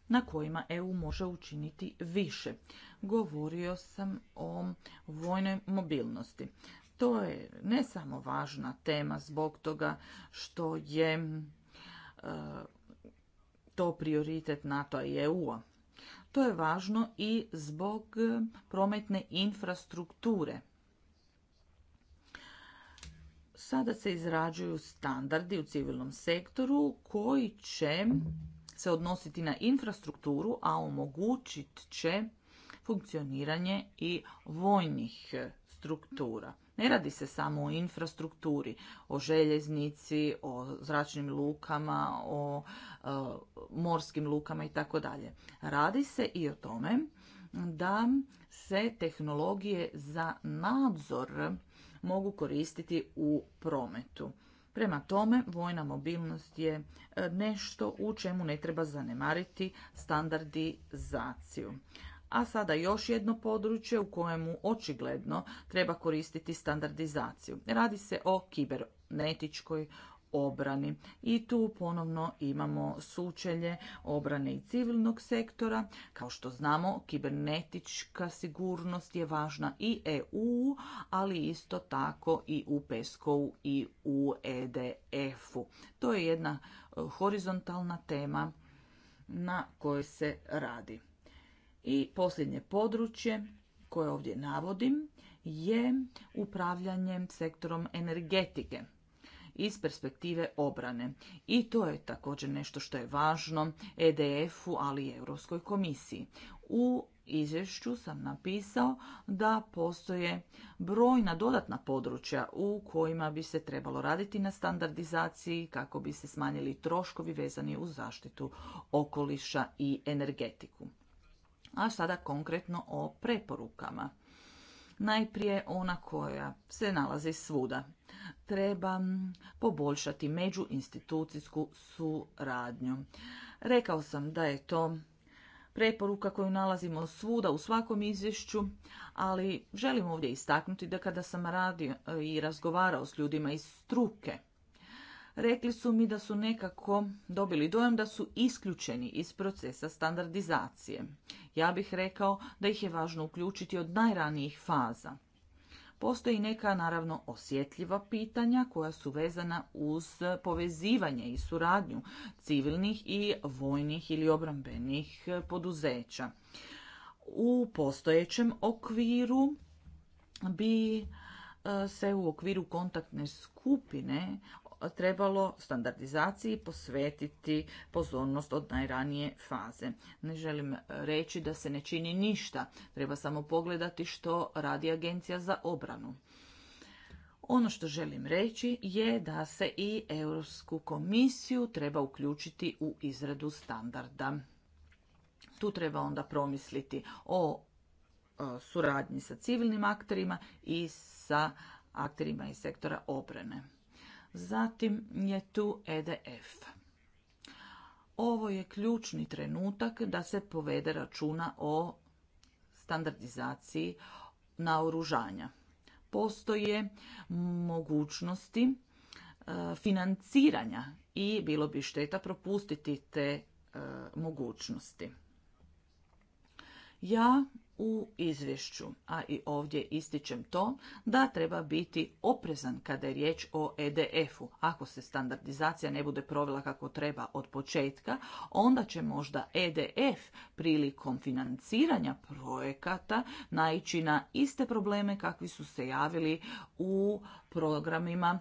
na kojima EU može učiniti više. Govorio sam o vojnoj mobilnosti. To je ne samo važna tema zbog toga što je e, to prioritet nato i EU-a. To je važno i zbog prometne infrastrukture sada se izrađuju standardi u civilnom sektoru koji će se odnositi na infrastrukturu, a omogućit će funkcioniranje i vojnih struktura. Ne radi se samo o infrastrukturi, o željeznici, o zračnim lukama, o e, morskim lukama i tako dalje. Radi se i o tome da se tehnologije za nadzor mogu koristiti u prometu. Prema tome, vojna mobilnost je e, nešto u čemu ne treba zanemariti standardizaciju. A sada još jedno područje u kojemu očigledno treba koristiti standardizaciju. Radi se o kibernetičkoj obrani. I tu ponovno imamo sučelje obrane i civilnog sektora. Kao što znamo, kibernetička sigurnost je važna i EU, ali isto tako i u PESCO-u i u EDF-u. To je jedna e, horizontalna tema na kojoj se radi. I posljednje područje koje ovdje navodim je upravljanjem sektorom energetike iz perspektive obrane. I to je također nešto što je važno EDF-u, ali i Europskoj komisiji. U izvješću sam napisao da postoje brojna dodatna područja u kojima bi se trebalo raditi na standardizaciji kako bi se smanjili troškovi vezani uz zaštitu okoliša i energetiku. A sada konkretno o preporukama. Najprije ona koja se nalazi svuda. Treba poboljšati međuinstitucijsku suradnju. Rekao sam da je to preporuka koju nalazimo svuda u svakom izvješću, ali želim ovdje istaknuti da kada sam radio i razgovarao s ljudima iz struke, rekli su mi da su nekako dobili dojam da su isključeni iz procesa standardizacije. Ja bih rekao da ih je važno uključiti od najranijih faza. Postoji neka naravno osjetljiva pitanja koja su vezana uz povezivanje i suradnju civilnih i vojnih ili obrambenih poduzeća. U postojećem okviru bi e, se u okviru kontaktne skupine trebalo standardizaciji posvetiti pozornost od najranije faze. Ne želim reći da se ne čini ništa, treba samo pogledati što radi Agencija za obranu. Ono što želim reći je da se i Europsku komisiju treba uključiti u izradu standarda. Tu treba onda promisliti o e, suradnji sa civilnim akterima i sa akterima iz sektora obrane. Zatim je tu EDF. Ovo je ključni trenutak da se povede računa o standardizaciji naoružanja. Postoje mogućnosti e, financiranja i bilo bi šteta propustiti te e, mogućnosti. Ja u izvješću, a i ovdje ističem to, da treba biti oprezan kada je riječ o EDF-u. Ako se standardizacija ne bude provela kako treba od početka, onda će možda EDF prilikom financiranja projekata naići na iste probleme kakvi su se javili u programima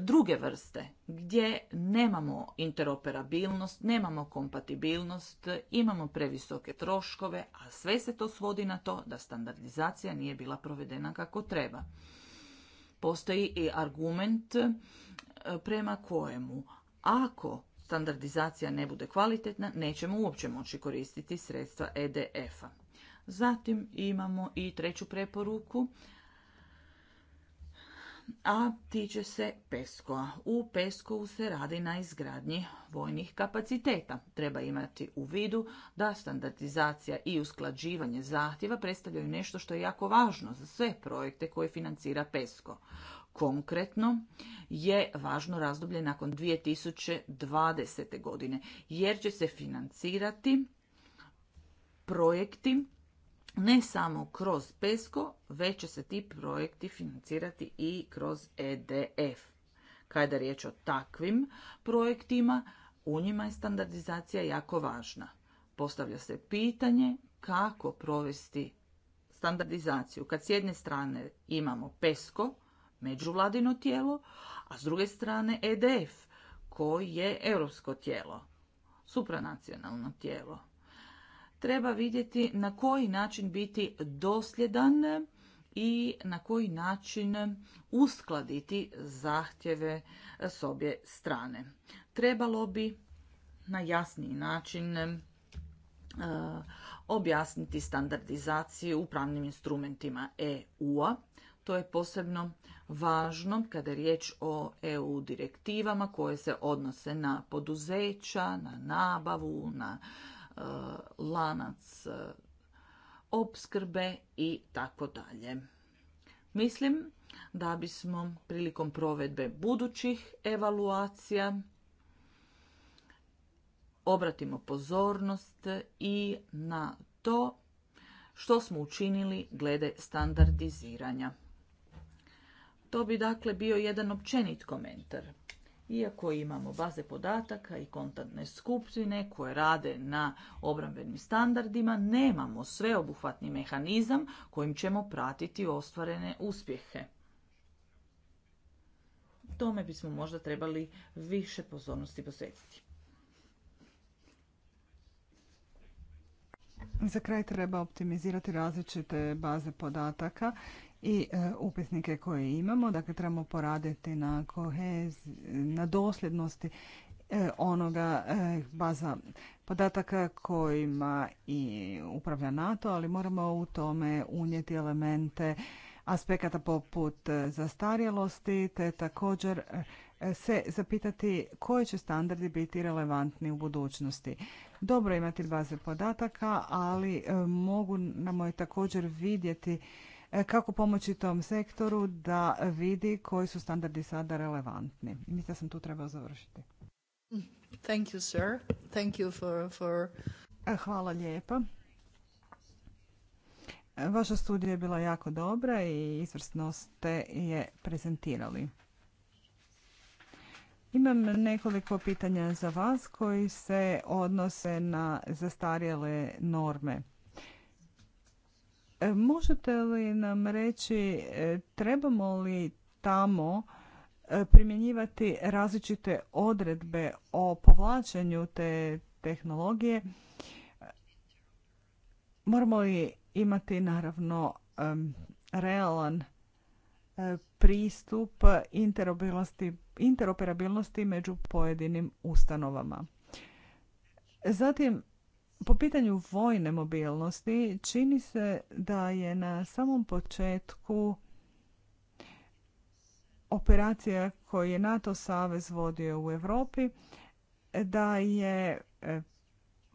druge vrste gdje nemamo interoperabilnost, nemamo kompatibilnost, imamo previsoke troškove, a sve se to svodi na to da standardizacija nije bila provedena kako treba. Postoji i argument e, prema kojemu ako standardizacija ne bude kvalitetna, nećemo uopće moći koristiti sredstva EDF-a. Zatim imamo i treću preporuku a tiče se PESCO-a. U Peskovu se radi na izgradnji vojnih kapaciteta. Treba imati u vidu da standardizacija i usklađivanje zahtjeva predstavljaju nešto što je jako važno za sve projekte koje financira Pesko. Konkretno je važno razdoblje nakon 2020. godine jer će se financirati projekti ne samo kroz PESCO, već će se ti projekti financirati i kroz EDF. Kada je riječ o takvim projektima, u njima je standardizacija jako važna. Postavlja se pitanje kako provesti standardizaciju. Kad s jedne strane imamo PESCO, međuvladino tijelo, a s druge strane EDF, koji je europsko tijelo, supranacionalno tijelo treba vidjeti na koji način biti dosljedan i na koji način uskladiti zahtjeve s obje strane. Trebalo bi na jasniji način e, objasniti standardizaciju u pravnim instrumentima EU-a. To je posebno važno kada je riječ o EU direktivama koje se odnose na poduzeća, na nabavu, na Eh, lanac eh, opskrbe i tako dalje. Mislim da bismo prilikom provedbe budućih evaluacija obratimo pozornost i na to što smo učinili glede standardiziranja. To bi dakle bio jedan općenit komentar. Iako imamo baze podataka i kontaktne skupštine koje rade na obrambenim standardima, nemamo sveobuhvatni mehanizam kojim ćemo pratiti ostvarene uspjehe. Tome bismo možda trebali više pozornosti posvetiti. Za kraj treba optimizirati različite baze podataka i e, upisnike koje imamo. Dakle, trebamo poraditi na, kohez, na dosljednosti e, onoga e, baza podataka kojima i upravlja NATO, ali moramo u tome unijeti elemente aspekata poput zastarjelosti, te također se zapitati koji će standardi biti relevantni u budućnosti. Dobro imati baze podataka, ali mogu nam je također vidjeti E, kako pomoći tom sektoru da vidi koji su standardi sada relevantni. Mislim da sam tu trebao završiti. Thank you, sir. Thank you for, for... E, hvala lijepa. E, vaša studija je bila jako dobra i izvrsno ste je prezentirali. Imam nekoliko pitanja za vas koji se odnose na zastarjele norme. E, možete li nam reći e, trebamo li tamo e, primjenjivati različite odredbe o povlačenju te tehnologije? Moramo li imati naravno realan pristup interoperabilnosti među pojedinim ustanovama? Zatim, po pitanju vojne mobilnosti čini se da je na samom početku operacija koju je NATO savez vodio u Europi da je e,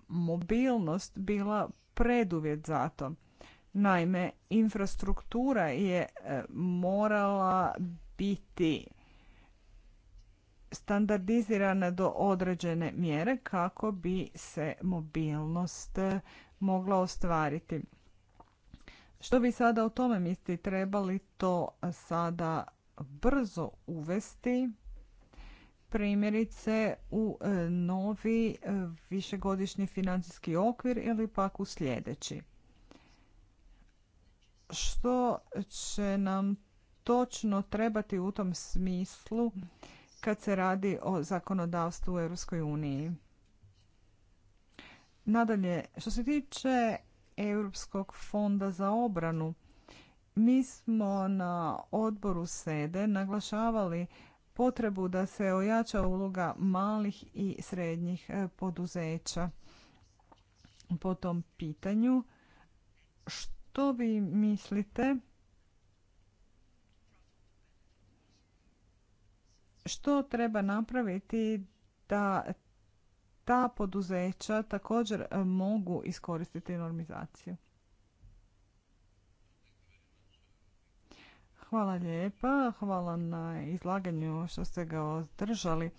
mobilnost bila preduvjet za to. Naime, infrastruktura je e, morala biti standardizirane do određene mjere kako bi se mobilnost eh, mogla ostvariti. Što bi sada o tome misli? Trebali to sada brzo uvesti? Primjerice u eh, novi eh, višegodišnji financijski okvir ili pak u sljedeći. Što će nam točno trebati u tom smislu kad se radi o zakonodavstvu u EU. Nadalje, što se tiče Europskog fonda za obranu, mi smo na odboru sede naglašavali potrebu da se ojača uloga malih i srednjih e, poduzeća po tom pitanju. Što vi mislite što treba napraviti da ta poduzeća također e, mogu iskoristiti normizaciju. Hvala lijepa, hvala na izlaganju što ste ga održali.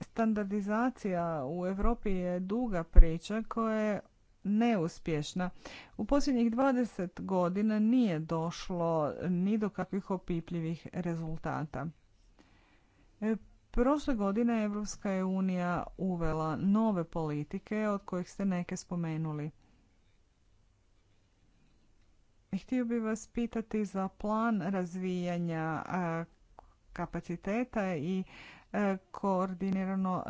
Standardizacija u Europi je duga priča koja je neuspješna. U posljednjih 20 godina nije došlo ni do kakvih opipljivih rezultata. E, prošle godine Evropska je unija uvela nove politike od kojih ste neke spomenuli. Htio bih vas pitati za plan razvijanja kapaciteta i e, koordinirano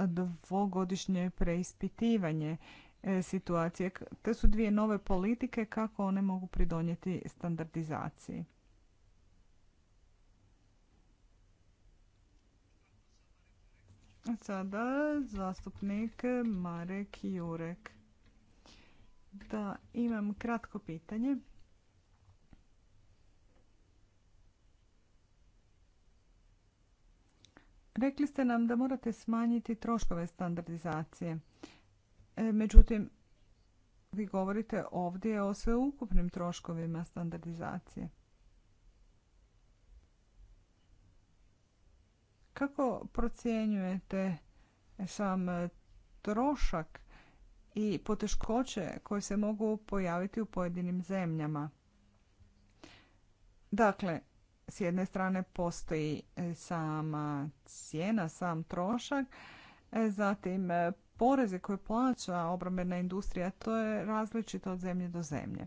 dvogodišnje preispitivanje e, situacije. Te su dvije nove politike kako one mogu pridonijeti standardizaciji. Sada zastupnik Marek Jurek. Da, imam kratko pitanje. Rekli ste nam da morate smanjiti troškove standardizacije. E, međutim, vi govorite ovdje o sveukupnim troškovima standardizacije. Kako procjenjujete sam e, trošak i poteškoće koje se mogu pojaviti u pojedinim zemljama? Dakle, s jedne strane postoji e, sama cijena, sam trošak, e, zatim poreze koje plaća obrambena industrija, to je različito od zemlje do zemlje.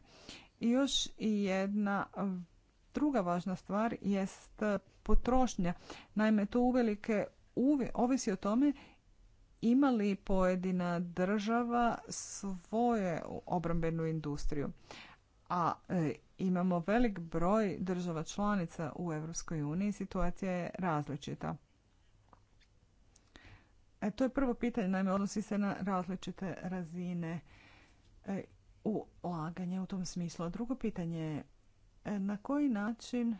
I još jedna druga važna stvar jest potrošnja. Naime, to uvelike ovisi o tome ima li pojedina država svoje obrambenu industriju. A e, imamo velik broj država članica u Europskoj uniji, situacija je različita. E, to je prvo pitanje, naime odnosi se na različite razine e, ulaganja u tom smislu. A drugo pitanje je e, na koji način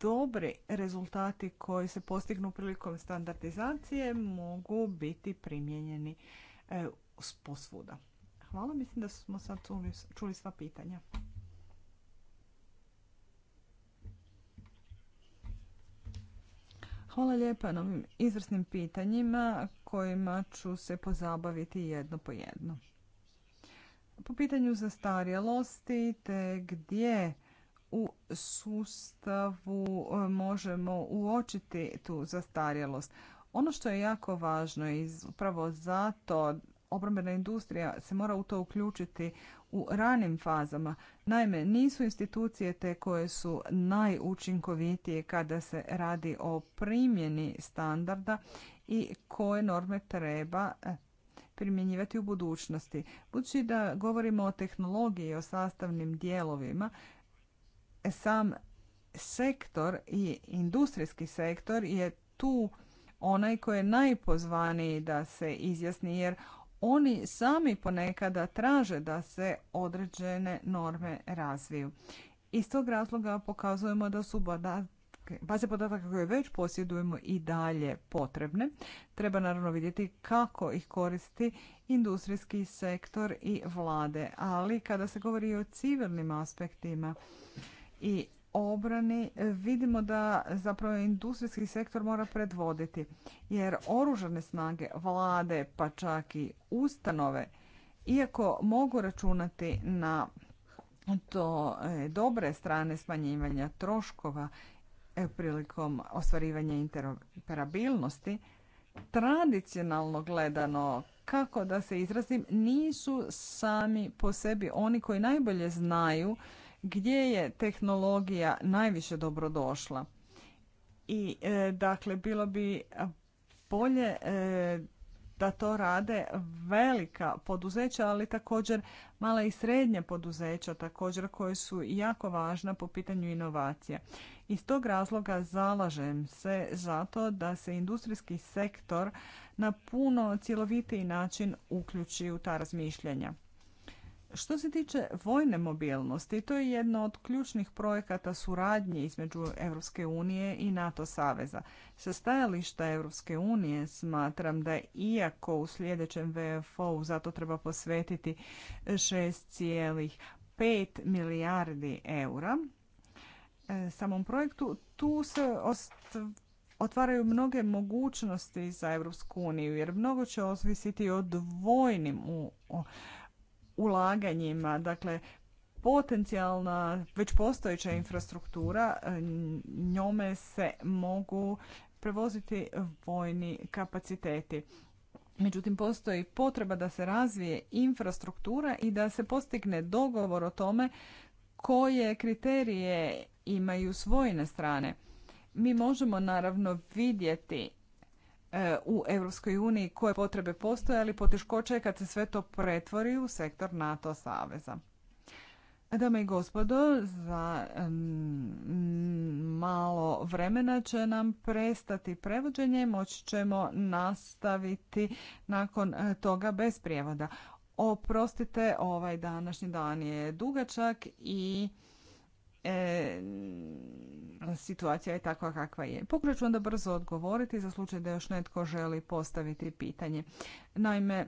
dobri rezultati koji se postignu prilikom standardizacije mogu biti primijenjeni e, posvuda. Hvala, mislim da smo sad čuli sva pitanja. Hvala lijepa na ovim izvrsnim pitanjima kojima ću se pozabaviti jedno po jedno. Po pitanju zastarjelosti te gdje u sustavu e, možemo uočiti tu zastarjelost. Ono što je jako važno i upravo zato obrambena industrija se mora u to uključiti u ranim fazama. Naime, nisu institucije te koje su najučinkovitije kada se radi o primjeni standarda i koje norme treba e, primjenjivati u budućnosti. Budući da govorimo o tehnologiji i o sastavnim dijelovima, sam sektor i industrijski sektor je tu onaj koji je najpozvaniji da se izjasni jer oni sami ponekada traže da se određene norme razviju. Iz tog razloga pokazujemo da su baze podataka koje već posjedujemo i dalje potrebne. Treba naravno vidjeti kako ih koristi industrijski sektor i vlade, ali kada se govori o civilnim aspektima, i obrani vidimo da zapravo industrijski sektor mora predvoditi jer oružane snage, vlade pa čak i ustanove iako mogu računati na to e, dobre strane smanjivanja troškova e, prilikom ostvarivanja interoperabilnosti, tradicionalno gledano, kako da se izrazim, nisu sami po sebi oni koji najbolje znaju gdje je tehnologija najviše dobrodošla. I e, dakle, bilo bi bolje e, da to rade velika poduzeća, ali također mala i srednja poduzeća također koje su jako važna po pitanju inovacija. Iz tog razloga zalažem se zato da se industrijski sektor na puno cjelovitiji način uključi u ta razmišljanja. Što se tiče vojne mobilnosti, to je jedno od ključnih projekata suradnje između Europske unije i NATO saveza. Sa stajališta Europske unije smatram da iako u sljedećem VFO-u zato treba posvetiti 6,5 milijardi eura e, samom projektu, tu se otvaraju mnoge mogućnosti za Europsku uniju jer mnogo će osvisiti o vojnim u ulaganjima. Dakle, potencijalna, već postojeća infrastruktura, e, njome se mogu prevoziti vojni kapaciteti. Međutim, postoji potreba da se razvije infrastruktura i da se postigne dogovor o tome koje kriterije imaju svojine strane. Mi možemo naravno vidjeti E, u Europskoj uniji koje potrebe postoje, ali poteškoće je kad se sve to pretvori u sektor NATO saveza. Dame i gospodo, za malo vremena će nam prestati prevođenje, moći ćemo nastaviti nakon e, toga bez prijevoda. Oprostite, ovaj današnji dan je dugačak i E, situacija je takva kakva je. Pokušat ću onda brzo odgovoriti za slučaj da još netko želi postaviti pitanje. Naime,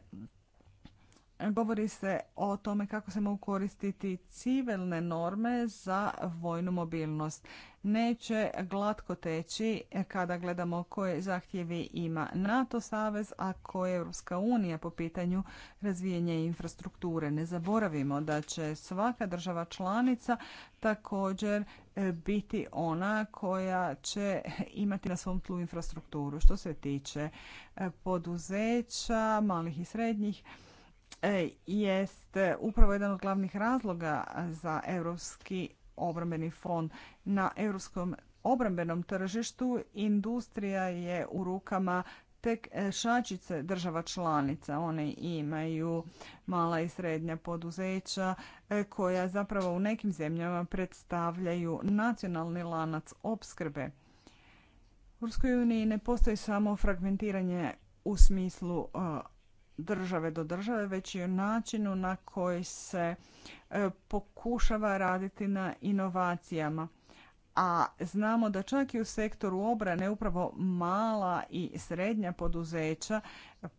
govori se o tome kako se mogu koristiti civilne norme za vojnu mobilnost neće glatko teći kada gledamo koje zahtjevi ima NATO savez, a koje Europska unija po pitanju razvijenja infrastrukture. Ne zaboravimo da će svaka država članica također e, biti ona koja će imati na svom tlu infrastrukturu. Što se tiče e, poduzeća, malih i srednjih, e, jest upravo jedan od glavnih razloga za europski obrambeni fond. Na europskom obrambenom tržištu industrija je u rukama tek e, šačice država članica. One imaju mala i srednja poduzeća e, koja zapravo u nekim zemljama predstavljaju nacionalni lanac opskrbe. U Ruskoj uniji ne postoji samo fragmentiranje u smislu e, države do države, već i o načinu na koji se e, pokušava raditi na inovacijama. A znamo da čak i u sektoru obrane upravo mala i srednja poduzeća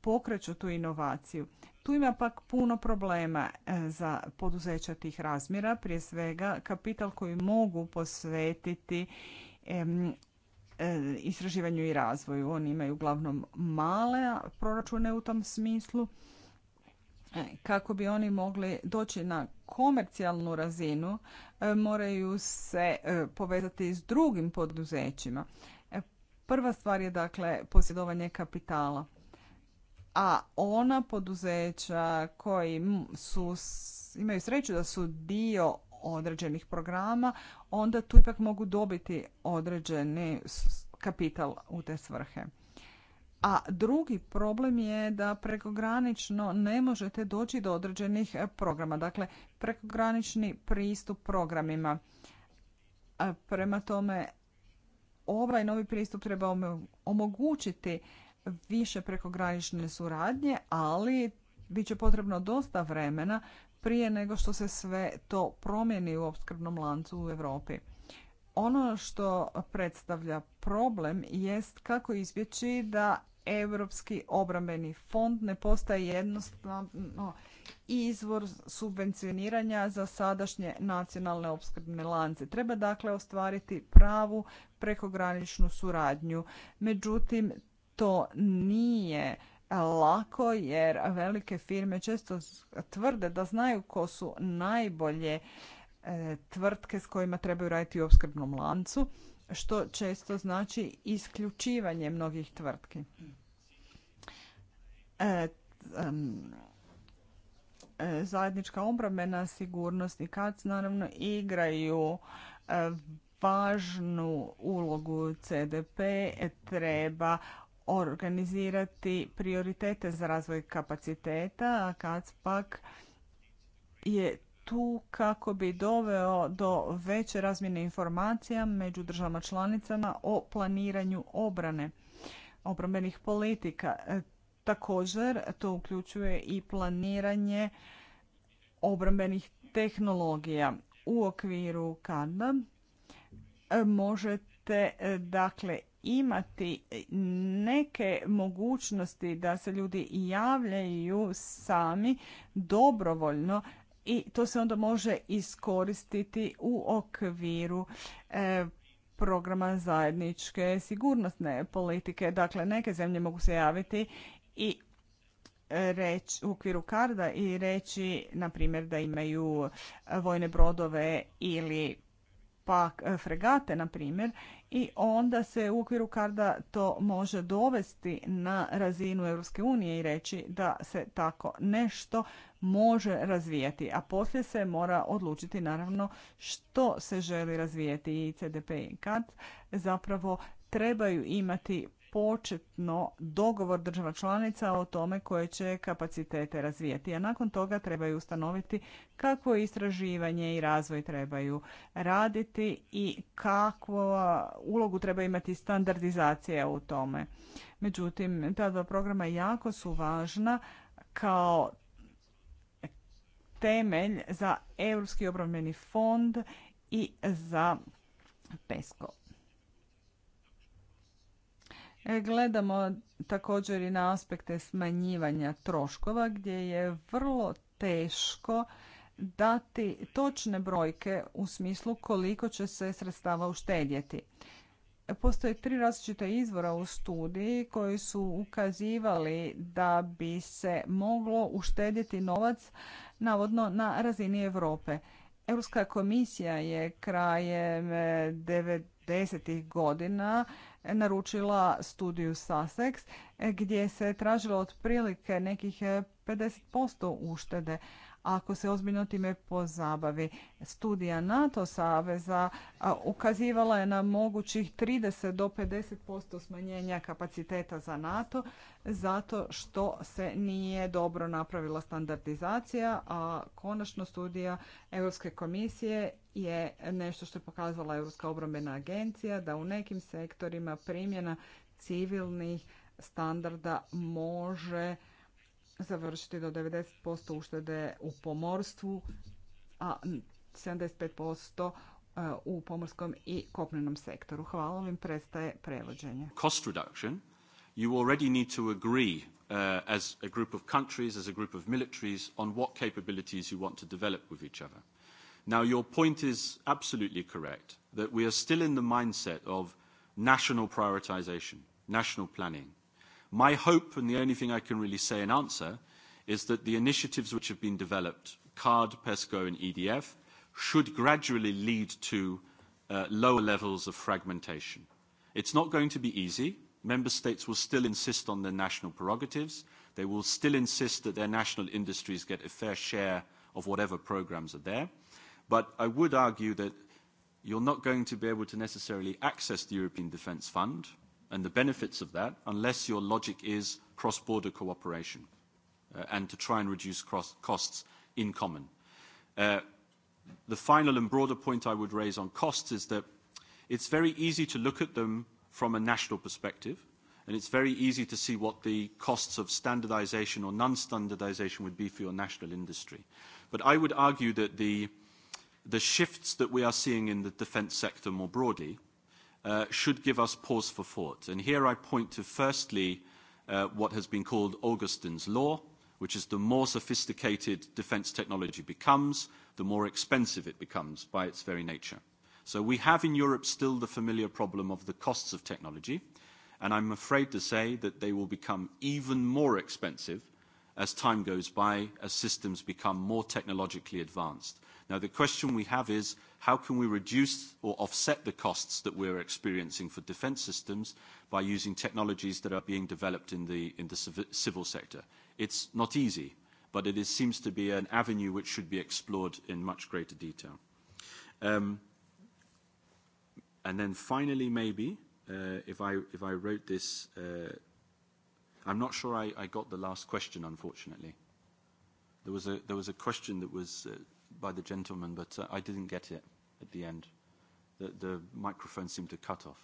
pokreću tu inovaciju. Tu ima pak puno problema e, za poduzeća tih razmjera, prije svega kapital koji mogu posvetiti E, istraživanju i razvoju. Oni imaju uglavnom male proračune u tom smislu e, kako bi oni mogli doći na komercijalnu razinu e, moraju se povezati s drugim poduzećima. Prva stvar je dakle posjedovanje kapitala. A ona poduzeća koji su imaju sreću da su dio određenih programa, onda tu ipak mogu dobiti određeni kapital u te svrhe. A drugi problem je da prekogranično ne možete doći do određenih e, programa, dakle prekogranični pristup programima. E, prema tome, ovaj novi pristup treba omogućiti više prekogranične suradnje, ali bit će potrebno dosta vremena prije nego što se sve to promijeni u opskrbnom lancu u Europi. Ono što predstavlja problem jest kako izbjeći da Europski obrambeni fond ne postaje jednostavno izvor subvencioniranja za sadašnje nacionalne opskrbne lance. Treba dakle ostvariti pravu prekograničnu suradnju. Međutim, to nije lako jer velike firme često tvrde da znaju ko su najbolje e, tvrtke s kojima trebaju raditi u opskrbnom lancu, što često znači isključivanje mnogih tvrtki. E, e zajednička obrambena sigurnost i kac naravno igraju e, važnu ulogu CDP treba organizirati prioritete za razvoj kapaciteta, a KACPAK je tu kako bi doveo do veće razmjene informacija među državama članicama o planiranju obrane obrambenih politika. E, također to uključuje i planiranje obrambenih tehnologija u okviru kada e, možete e, dakle imati neke mogućnosti da se ljudi javljaju sami dobrovoljno i to se onda može iskoristiti u okviru e, programa zajedničke sigurnosne politike. Dakle, neke zemlje mogu se javiti i reći u okviru karda i reći, na primjer, da imaju vojne brodove ili pak e, fregate, na primjer, i onda se u okviru karda to može dovesti na razinu Europske unije i reći da se tako nešto može razvijati, a poslije se mora odlučiti naravno što se želi razvijeti i CDP i kad zapravo trebaju imati početno dogovor država članica o tome koje će kapacitete razvijati. a nakon toga trebaju ustanoviti kakvo istraživanje i razvoj trebaju raditi i kakvu ulogu treba imati standardizacija u tome. Međutim, ta dva programa jako su važna kao temelj za Europski obrambeni fond i za PESCO. E, gledamo također i na aspekte smanjivanja troškova gdje je vrlo teško dati točne brojke u smislu koliko će se sredstava uštedjeti. Postoje tri različita izvora u studiji koji su ukazivali da bi se moglo uštedjeti novac navodno na razini Europe. Europska komisija je krajem e, desetih godina naručila studiju Sussex gdje se tražilo otprilike nekih 50% uštede, ako se ozbiljno time pozabavi. Studija NATO saveza ukazivala je na mogućih 30 do 50% smanjenja kapaciteta za NATO zato što se nije dobro napravila standardizacija, a konačno studija Europske komisije je nešto što je pokazala Europska obrambena agencija da u nekim sektorima primjena civilnih standarda može završiti do 90% uštede u pomorstvu, a 75% e, u pomorskom i kopnenom sektoru. Hvala vam, prestaje prevođenje. Cost reduction, you already need to agree uh, as a group of countries, as a group of militaries on what capabilities you want to develop with each other. Now, your point is absolutely correct that we are still in the mindset of national prioritization, national planning My hope, and the only thing I can really say in answer, is that the initiatives which have been developed, CARD, PESCO, and EDF, should gradually lead to uh, lower levels of fragmentation. It's not going to be easy. Member states will still insist on their national prerogatives. They will still insist that their national industries get a fair share of whatever programs are there. But I would argue that you're not going to be able to necessarily access the European Defence Fund and the benefits of that unless your logic is cross-border cooperation uh, and to try and reduce costs in common. Uh, the final and broader point I would raise on costs is that it's very easy to look at them from a national perspective, and it's very easy to see what the costs of standardization or non-standardization would be for your national industry. But I would argue that the, the shifts that we are seeing in the defence sector more broadly – Uh, should give us pause for thought. And here I point to firstly uh, what has been called Augustine's Law, which is the more sophisticated defense technology becomes, the more expensive it becomes by its very nature. So we have in Europe still the familiar problem of the costs of technology, and I'm afraid to say that they will become even more expensive as time goes by, as systems become more technologically advanced. Now, the question we have is, how can we reduce or offset the costs that we're experiencing for defense systems by using technologies that are being developed in the, civil sector? It's not easy, but it seems to be an avenue which should be explored in much greater detail. Um, and then finally, maybe, uh, if, I, wrote this, uh, I'm not sure I, got the last question, unfortunately. There was a, question that was uh, by the gentleman, but I didn't get it at the end. The, the microphone seemed to cut off.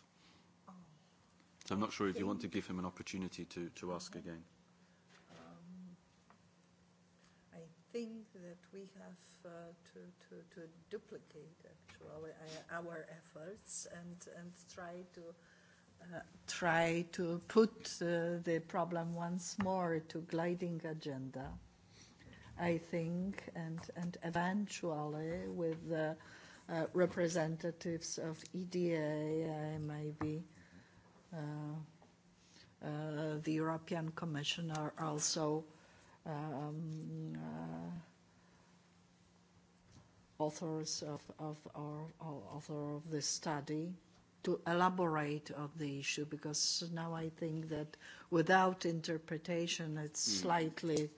So I'm not sure if you want to give him an opportunity to, to ask again. Um, I think that we have uh, to, to, to duplicate actually our efforts and, and try to uh, try to put uh, the problem once more to gliding agenda. I think and, and eventually with the uh, Uh, representatives of EDA, maybe uh, uh, the European Commission are also um, authors of, of, author of this study to elaborate on the issue because now I think that without interpretation it's hmm. slightly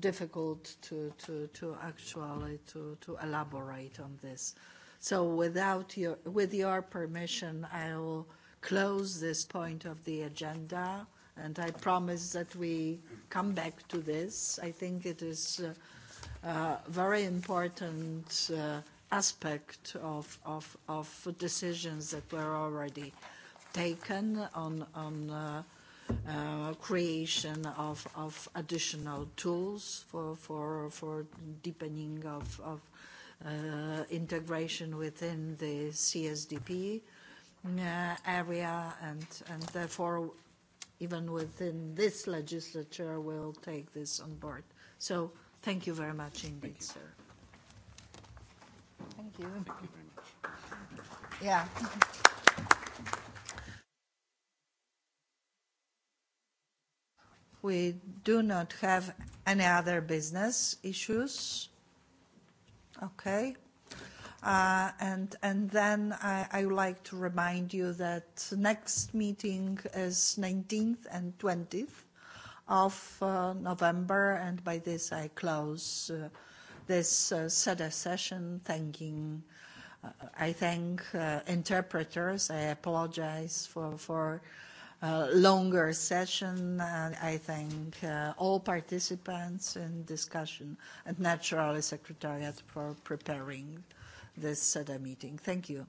difficult to, to, to actually to, to elaborate on this. So without your, with your permission, i'll close this point of the agenda, and I promise that we come back to this. I think it is a, very important uh, aspect of, of, of decisions that were already taken on, on uh, uh, creation of, of additional tools for, for, for deepening of, of uh, integration within the CSDP uh, area, and, and therefore, even within this legislature, we'll take this on board. So thank you very much indeed, sir. Thank you. Thank you very much. Yeah. <laughs> we do not have any other business issues. Okay. Uh, and, and then I, would like to remind you that next meeting is 19th and 20th of uh, November, and by this I close uh, this SEDA session, thanking I thank interpreters. I apologize for, for Uh, longer session. Uh, I thank uh, all participants in discussion and naturally Secretariat for preparing this meeting. Thank you.